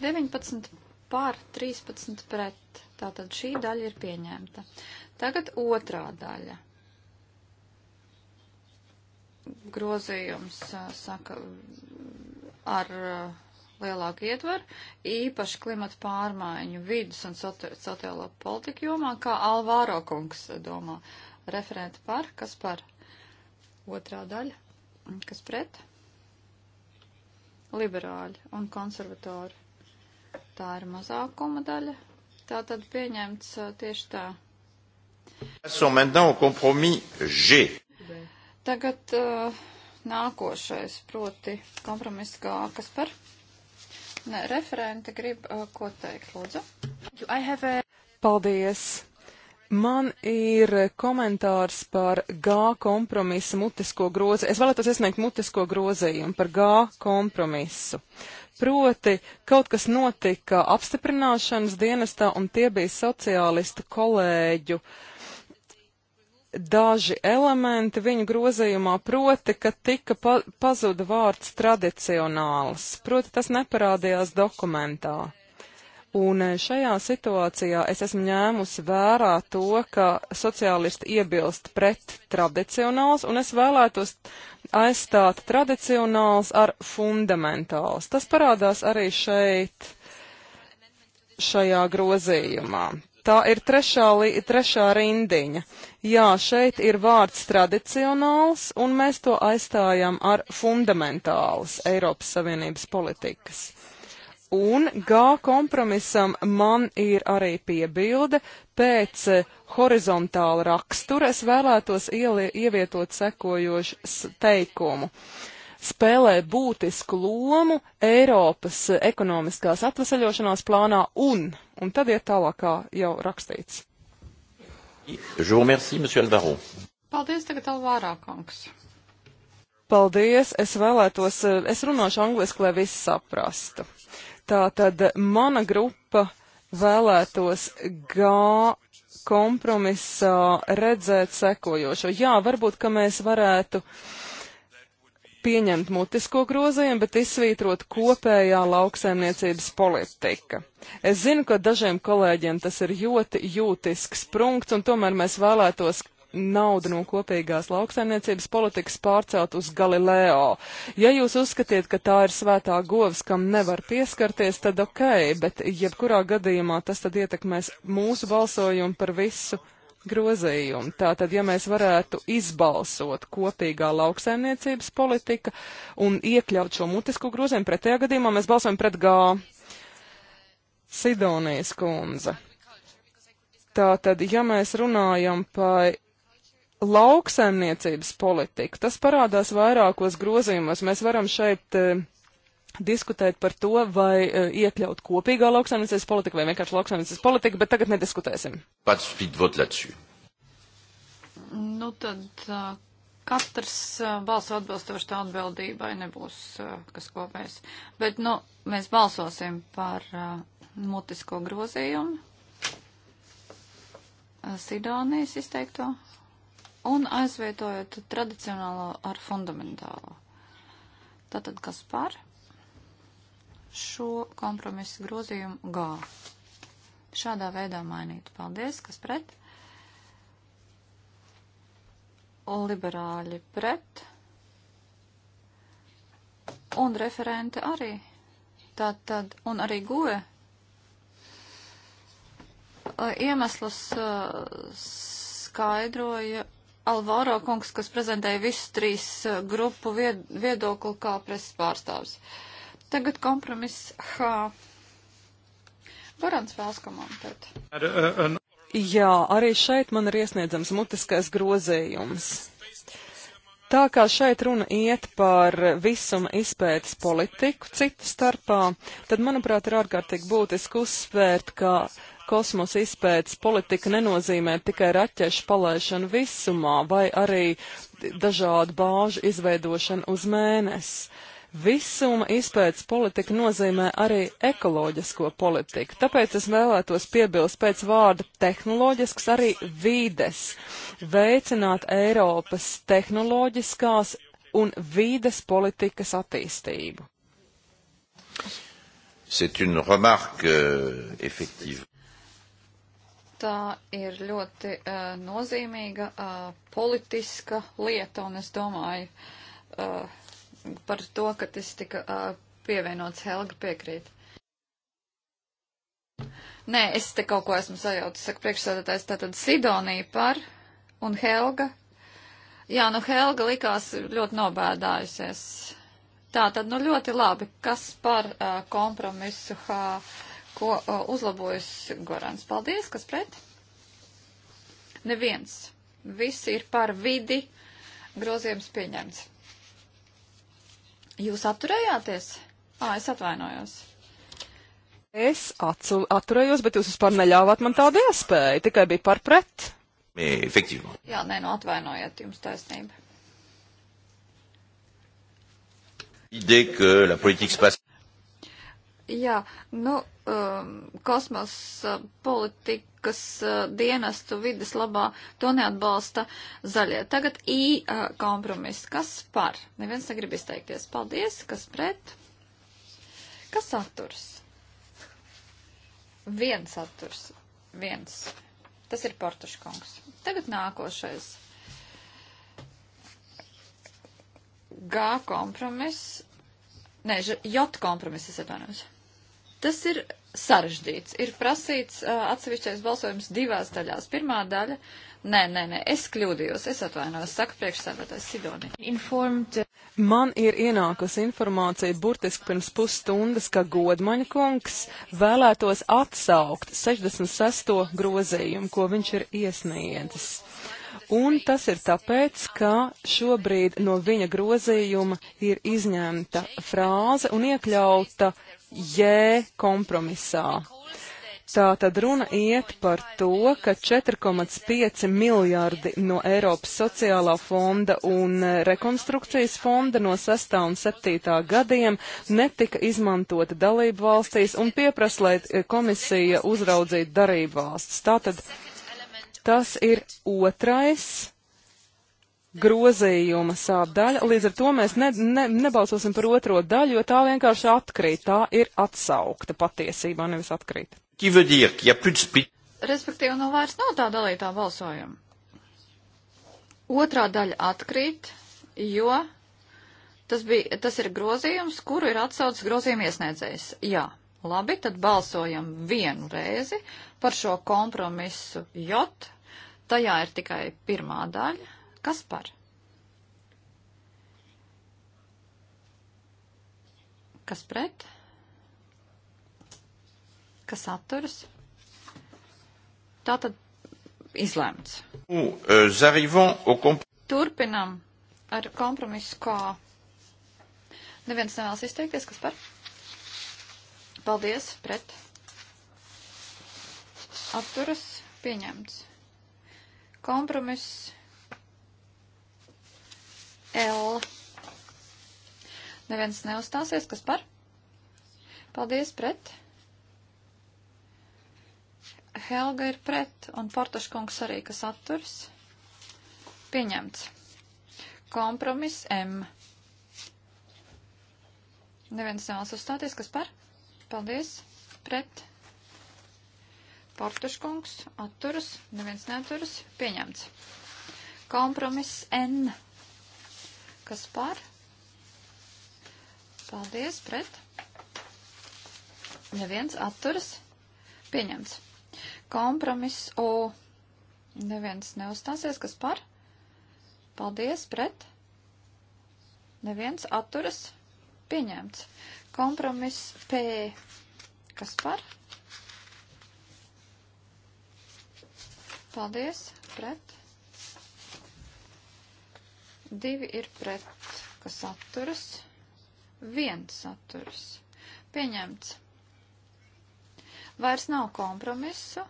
19 pār 13 pret. Tātad šī daļa ir pieņemta. Tagad otrā daļa. Grozījums saka ar lielāku ietvaru, īpaši klimata pārmaiņu, vidus un sociālo politiku jomā, kā Alvāro kungs domā. Referenti par, kas par otrā daļa, kas pret? Liberāļi un konservatori tā ir mazākuma daļa. Tā tad pieņemts uh, tieši tā. Tagad uh, nākošais, proti kompromiss G, kas par? Nē, referente grib uh, ko teikt, lūdzu. A... Paldies! Man ir komentārs par G kompromisa mutisko grozījumu. Es vēlētos iesniegt mutisko grozījumu par G kompromisu. Uh, Proti, kaut kas notika apstiprināšanas dienestā, un tie bija sociālistu kolēģu daži elementi viņu grozījumā, proti, ka tika pa pazuda vārds tradicionāls, proti tas neparādījās dokumentā. Un šajā situācijā es esmu ņēmusi vērā to, ka sociālisti iebilst pret tradicionāls, un es vēlētos aizstāt tradicionāls ar fundamentāls. Tas parādās arī šeit, šajā grozījumā. Tā ir trešā, li, trešā rindiņa. Jā, šeit ir vārds tradicionāls, un mēs to aizstājam ar fundamentāls Eiropas Savienības politikas. Un G kompromisam man ir arī piebilde, pēc eh, horizontāla rakstura es vēlētos ielie, ievietot sekojošu teikumu. Spēlē būtisku lomu Eiropas eh, ekonomiskās atvesaļošanās plānā un, un tad iet tālākā jau rakstīts. Remercie, Paldies, tagad Alvārā kungs. Paldies, es vēlētos, eh, es runāšu angliski, lai viss saprastu. Tātad mana grupa vēlētos gā kompromisā redzēt sekojošo. Jā, varbūt, ka mēs varētu pieņemt mutisko grozījumu, bet izsvītrot kopējā lauksaimniecības politika. Es zinu, ka dažiem kolēģiem tas ir ļoti jūtisks prunkts, un tomēr mēs vēlētos naudu no kopīgās lauksaimniecības politikas pārcelt uz Galileo. Ja jūs uzskatiet, ka tā ir svētā govs, kam nevar pieskarties, tad ok, bet jebkurā gadījumā tas tad ietekmēs mūsu balsojumu par visu grozījumu. Tātad, ja mēs varētu izbalsot kopīgā lauksaimniecības politika un iekļaut šo mutisko grozījumu, pretējā gadījumā mēs balsojam pret G. Sidonijas kundze. Tātad, ja mēs runājam par lauksaimniecības politiku. Tas parādās vairākos grozījumos. Mēs varam šeit e, diskutēt par to, vai e, iekļaut kopīgā lauksaimniecības politika vai vienkārši lauksaimniecības politika, bet tagad nediskutēsim. Nu tad uh, katrs uh, balso atbilstoši tā atbildībai nebūs uh, kas kopējs. Bet nu, mēs balsosim par mutisko grozījumu. Sidonijas izteikto un aizvietojot tradicionālo ar fundamentālo. Tātad kas par šo kompromisu grozījumu gā? Šādā veidā mainītu. Paldies, kas pret? Liberāļi pret. Un referente arī. Tātad, un arī goja iemeslus uh, skaidroja Alvaro kungs, kas prezentēja visus trīs eh, grupu vied viedokli kā preses pārstāvs. Tagad kompromiss H. Varants vēlas komentēt. Jā, arī šeit man ir iesniedzams mutiskais grozējums. Tā kā šeit runa iet par visuma izpētes politiku citu starpā, tad, manuprāt, ir ārkārtīgi būtiski uzsvērt, ka kosmosa izpētes politika nenozīmē tikai raķešu palaišanu visumā vai arī dažādu bāžu izveidošanu uz mēnesi. Visuma izpētes politika nozīmē arī ekoloģisko politiku, tāpēc es vēlētos piebilst pēc vārda tehnoloģisks arī vīdes, veicināt Eiropas tehnoloģiskās un vīdes politikas attīstību. C'est une remarque euh, effective tā ir ļoti uh, nozīmīga uh, politiska lieta, un es domāju uh, par to, ka tas tika uh, pievienots Helga piekrīt. Nē, es te kaut ko esmu sajaucis, saka priekšsēdētājs, tātad Sidonija par un Helga. Jā, nu Helga likās ļoti nobēdājusies. Tā tad, nu ļoti labi, kas par uh, kompromisu H. Uh, ko uh, uzlabojas Gorans. Paldies, kas pret? Neviens. Visi ir par vidi. Grozījums pieņemts. Jūs atturējāties? Ā, es atvainojos. Es atsul, atturējos, bet jūs vispār neļāvāt man tādu iespēju, tikai bija par pret. Efektīvi. Jā, nē, nu atvainojiet, jums taisnība. Ideja, ka la politika spēs. Jā, nu, um, kosmosa politikas uh, dienestu vidas labā, to neatbalsta zaļie. Tagad I uh, kompromiss. Kas par? Neviens negrib izteikties. Paldies. Kas pret? Kas atturs? Viens atturs. Viens. Tas ir Portuškungs. Tagad nākošais. G kompromiss. Nē, J kompromiss, es atvainojos. Tas ir sarežģīts. Ir prasīts uh, atsevišķais balsojums divās daļās. Pirmā daļa. Nē, nē, nē, es kļūdījos, es atvainojos, saka priekšsēdētājs Sidoni. Informed. Man ir ienākusi informācija burtiski pirms pusstundas, ka Godmaņa kungs vēlētos atsaukt 66. grozījumu, ko viņš ir iesniedzis. Un tas ir tāpēc, ka šobrīd no viņa grozījuma ir izņemta frāze un iekļauta uh, J kompromisā. Tā tad runa iet par to, ka 4,5 miljārdi no Eiropas sociālā fonda un rekonstrukcijas fonda no 6. un 7. gadiem netika izmantota dalību valstīs un pieprasa, lai eh, komisija uzraudzītu darību valsts. Tātad tas ir otrais grozījuma sāpdaļa, līdz ar to mēs ne, ne, nebalsosim par otro daļu, jo tā vienkārši atkrīt, tā ir atsaukta patiesībā, nevis atkrīt. Respektīvi, nu vairs nav tā dalītā balsojuma. Otrā daļa atkrīt, jo tas, bija, tas ir grozījums, kuru ir atsaucis grozījuma iesniedzējs. Jā, labi, tad balsojam vienu reizi par šo kompromisu J. Tajā ir tikai pirmā daļa, Kas par? Kas pret? Kas atturas? Tātad izlēmts. Euh, Turpinam ar kompromisu, kā neviens nevēlas izteikties, kas par? Paldies, pret. Atturas pieņemts. Kompromiss L. Neviens neuzstāsies, kas par? Paldies, pret. Helga ir pret, un Portaškungs arī, kas atturs. Pieņemts. Kompromis M. Neviens nevēlas uzstāties, kas par? Paldies, pret. Portaškungs atturas, neviens neaturas, pieņemts. Kompromis N. Kas par? Paldies, pret. Neviens atturas. Pieņemts. Kompromiss U. Neviens neuzstāsies. Kas par? Paldies, pret. Neviens atturas. Pieņemts. Kompromiss P. Kas par? Paldies, pret Divi ir pret, kas atturas. Viens atturas. Pieņemts. Vairs nav kompromisu.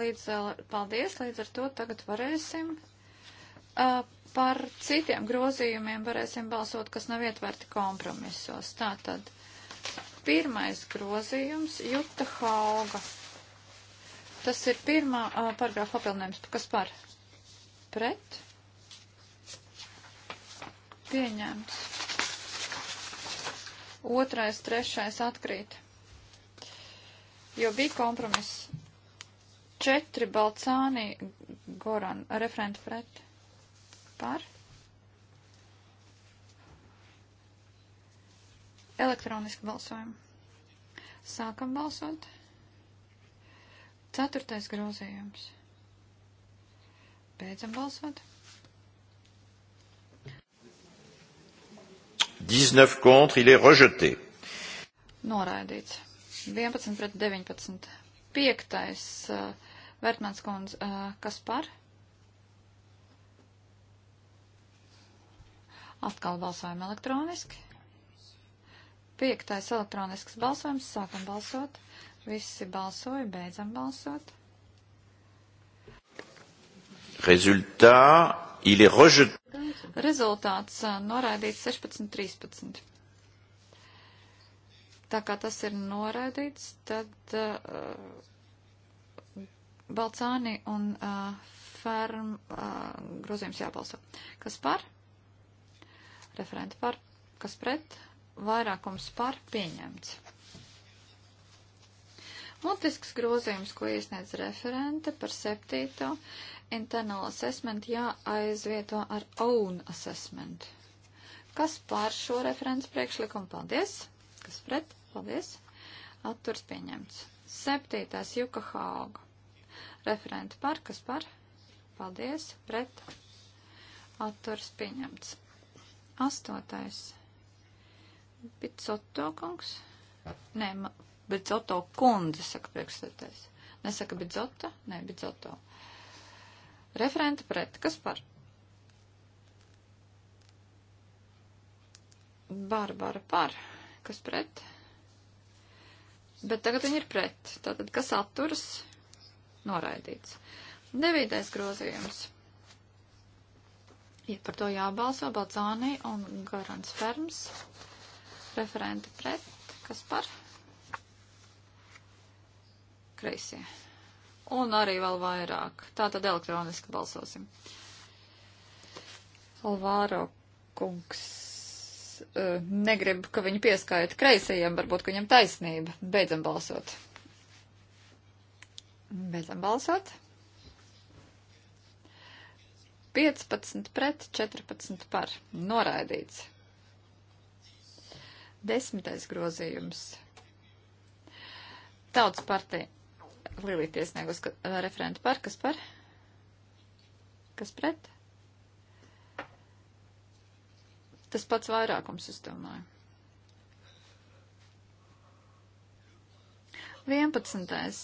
Līdz, eh, paldies, līdz ar to tagad varēsim uh, par citiem grozījumiem varēsim balsot, kas nav ietverti kompromisos. Tātad pirmais grozījums - Juta Hauga. Tas ir pirmā uh, paragrāfa papildinājums, kas par pret pieņemts. Otrais, trešais atkrīt. Jo bija kompromiss. Četri Balcāni Goran, referenti pret. Par. Elektroniski balsojam. Sākam balsot. Ceturtais grozījums. Beidzam balsot. 19 contre, il est rejeté. Noraidīts. 11 pret 19. Piektais uh, Vērtmans kundze, uh, kas par? Atkal balsojam elektroniski. Piektais elektronisks balsojums, sākam balsot. Visi balsoja, beidzam balsot. Rezultāts Il est rejeté. Rezultāts noraidīts 16.13. Tā kā tas ir noraidīts, tad uh, Balcāni un uh, Ferm uh, grozījums jābalso. Kas par? Referenti par. Kas pret? Vairākums par pieņemts. Mutisks grozījums, ko iesniedz referente par septīto. Uh, internal assessment jāaizvieto ar own assessment. Kas pār šo referents priekšlikumu? Paldies! Kas pret? Paldies! Atturs pieņemts. Septītās Juka Hauga. Referenti par, kas par? Paldies! Pret! Atturs pieņemts. Astotais. Bicoto kungs? Nē, Bicoto kundze, saka priekšstādājs. Nesaka Bicoto? Nē, Bicoto. Referenta pret. Kas par? Barbara par. Kas pret? Bet tagad viņi ir pret. Tātad, kas atturas? Noraidīts. Devītais grozījums. Ir par to jābalso Balcānī un Garants Ferms. Referenti pret. Kas par? Kreisie un arī vēl vairāk. Tā tad elektroniski balsosim. Alvāro kungs uh, negrib, ka viņu pieskaita kreisajiem, varbūt, ka viņam taisnība. Beidzam balsot. Beidzam balsot. 15 pret 14 par. Noraidīts. Desmitais grozījums. Tautas partija Lilīt iesniegus uh, referentu par, kas par, kas pret. Tas pats vairākums, es domāju. 11.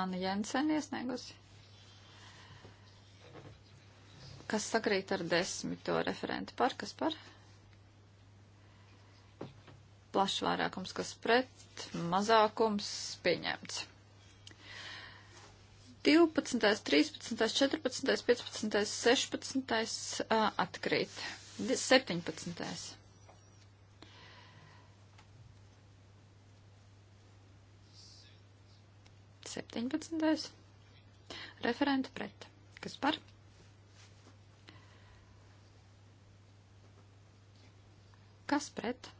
Anna Jensen iesniegusi. Kas sakrīt ar desmito referentu par, kas par? Plašs vairākums, kas pret, mazākums pieņemts. 12., 13., 14., 15., 16. atkrīt. 17. Septiņpadsmitais. Referenta pret. Kas par? Kas pret?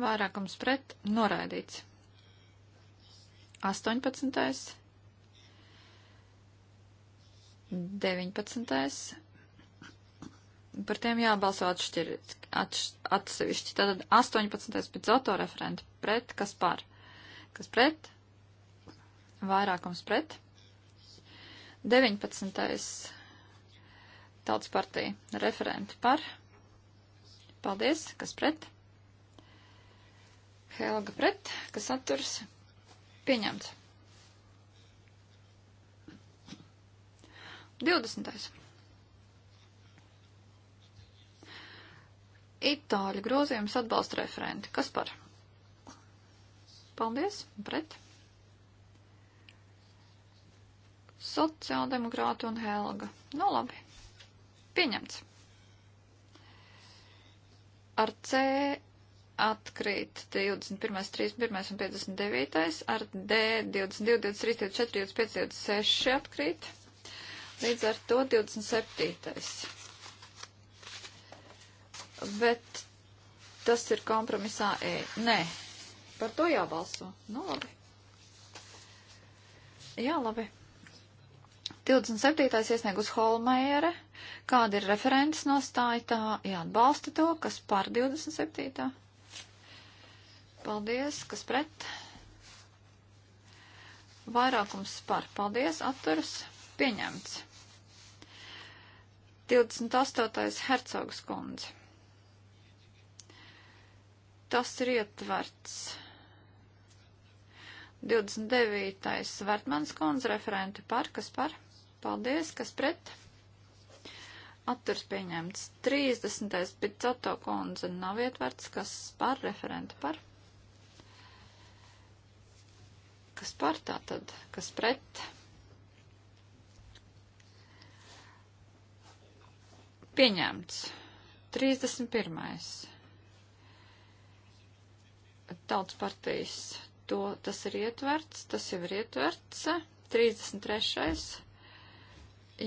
Vairākums pret. Noraidīts. 18. 19. Par tiem jābalso atšķir, atš, atsevišķi. Tātad 18. pēc autoreferenta pret, kas par? Kas pret? Vairākums pret. 19. Tautas partija referenti par. Paldies, kas pret? Helga pret, kas atturs? Pieņemts. 20. Itāļu grozījums atbalsta referenti. Kas par? Paldies. Pret. Sociāldemokrāti un Helga. Nu labi. Pieņemts. Ar C atkrīt 21, 31 un 59, ar D 22, 23, 24, 25, 26 atkrīt, līdz ar to 27. Bet tas ir kompromisā E. Nē, par to jābalso. Nu, labi. Jā, labi. 27. iesniegus Holmējere. Kāda ir referents nostāja tā? Jā, atbalsta to, kas par 27. Paldies, kas pret? Vairākums par. Paldies, atturas. Pieņemts. 28. Hercogs kundze. Tas ir ietverts. 29. Vertmans kundze referenti par. Kas par? Paldies, kas pret? Atturs pieņemts. 30. Picato kundze nav ietverts. Kas par? Referenti par. Kas par tā tad? Kas pret? Pieņemts. 31. Tautas partijas. To, tas ir ietverts, tas jau ir ietverts. 33.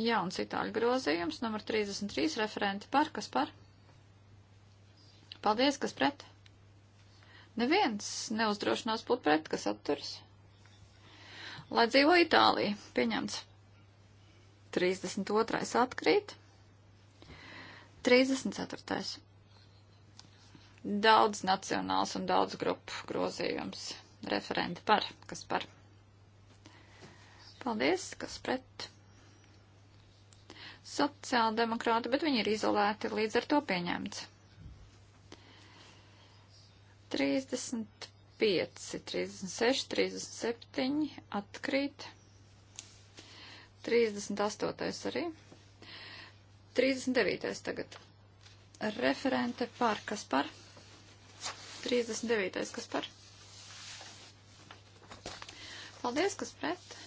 Jauns itāļu grozījums, numur 33, referenti par, kas par? Paldies, kas pret? Neviens neuzdrošinās būt pret, kas atturas. Lai dzīvo Itālija. Pieņemts. 32. atkrīt. 34. Daudz nacionāls un daudz grupu grozījums. Referenti par. Kas par? Paldies, kas pret? Sociāldemokrāti, bet viņi ir izolēti, līdz ar to pieņemts. 35. 5, 36, 37 atkrīt, 38 arī, 39 tagad. Referente par, kas par? 39, kas par? Paldies, kas pret?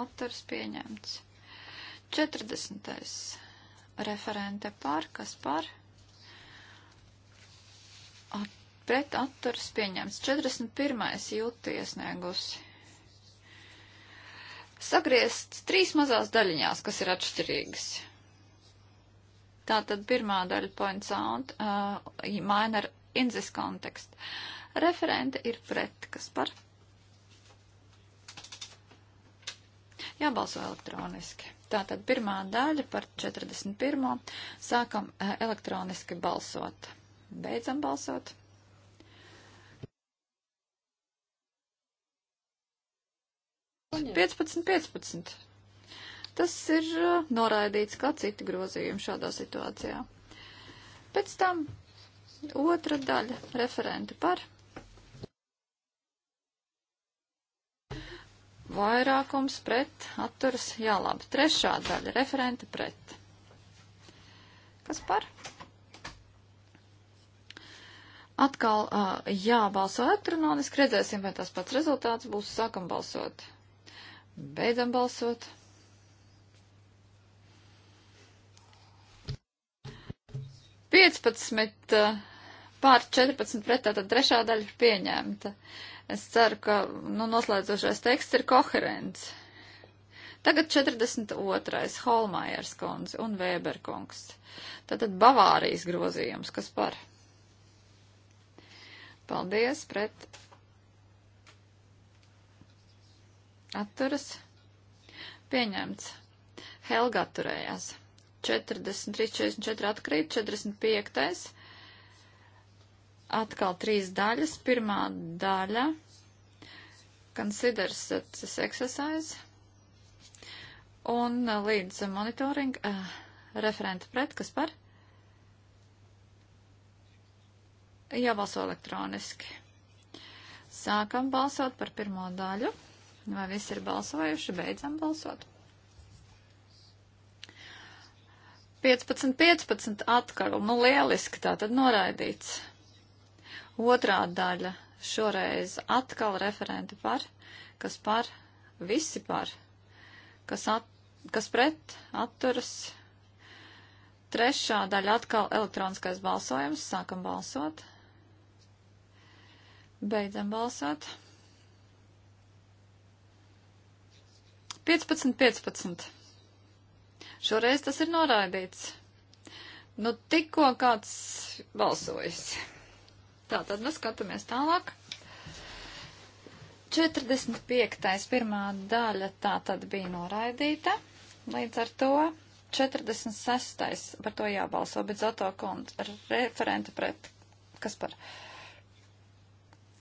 Autors pieņemts. 40. Referente par, kas par? At pret atturas pieņemts. 41. jūti iesniegusi. Sagriezts trīs mazās daļiņās, kas ir atšķirīgas. Tātad pirmā daļa points out uh, maina ar in this context. Referente ir pret, kas par? Jābalso elektroniski. Tātad pirmā daļa par 41. Sākam uh, elektroniski balsot. Beidzam balsot. 15, 15. Tas ir uh, noraidīts kā citi grozījumi šādā situācijā. Pēc tam otra daļa referenti par vairākums pret atturas jālaba. Trešā daļa referenti pret. Kas par? Atkal uh, jābalso elektroniski, redzēsim, vai tas pats rezultāts būs, sākam balsot. 2-1. Beidzam balsot. Piecpadsmit eh, pār 14 pret, tātad trešā daļa ir pieņemta. Es ceru, ka nu, noslēdzošais teksts ir koherents. Tagad 42. Holmajers kundze un Vēberkungs. Tātad Bavārijas grozījums, kas par. Paldies, pret atturas pieņemts. Helga atturējās. 43, 44 atkrīt, 45. Atkal trīs daļas. Pirmā daļa considers this exercise un līdz monitoring uh, referenta pret, kas par? Jābalso elektroniski. Sākam balsot par pirmo daļu. Vai visi ir balsojuši? Beidzam balsot. 15, 15 atkal, nu lieliski tā tad noraidīts. Otrā daļa šoreiz atkal referenti par, kas par, visi par, kas, at, kas pret, atturas. Trešā daļa atkal elektroniskais balsojums, sākam balsot. Beidzam balsot. 15, 15. Šoreiz tas ir noraidīts. Nu, tikko kāds balsojas. Tā, tad mēs nu skatāmies tālāk. 45. pirmā daļa tā tad bija noraidīta. Līdz ar to 46. par to jābalso, bet Zoto kundze referenta pret. Kas par?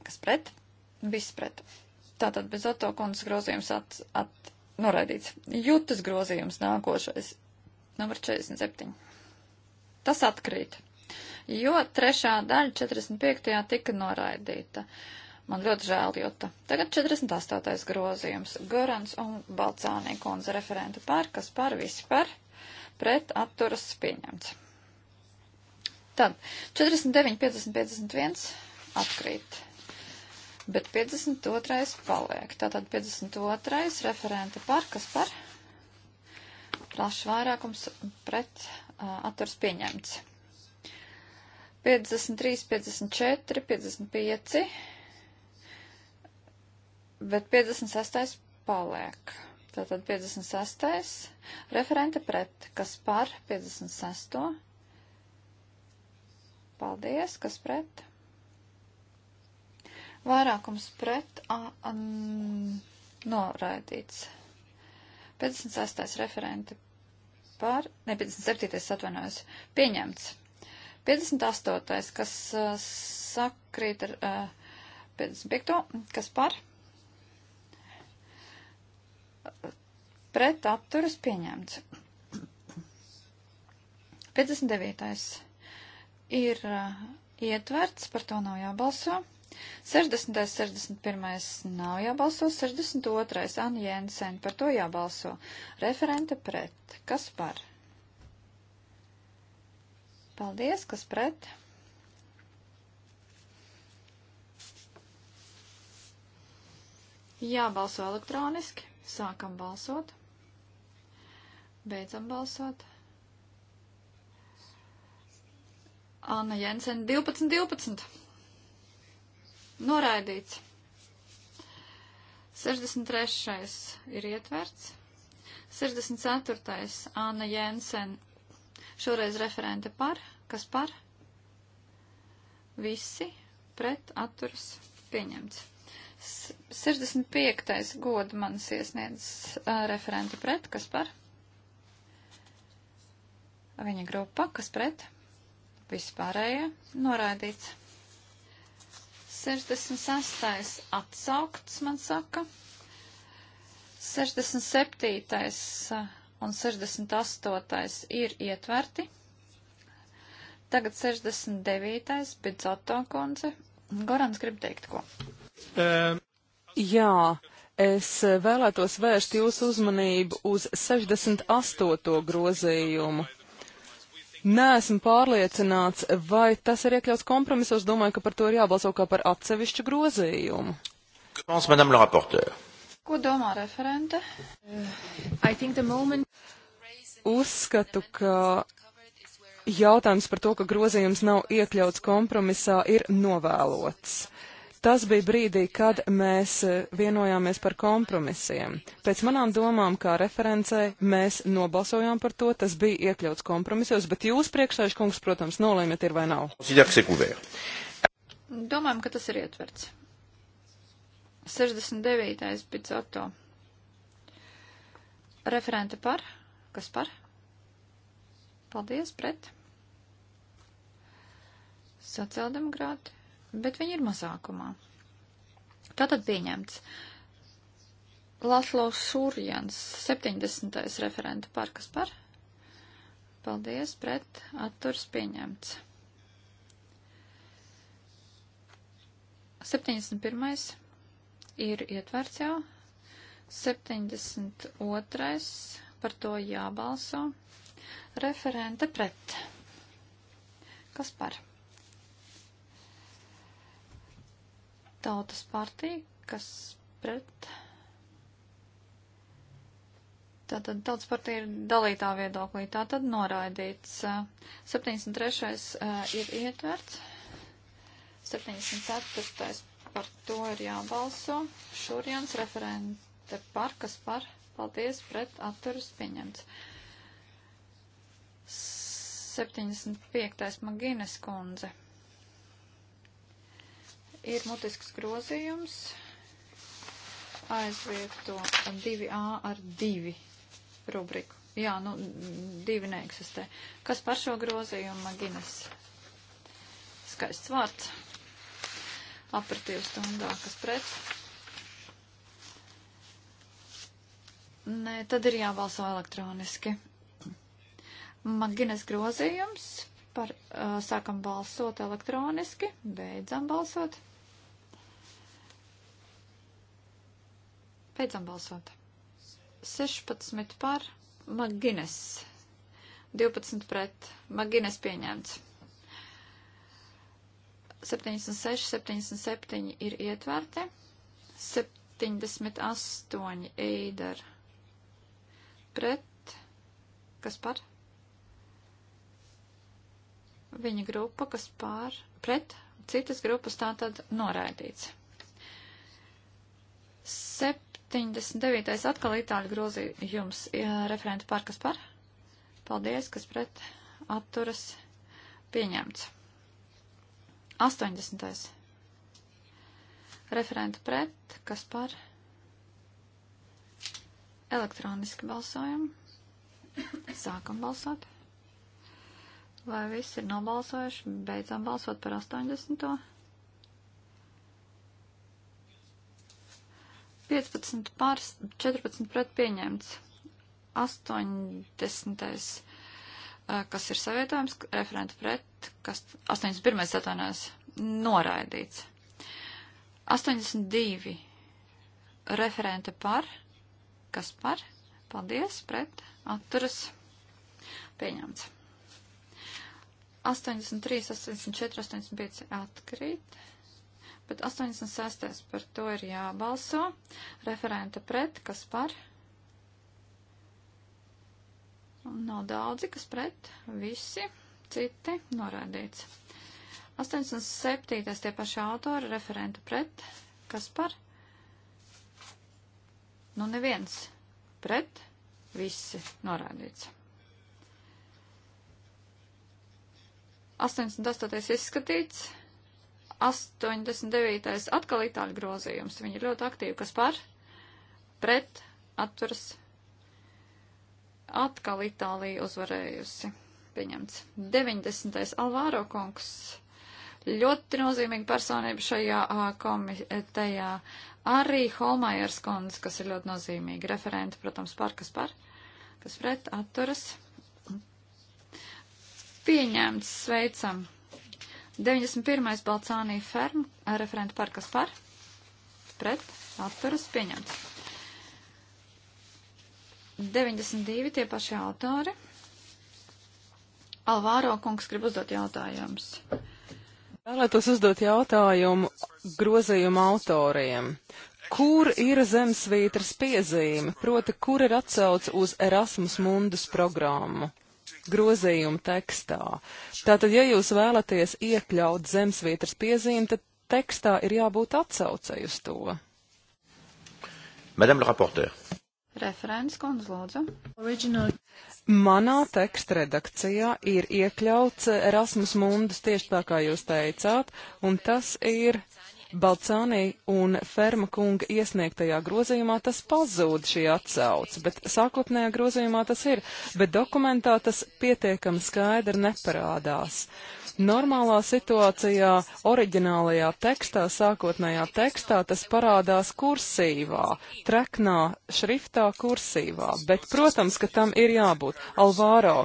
Kas pret? Viss pret. Tātad bez Zoto kundzes grozījums at, at, noraidīts. Jūtas grozījums nākošais, numur 47. Tas atkrīt, jo trešā daļa 45. tika noraidīta. Man ļoti žēl jūta. Tagad 48. grozījums. Gorans un Balcānī kundze referenta par, kas par visi par, pret atturas pieņemts. Tad 49, 50, 51 atkrīt bet 52. paliek. Tātad 52. referente par, kas par? Plašs vairākums pret atturs pieņemts. 53, 54, 55, bet 56. paliek. Tātad 56. referente pret, kas par 56. Paldies, kas pret? Vairākums pret a, a, noraidīts. 56. referenti par, ne 57. atvainojos, pieņemts. 58. kas uh, sakrīt ar uh, 55. kas par, pret atturas pieņemts. 59. ir uh, ietverts, par to nav jābalso. 60. 61. nav jābalso, 62. Anna Jensen, par to jābalso. Referente pret. Kas par? Paldies, kas pret? Jābalso elektroniski. Sākam balsot. Beidzam balsot. Anna Jensen 12, 12. Noraidīts. 63. ir ietverts. 64. Anna Jensen. Šoreiz referente par. Kas par? Visi pret atturas pieņemts. 65. godu manas iesniedz uh, referente pret. Kas par? Viņa grupa. Kas pret? Vispārējie. Noraidīts. 66. atsaukts, man saka. 67. un 68. ir ietverti. Tagad 69. Bidzoto kundze. Gorans grib teikt ko. Um. Jā, es vēlētos vērst jūsu uzmanību uz 68. grozījumu. Nesmu pārliecināts, vai tas ir iekļauts kompromisos. Domāju, ka par to ir jābalso kā par atsevišķu grozījumu. Ko domā referente? Uh, moment... Uzskatu, ka jautājums par to, ka grozījums nav iekļauts kompromisā, ir novēlots. Uh, Tas bija brīdī, kad mēs eh, vienojāmies par kompromisiem. Pēc manām domām, kā referencē, mēs nobalsojām par to, tas bija iekļauts kompromisos, bet jūs priekšsēžkungs, protams, nolēmiet ir vai nav. Domājam, ka tas ir ietverts. 69. Bizoto. Referente par? Kas par? Paldies, pret. Sociāldemokrāti bet viņi ir mazākumā. Tātad pieņemts. Laslo Surjans, 70. referenta par, kas par? Paldies, pret, atturs pieņemts. 71. ir ietverts jau. 72. par to jābalso. Referente pret. Kas par? Tautas partija, kas pret. Tātad tautas partija ir dalītā viedoklī, tātad noraidīts. 73. Eh, ir ietverts, 74. par to ir jābalso. Šuriens referente par, kas par, paldies, pret atturas pieņemts. 75. Magīnes kundze ir mutisks grozījums aizvieto 2A ar 2 rubriku. Jā, nu, divi neeksistē. Kas par šo grozījumu, Maginas? Skaists vārds. Apertīvas stundā, kas pret? Nē, tad ir jābalso elektroniski. Maginas grozījums. Par, uh, sākam balsot elektroniski, beidzam balsot. Beidzam balsot. 16 par Magines. 12 pret Magines pieņemts. 76, 77 ir ietverti. 78 eider pret. Kas par? Viņa grupa, kas pār, pret, citas grupas tā tad noraidīts. 7 79. atkal itāļu grozījums referenta par kas par. Paldies, kas pret atturas pieņemts. 80. Referenta pret, kas par elektroniski balsojam. Sākam balsot. Vai viss ir nobalsojuši? Beidzam balsot par 80. 15 pār 14 pret pieņemts. 80. kas ir savietojums, referenta pret, kas 81. atvainojas noraidīts. 82 referente par, kas par, paldies, pret, atturas, pieņemts. 83, 84, 85 atkrīt bet 86. par to ir jābalso. Referenta pret, kas par? Un nav daudzi, kas pret, visi, citi norādīts. 87. tie paši autori, referenta pret, kas par? Nu neviens pret, visi norādīts. 88. izskatīts, 89. atkal itāļu grozījums. Viņi ir ļoti aktīvi. Kas par? Pret atturas. Atkal Itālija uzvarējusi. Pieņemts. 90. Alvāro kungs. Ļoti nozīmīga personība šajā komitejā. Arī Holmajers kundze, kas ir ļoti nozīmīga. Referenti, protams, par kas par? Kas pret atturas. Pieņemts. Sveicam. 91. Balcānī ferma, referenta par kas par, pret, atturas pieņemts. 92. tie paši autori. Alvāro kungs grib uzdot jautājumus. Vēlētos uzdot jautājumu grozījumu autoriem. Kur ir zemesvītras piezīme, proti, kur ir atsauce uz Erasmus Mundus programmu? grozījuma tekstā. Tātad, ja jūs vēlaties iekļaut zemesvietas piezīmi, tad tekstā ir jābūt atsaucei uz to. Madame le rapporteur. Referents kundze, lūdzu. Original. Manā teksta redakcijā ir iekļauts Erasmus Mundus tieši tā, kā jūs teicāt, un tas ir Balcānī un Ferma kunga iesniegtajā grozījumā tas pazūd šī atsauce, bet sākotnējā grozījumā tas ir, bet dokumentā tas pietiekami skaidri neparādās. Normālā situācijā, oriģinālajā tekstā, sākotnējā tekstā tas parādās kursīvā, treknā šriftā kursīvā, bet, protams, ka tam ir jābūt. Alvāro,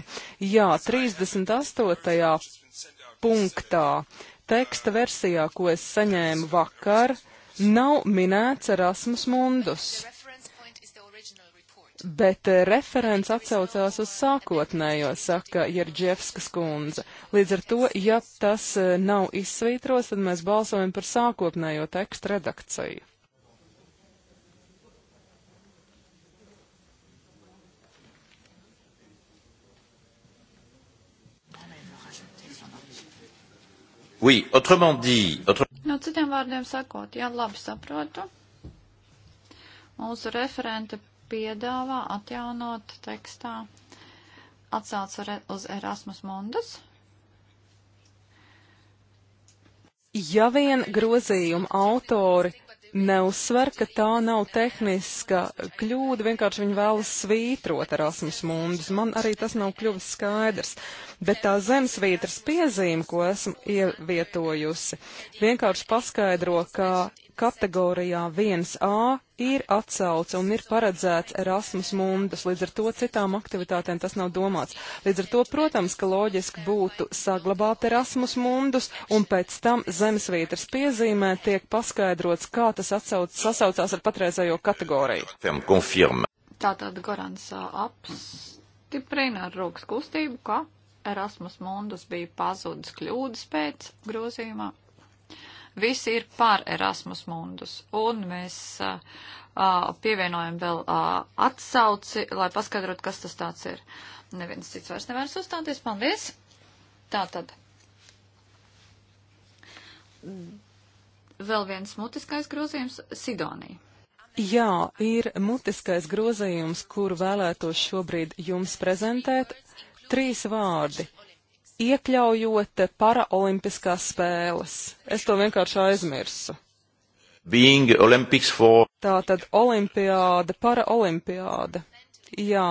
jā, 38. punktā teksta versijā, ko es saņēmu vakar, nav minēts Erasmus Mundus bet eh, referents atsaucās uz sākotnējo, saka Jerģevskas kundze. Līdz ar to, ja tas eh, nav izsvītros, tad mēs balsojam par sākotnējo tekstu redakciju. Oui, autrement dit. Autre... No nu, citiem vārdiem sakot, ja labi saprotu, mūsu referente piedāvā atjaunot tekstā atsaucu uz Erasmus Mundus. Ja vien grozījuma autori neuzsver, ka tā nav tehniska kļūda, vienkārši viņi vēlas svītrot Erasmus mundus. Man arī tas nav kļuvis skaidrs. Bet tā zemesvītras piezīme, ko esmu ievietojusi, vienkārši paskaidro, ka kategorijā 1A ir atsauce un ir paredzēts Erasmus mundus, līdz ar to citām aktivitātēm tas nav domāts. Līdz ar to, protams, ka loģiski būtu saglabāt Erasmus mundus un pēc tam zemesvītras piezīmē tiek paskaidrots, kā tas atsauc, sasaucās ar patreizējo kategoriju. Tātad Gorans apstiprina ar rokas kustību, ka Erasmus mundus bija pazudis kļūdas pēc grozījumā Visi ir par Erasmus mundus. Un mēs uh, pievienojam vēl uh, atsauci, lai paskaidrotu, kas tas tāds ir. Neviens cits vairs nevērs uzstāties. Paldies! Tātad. Vēl viens mutiskais grozījums - Sidonija. Jā, ir mutiskais grozījums, kuru vēlētos šobrīd jums prezentēt. Trīs vārdi iekļaujot paraolimpiskās spēles. Es to vienkārši aizmirsu. For... Tā tad olimpiāda, paraolimpiāda. Jā,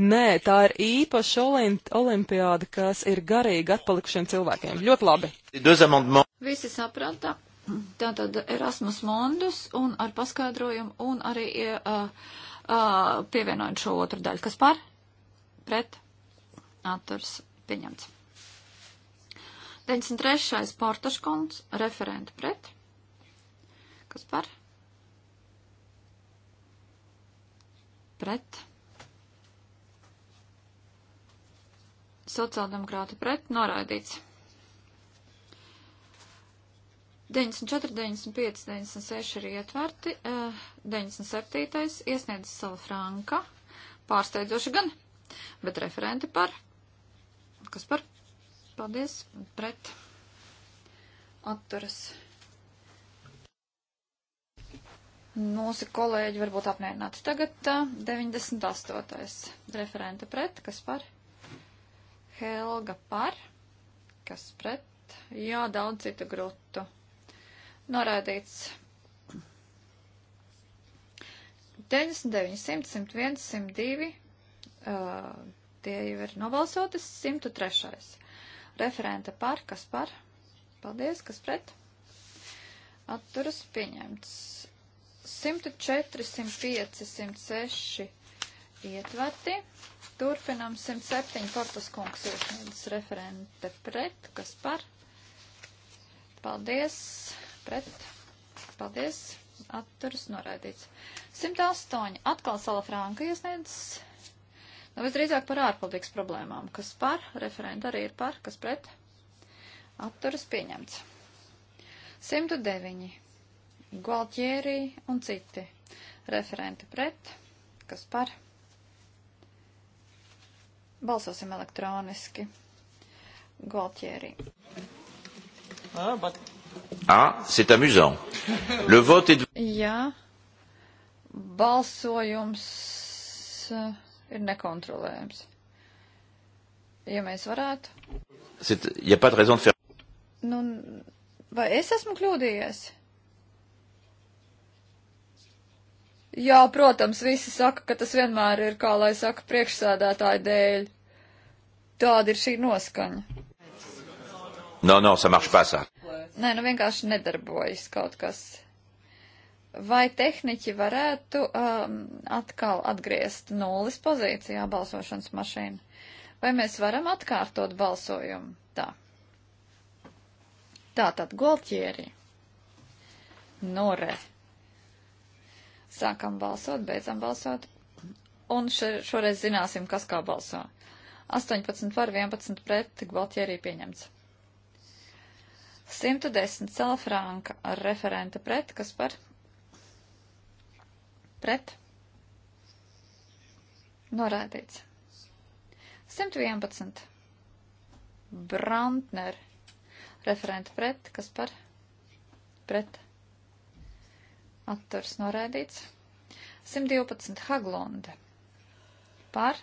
nē, tā ir īpaša olimp olimpiāda, kas ir garīga atpalikušiem cilvēkiem. Ļoti labi. Visi saprata. Tātad Erasmus Mondus un ar paskaidrojumu un arī uh, uh, pievienojot šo otru daļu. Kas par? Pret? Atturs pieņemts. 93. Portaškons, referenta pret. Kas par? Pret. Sociāldemokrāti pret, noraidīts. 94, 95, 96 ir ietverti, 97. iesniedz savu franka, pārsteidzoši gan, bet referenti par, kas par Paldies pret atturas. Mūsu kolēģi varbūt apmierināti. Tagad 98. referenta pret, kas par? Helga par, kas pret? Jā, daudz citu grūtu. Norādīts 99, 100, 101, 102, uh, tie jau ir nobalsotas, 103. Referenta par, kas par? Paldies, kas pret? Atturas pieņemts. 104, 105, 106 ietverti. Turpinam 107 Portas kungs iesniedzis referente pret, kas par? Paldies, pret, paldies, atturas noraidīts. 108 atkal Salafrānka iesniedzis Nu, visdrīzāk par ārpolitikas problēmām. Kas par? Referenta arī ir par. Kas pret? Atturas pieņemts. 109. Gualtieri un citi. Referenti pret. Kas par? Balsosim elektroniski. Gualtieri. Ah, but... ah c'est amusant. Le vote est... Jā. Balsojums. Uh, ir nekontrolējams. Ja mēs varētu. Sit, ja pat raison de faire. Nu, vai es esmu kļūdījies? Jā, protams, visi saka, ka tas vienmēr ir, kā lai saka, priekšsēdētāja dēļ. Tāda ir šī noskaņa. No, no, ça marche pas, ça. Nē, nu vienkārši nedarbojas kaut kas. Vai tehniķi varētu um, atkal atgriezt nulles pozīcijā balsošanas mašīnu? Vai mēs varam atkārtot balsojumu? Tā. Tātad Goltieri. Nore. Nu, Sākam balsot, beidzam balsot. Un še, šoreiz zināsim, kas kā balso. 18 par 11 pret Goltieri pieņemts. 110 Salafranka referenta pret, kas par pret norādīts. 111. Brantner referenta pret, kas par pret atturs norādīts. 112. Haglunde par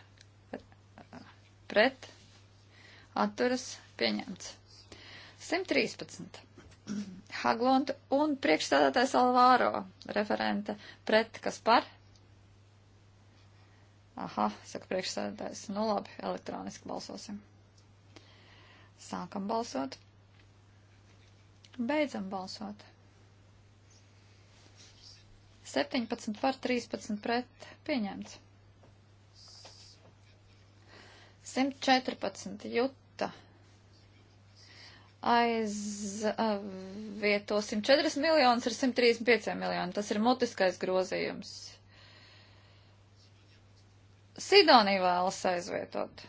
pret atturas pieņemts. 113. Haglund un priekšstādātais Alvāro referente pret, kas par? Aha, saka priekšsēdētājs. Nu labi, elektroniski balsosim. Sākam balsot. Beidzam balsot. 17 par 13 pret pieņemts. 114 juta aizvieto 140 miljonus ar 135 miljoniem. Tas ir mutiskais grozījums. Sidonija vēlas aizvietot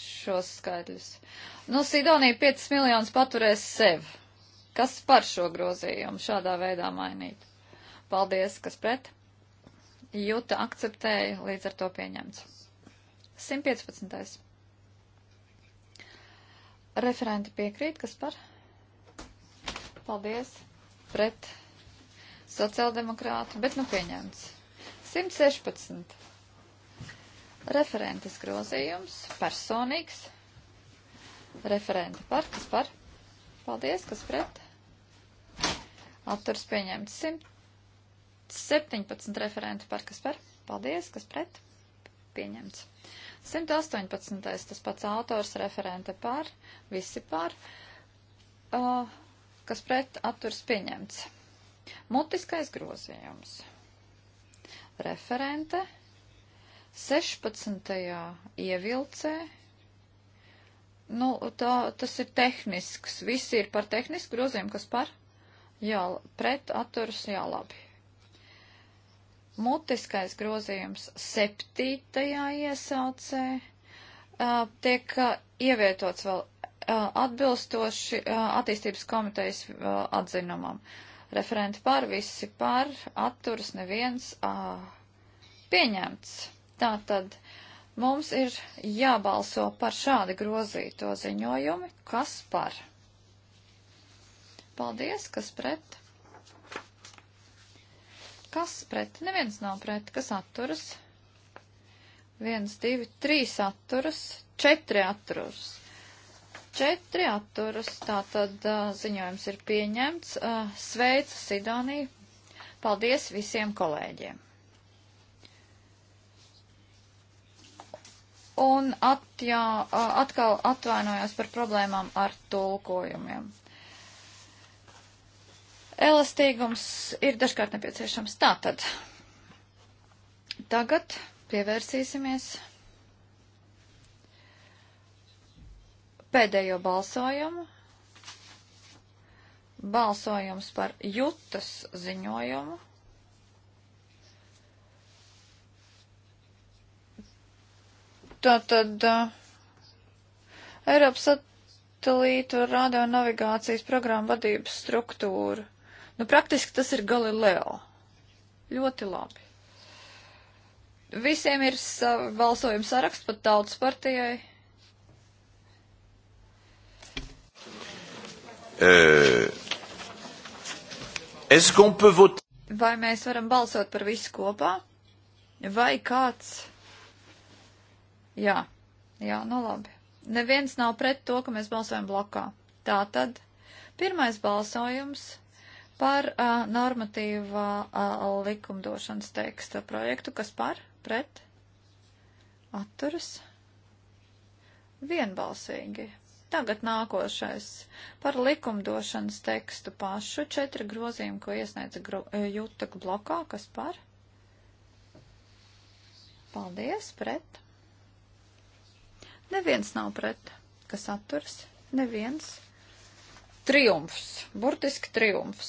šos skaidrs. Nu, Sidonija 5 miljonus paturēs sev. Kas par šo grozījumu šādā veidā mainīt? Paldies, kas pret? Jūta akceptēja, līdz ar to pieņemts. 115. Referenti piekrīt, kas par? Paldies. Pret sociāldemokrātu, bet nu pieņemts. 116. Referentes grozījums, personīgs. Referenti par, kas par? Paldies, kas pret? Atturs pieņemts 117 referenti par, kas par? Paldies, kas pret? Pieņemts. 118. tas pats autors referente par, visi par, uh, kas pret atturs pieņemts. Mutiskais grozījums. Referente 16. ievilcē. Nu, tā, tas ir tehnisks. Visi ir par tehnisku grozījumu, kas par? Jā, pret atturs, jā, labi. Mutiskais grozījums septītajā iesaucē uh, tiek uh, ievietots vēl uh, atbilstoši attīstības komitejas atzinumam. Referenti par, visi par, atturas neviens pieņemts. Tātad mums ir jābalso par šādi grozīto ziņojumi. Kas par? Paldies, kas pret? Kas pret? Neviens nav pret. Kas atturas? Viens, divi, trīs atturas, četri atturas. Četri atturas, tātad ziņojums ir pieņemts. Sveicu Sidoniju. Paldies visiem kolēģiem. Un atjā, atkal atvainojos par problēmām ar tulkojumiem. Elastīgums ir dažkārt nepieciešams. Tātad, tagad pievērsīsimies pēdējo balsojumu. Balsojums par jutas ziņojumu. Tātad uh, Eiropas satelītu radio navigācijas programmu vadības struktūru. Nu, praktiski tas ir Galileo. Ļoti labi. Visiem ir balsojuma saraksts, pat tautas partijai. Uh, Vai mēs varam balsot par visu kopā? Vai kāds? Jā, jā, nu labi. Neviens nav pret to, ka mēs balsojam blokā. Tā tad pirmais balsojums par uh, normatīvā uh, likumdošanas teksta projektu, kas par, pret, atturas, vienbalsīgi. Tagad nākošais par likumdošanas tekstu pašu četri grozījumi, ko iesniedz jūtak blokā, kas par. Paldies, pret. Neviens nav pret, kas atturs, neviens triumfs, burtiski triumfs.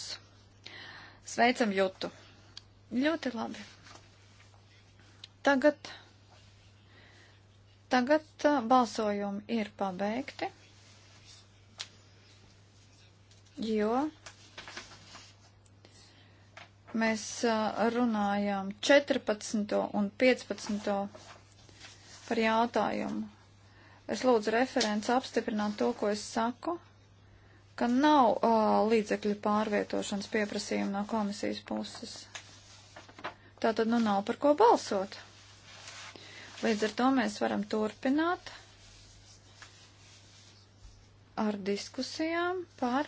Sveicam jūtu. Ļoti labi. Tagad, tagad balsojumi ir pabeigti, jo mēs runājām 14. un 15. par jautājumu. Es lūdzu referents apstiprināt to, ko es saku ka nav uh, līdzekļu pārvietošanas pieprasījuma no komisijas puses. Tā tad nu nav par ko balsot. Līdz ar to mēs varam turpināt ar diskusijām par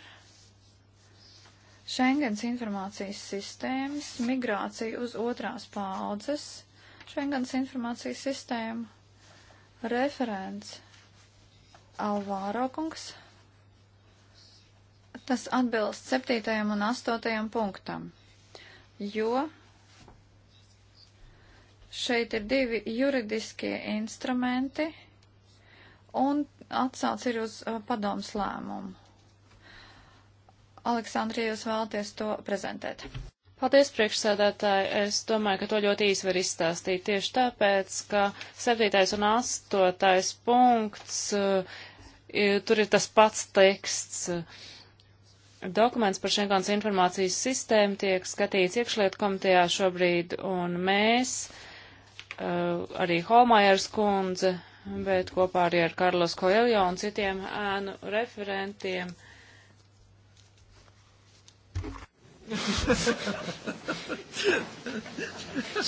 Schengens informācijas sistēmas migrāciju uz otrās paaudzes Schengens informācijas sistēmu referents Alvāro kungs. Tas atbilst septītajam un astotajam punktam, jo šeit ir divi juridiskie instrumenti un atsauc ir uz uh, padoms lēmumu. Aleksandri, jūs vēlaties to prezentēt? Paldies, priekšsēdētāji. Es domāju, ka to ļoti īsi var izstāstīt tieši tāpēc, ka 7. un 8. punkts, uh, tur ir tas pats teksts. Uh, Dokuments par Schengens informācijas sistēmu tiek skatīts iekšlietu komitejā šobrīd, un mēs, uh, arī Holmajers kundze, bet kopā arī ar Karlos Koeljo un citiem ēnu referentiem.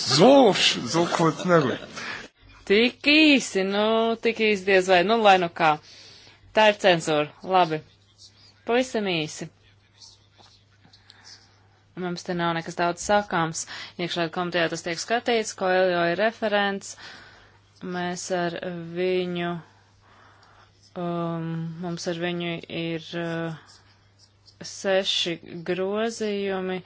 Zolš, zolkot nevar. Tik īsi, nu, tik īsi diez vai, nu, lai nu kā. Tā ir cenzūra, labi. Pavisam īsi. Mums te nav nekas daudz sakāms. Iekšlietu komitejā tas tiek skatīts, ko Eljo ir referents. Mēs ar viņu, um, mums ar viņu ir uh, seši grozījumi.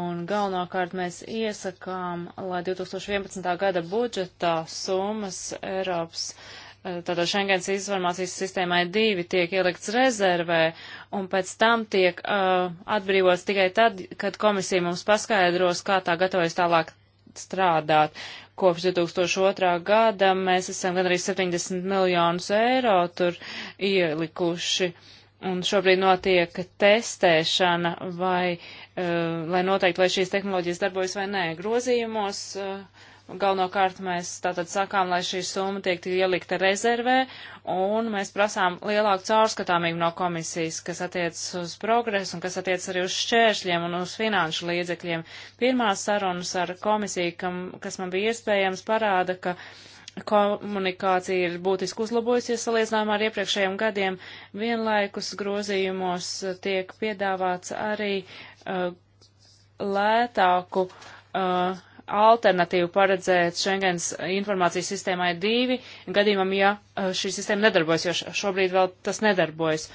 Un galvenokārt mēs iesakām, lai 2011. gada budžetā summas Eiropas uh, Eh, tātad Schengens informācijas sistēmai divi tiek ielikts rezervē, un pēc tam tiek uh, atbrīvots tikai tad, kad komisija mums paskaidros, kā tā gatavojas tālāk strādāt. Kopš 2002. gada mēs esam gan arī 70 miljonus eiro tur ielikuši, un šobrīd notiek testēšana, vai, uh, lai noteikti, vai šīs tehnoloģijas darbojas vai nē. Grozījumos uh, Galvenokārt mēs tātad sakām, lai šī summa tiek ielikta rezervē, un mēs prasām lielāku caurskatāmību no komisijas, kas attiecas uz progresu un kas attiecas arī uz šķēršļiem un uz finanšu līdzekļiem. Pirmās sarunas ar komisiju, kam, kas man bija iespējams, parāda, ka komunikācija ir būtiski uzlabojusies salīdzinājumā ar iepriekšējiem gadiem. Vienlaikus grozījumos tiek piedāvāts arī uh, lētāku uh, alternatīvu paredzēt Schengens informācijas sistēmai divi gadījumam, ja uh, šī sistēma nedarbojas, jo šobrīd vēl tas nedarbojas,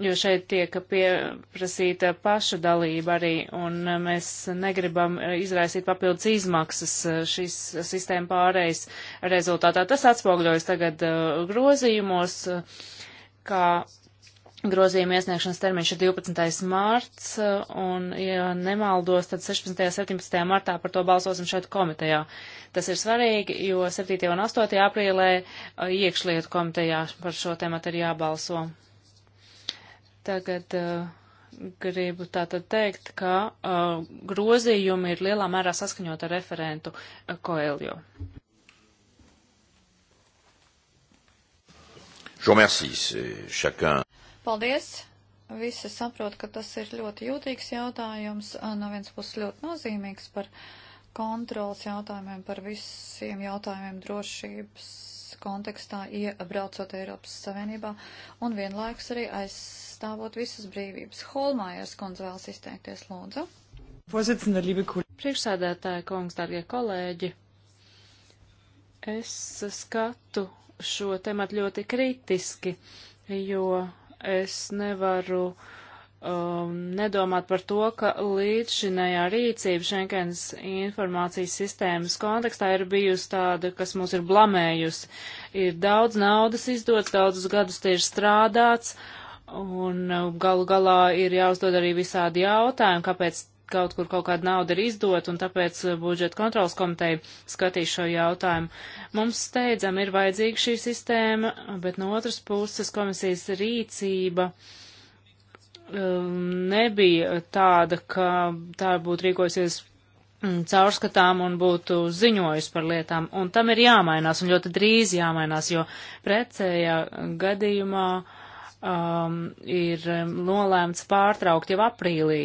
jo šeit tiek pieprasīta paša dalība arī, un uh, mēs negribam uh, izraisīt papildus izmaksas šīs sistēma pārējais rezultātā. Tas atspoguļojas tagad grozījumos, kā Grozījuma iesniegšanas termiņš ir 12. mārts, un, ja nemaldos, tad 16. un 17. martā par to balsosim šeit komitejā. Tas ir svarīgi, jo 7. un 8. aprīlē iekšlietu komitejā par šo tēmu ir jābalso. Tagad uh, gribu tātad teikt, ka uh, grozījumi ir lielā mērā saskaņot ar referentu uh, Koeljo. Je vous remercie. Chacun paldies! Visi saprot, ka tas ir ļoti jūtīgs jautājums, no viens puses ļoti nozīmīgs par kontrols jautājumiem, par visiem jautājumiem drošības kontekstā, iebraucot Eiropas Savienībā un vienlaikus arī aizstāvot visas brīvības. Holmājers kundze vēlas izteikties, lūdzu. Priekšsēdētāja kungs, dārgie kolēģi, es skatu šo tematu ļoti kritiski, jo es nevaru um, nedomāt par to, ka līdzšinējā rīcība Schengens informācijas sistēmas kontekstā ir bijusi tāda, kas mūs ir blamējusi. Ir daudz naudas izdots, daudzus gadus tie ir strādāts, un uh, galu galā ir jāuzdod arī visādi jautājumi, kāpēc kaut kur kaut kāda nauda ir izdot, un tāpēc eh, budžeta kontrolas komiteja skatīs šo jautājumu. Mums steidzam ir vajadzīga šī sistēma, bet no otras puses komisijas rīcība um, nebija tāda, ka tā būtu rīkojusies mm, caurskatām un būtu ziņojis par lietām, un tam ir jāmainās, un ļoti drīz jāmainās, jo precējā gadījumā uh, um, ir um, nolēmts pārtraukt jau aprīlī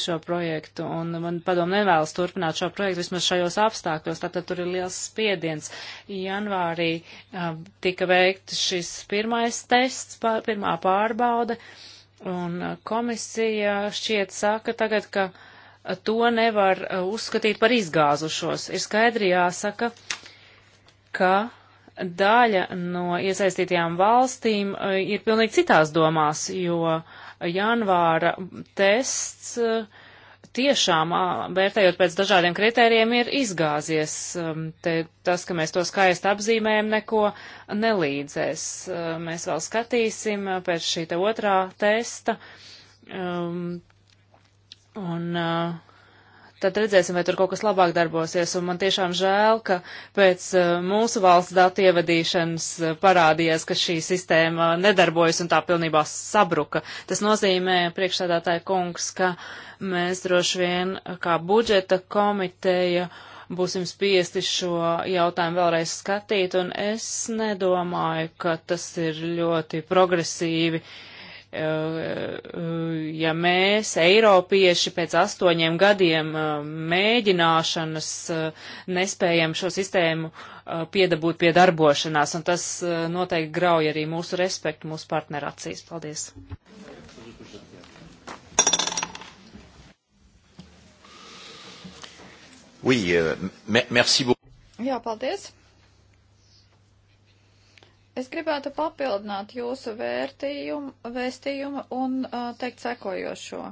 šo projektu, un man padomu nevēlas turpināt šo projektu vismaz šajos apstākļos, tātad tur ir liels spiediens. Janvārī um, tika veikt šis pirmais tests, pār, pirmā pārbaude, un uh, komisija šķiet saka tagad, ka uh, to nevar uh, uzskatīt par izgāzušos. Ir skaidri jāsaka, ka daļa no iesaistītajām valstīm e, ir pilnīgi citās domās, jo janvāra tests e, tiešām, vērtējot pēc dažādiem kritērijiem, ir izgāzies. E, te, tas, ka mēs to skaisti apzīmējam, neko nelīdzēs. Mēs vēl skatīsim pēc šī te otrā testa. Um, un uh, tad redzēsim, vai tur kaut kas labāk darbosies. Un man tiešām žēl, ka pēc uh, mūsu valsts datu ievadīšanas uh, parādījās, ka šī sistēma nedarbojas un tā pilnībā sabruka. Tas nozīmē, priekšsādātāja kungs, ka mēs droši vien kā budžeta komiteja būsim spiesti šo jautājumu vēlreiz skatīt, un es nedomāju, ka tas ir ļoti progresīvi uh, Eh, eh, ja mēs, eiropieši, pēc astoņiem gadiem eh, mēģināšanas nespējam šo sistēmu piedabūt pie darbošanās, un tas noteikti grauj arī mūsu respektu mūsu partneru acīs. Paldies! Oui, euh, merci beaucoup. Jā, paldies. Es gribētu papildināt jūsu vērtījumu, vēstījumu un uh, teikt sekojošo.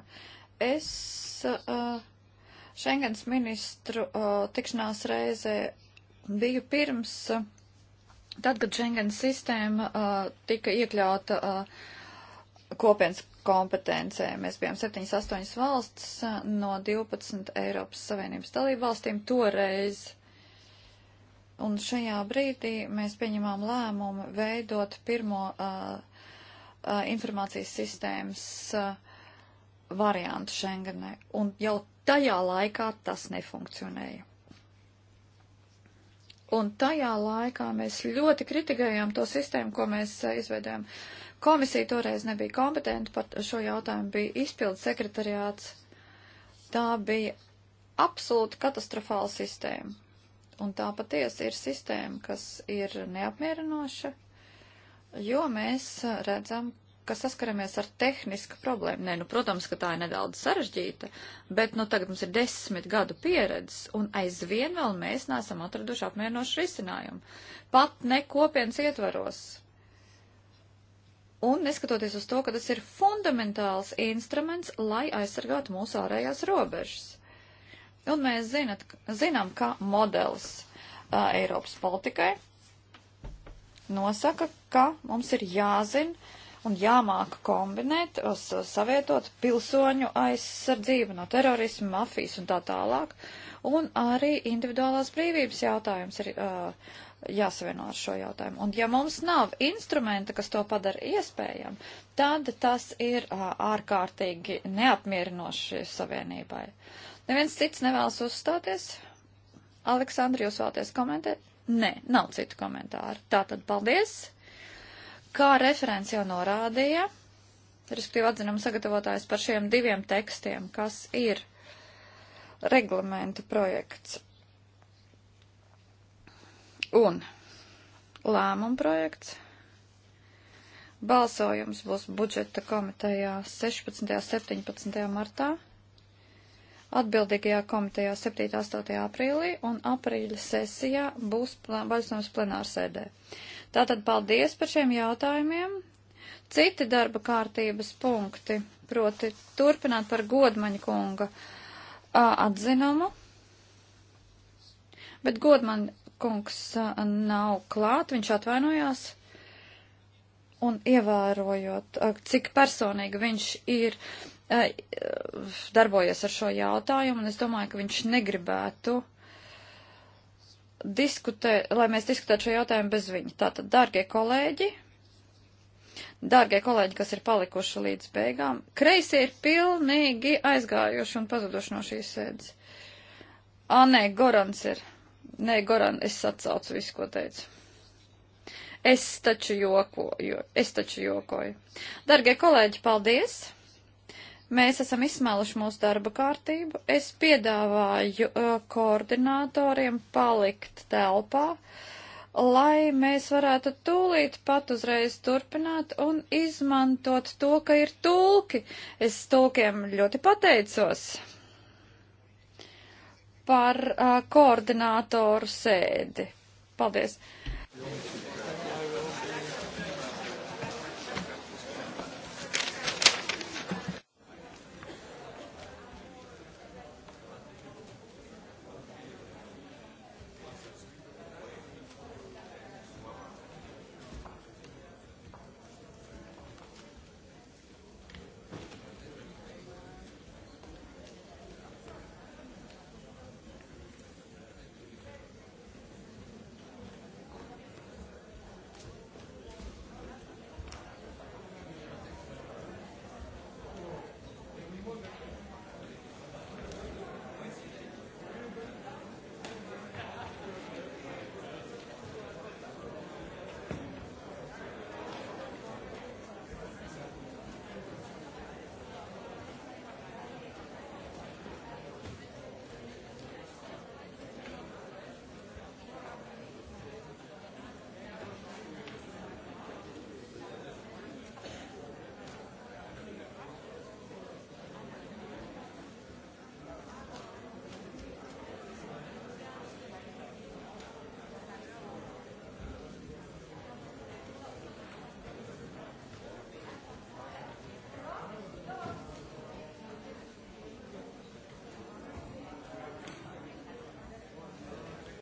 Es uh, Schengens ministru uh, tikšanās reizē biju pirms, uh, tad, kad Schengens sistēma uh, tika iekļauta uh, kopienas kompetencē. Mēs bijām 7-8 valsts no 12 Eiropas Savienības dalību valstīm toreiz. Uh, Un šajā brīdī mēs pieņemām lēmumu veidot pirmo uh, uh, informācijas sistēmas uh, variantu Schengenē. Un jau tajā laikā tas nefunkcionēja. Un tajā laikā mēs ļoti kritikējām to sistēmu, ko mēs uh, izveidējām. Komisija toreiz nebija kompetenta par šo jautājumu, bija izpildu sekretariāts. Tā bija absolūti katastrofāla sistēma. Un tā patiesi ir sistēma, kas ir neapmierinoša, jo mēs redzam, ka saskaramies ar tehnisku problēmu. Nē, nu, protams, ka tā ir nedaudz sarežģīta, bet, nu, tagad mums ir desmit gadu pieredzes, un aizvien vēl mēs neesam atraduši apmierinošu risinājumu. Pat ne kopienas ietvaros. Un neskatoties uz to, ka tas ir fundamentāls instruments, lai aizsargātu mūsu ārējās robežas. Un mēs zinat, zinām, ka modelis uh, Eiropas politikai nosaka, ka mums ir jāzina un jāmāk kombinēt, os, savietot pilsoņu aizsardzību no terorismu, mafijas un tā tālāk, un arī individuālās brīvības jautājums ir uh, jāsavieno ar šo jautājumu. Un ja mums nav instrumenta, kas to padara iespējam, tad tas ir uh, ārkārtīgi neapmierinoši savienībai. Uh, Neviens cits nevēlas uzstāties. Aleksandri, jūs vēlaties komentēt? Nē, nav citu komentāru. Tātad paldies. Kā referents jau norādīja, respektīvi atzinam sagatavotājs par šiem diviem tekstiem, kas ir reglamenta projekts un lēmuma projekts. Balsojums būs budžeta komitejā 16. un 17. martā atbildīgajā komitejā 7.8. aprīlī un aprīļa sesijā būs balsojums plenārsēdē. Tātad paldies par šiem jautājumiem. Citi darba kārtības punkti, proti turpināt par Godmaņa kunga atzinumu, bet Godmaņa kungs nav klāt, viņš atvainojās un ievērojot, cik personīgi viņš ir darbojies ar šo jautājumu, un es domāju, ka viņš negribētu diskutē, lai mēs diskutētu šo jautājumu bez viņa. Tātad, dārgie kolēģi, dārgie kolēģi, kas ir palikuši līdz beigām, kreisie ir pilnīgi aizgājuši un pazuduši no šīs sēdes. Ā, nē, Gorans ir. Nē, Goran, es atsaucu visu, ko teicu. Es taču jokoju, es taču jokoju. Dargie kolēģi, paldies! Mēs esam izsmēluši mūsu darba kārtību. Es piedāvāju uh, koordinatoriem palikt telpā, lai mēs varētu tūlīt pat uzreiz turpināt un izmantot to, ka ir tulki. Es tulkiem ļoti pateicos par uh, koordinatoru sēdi. Paldies! Jums.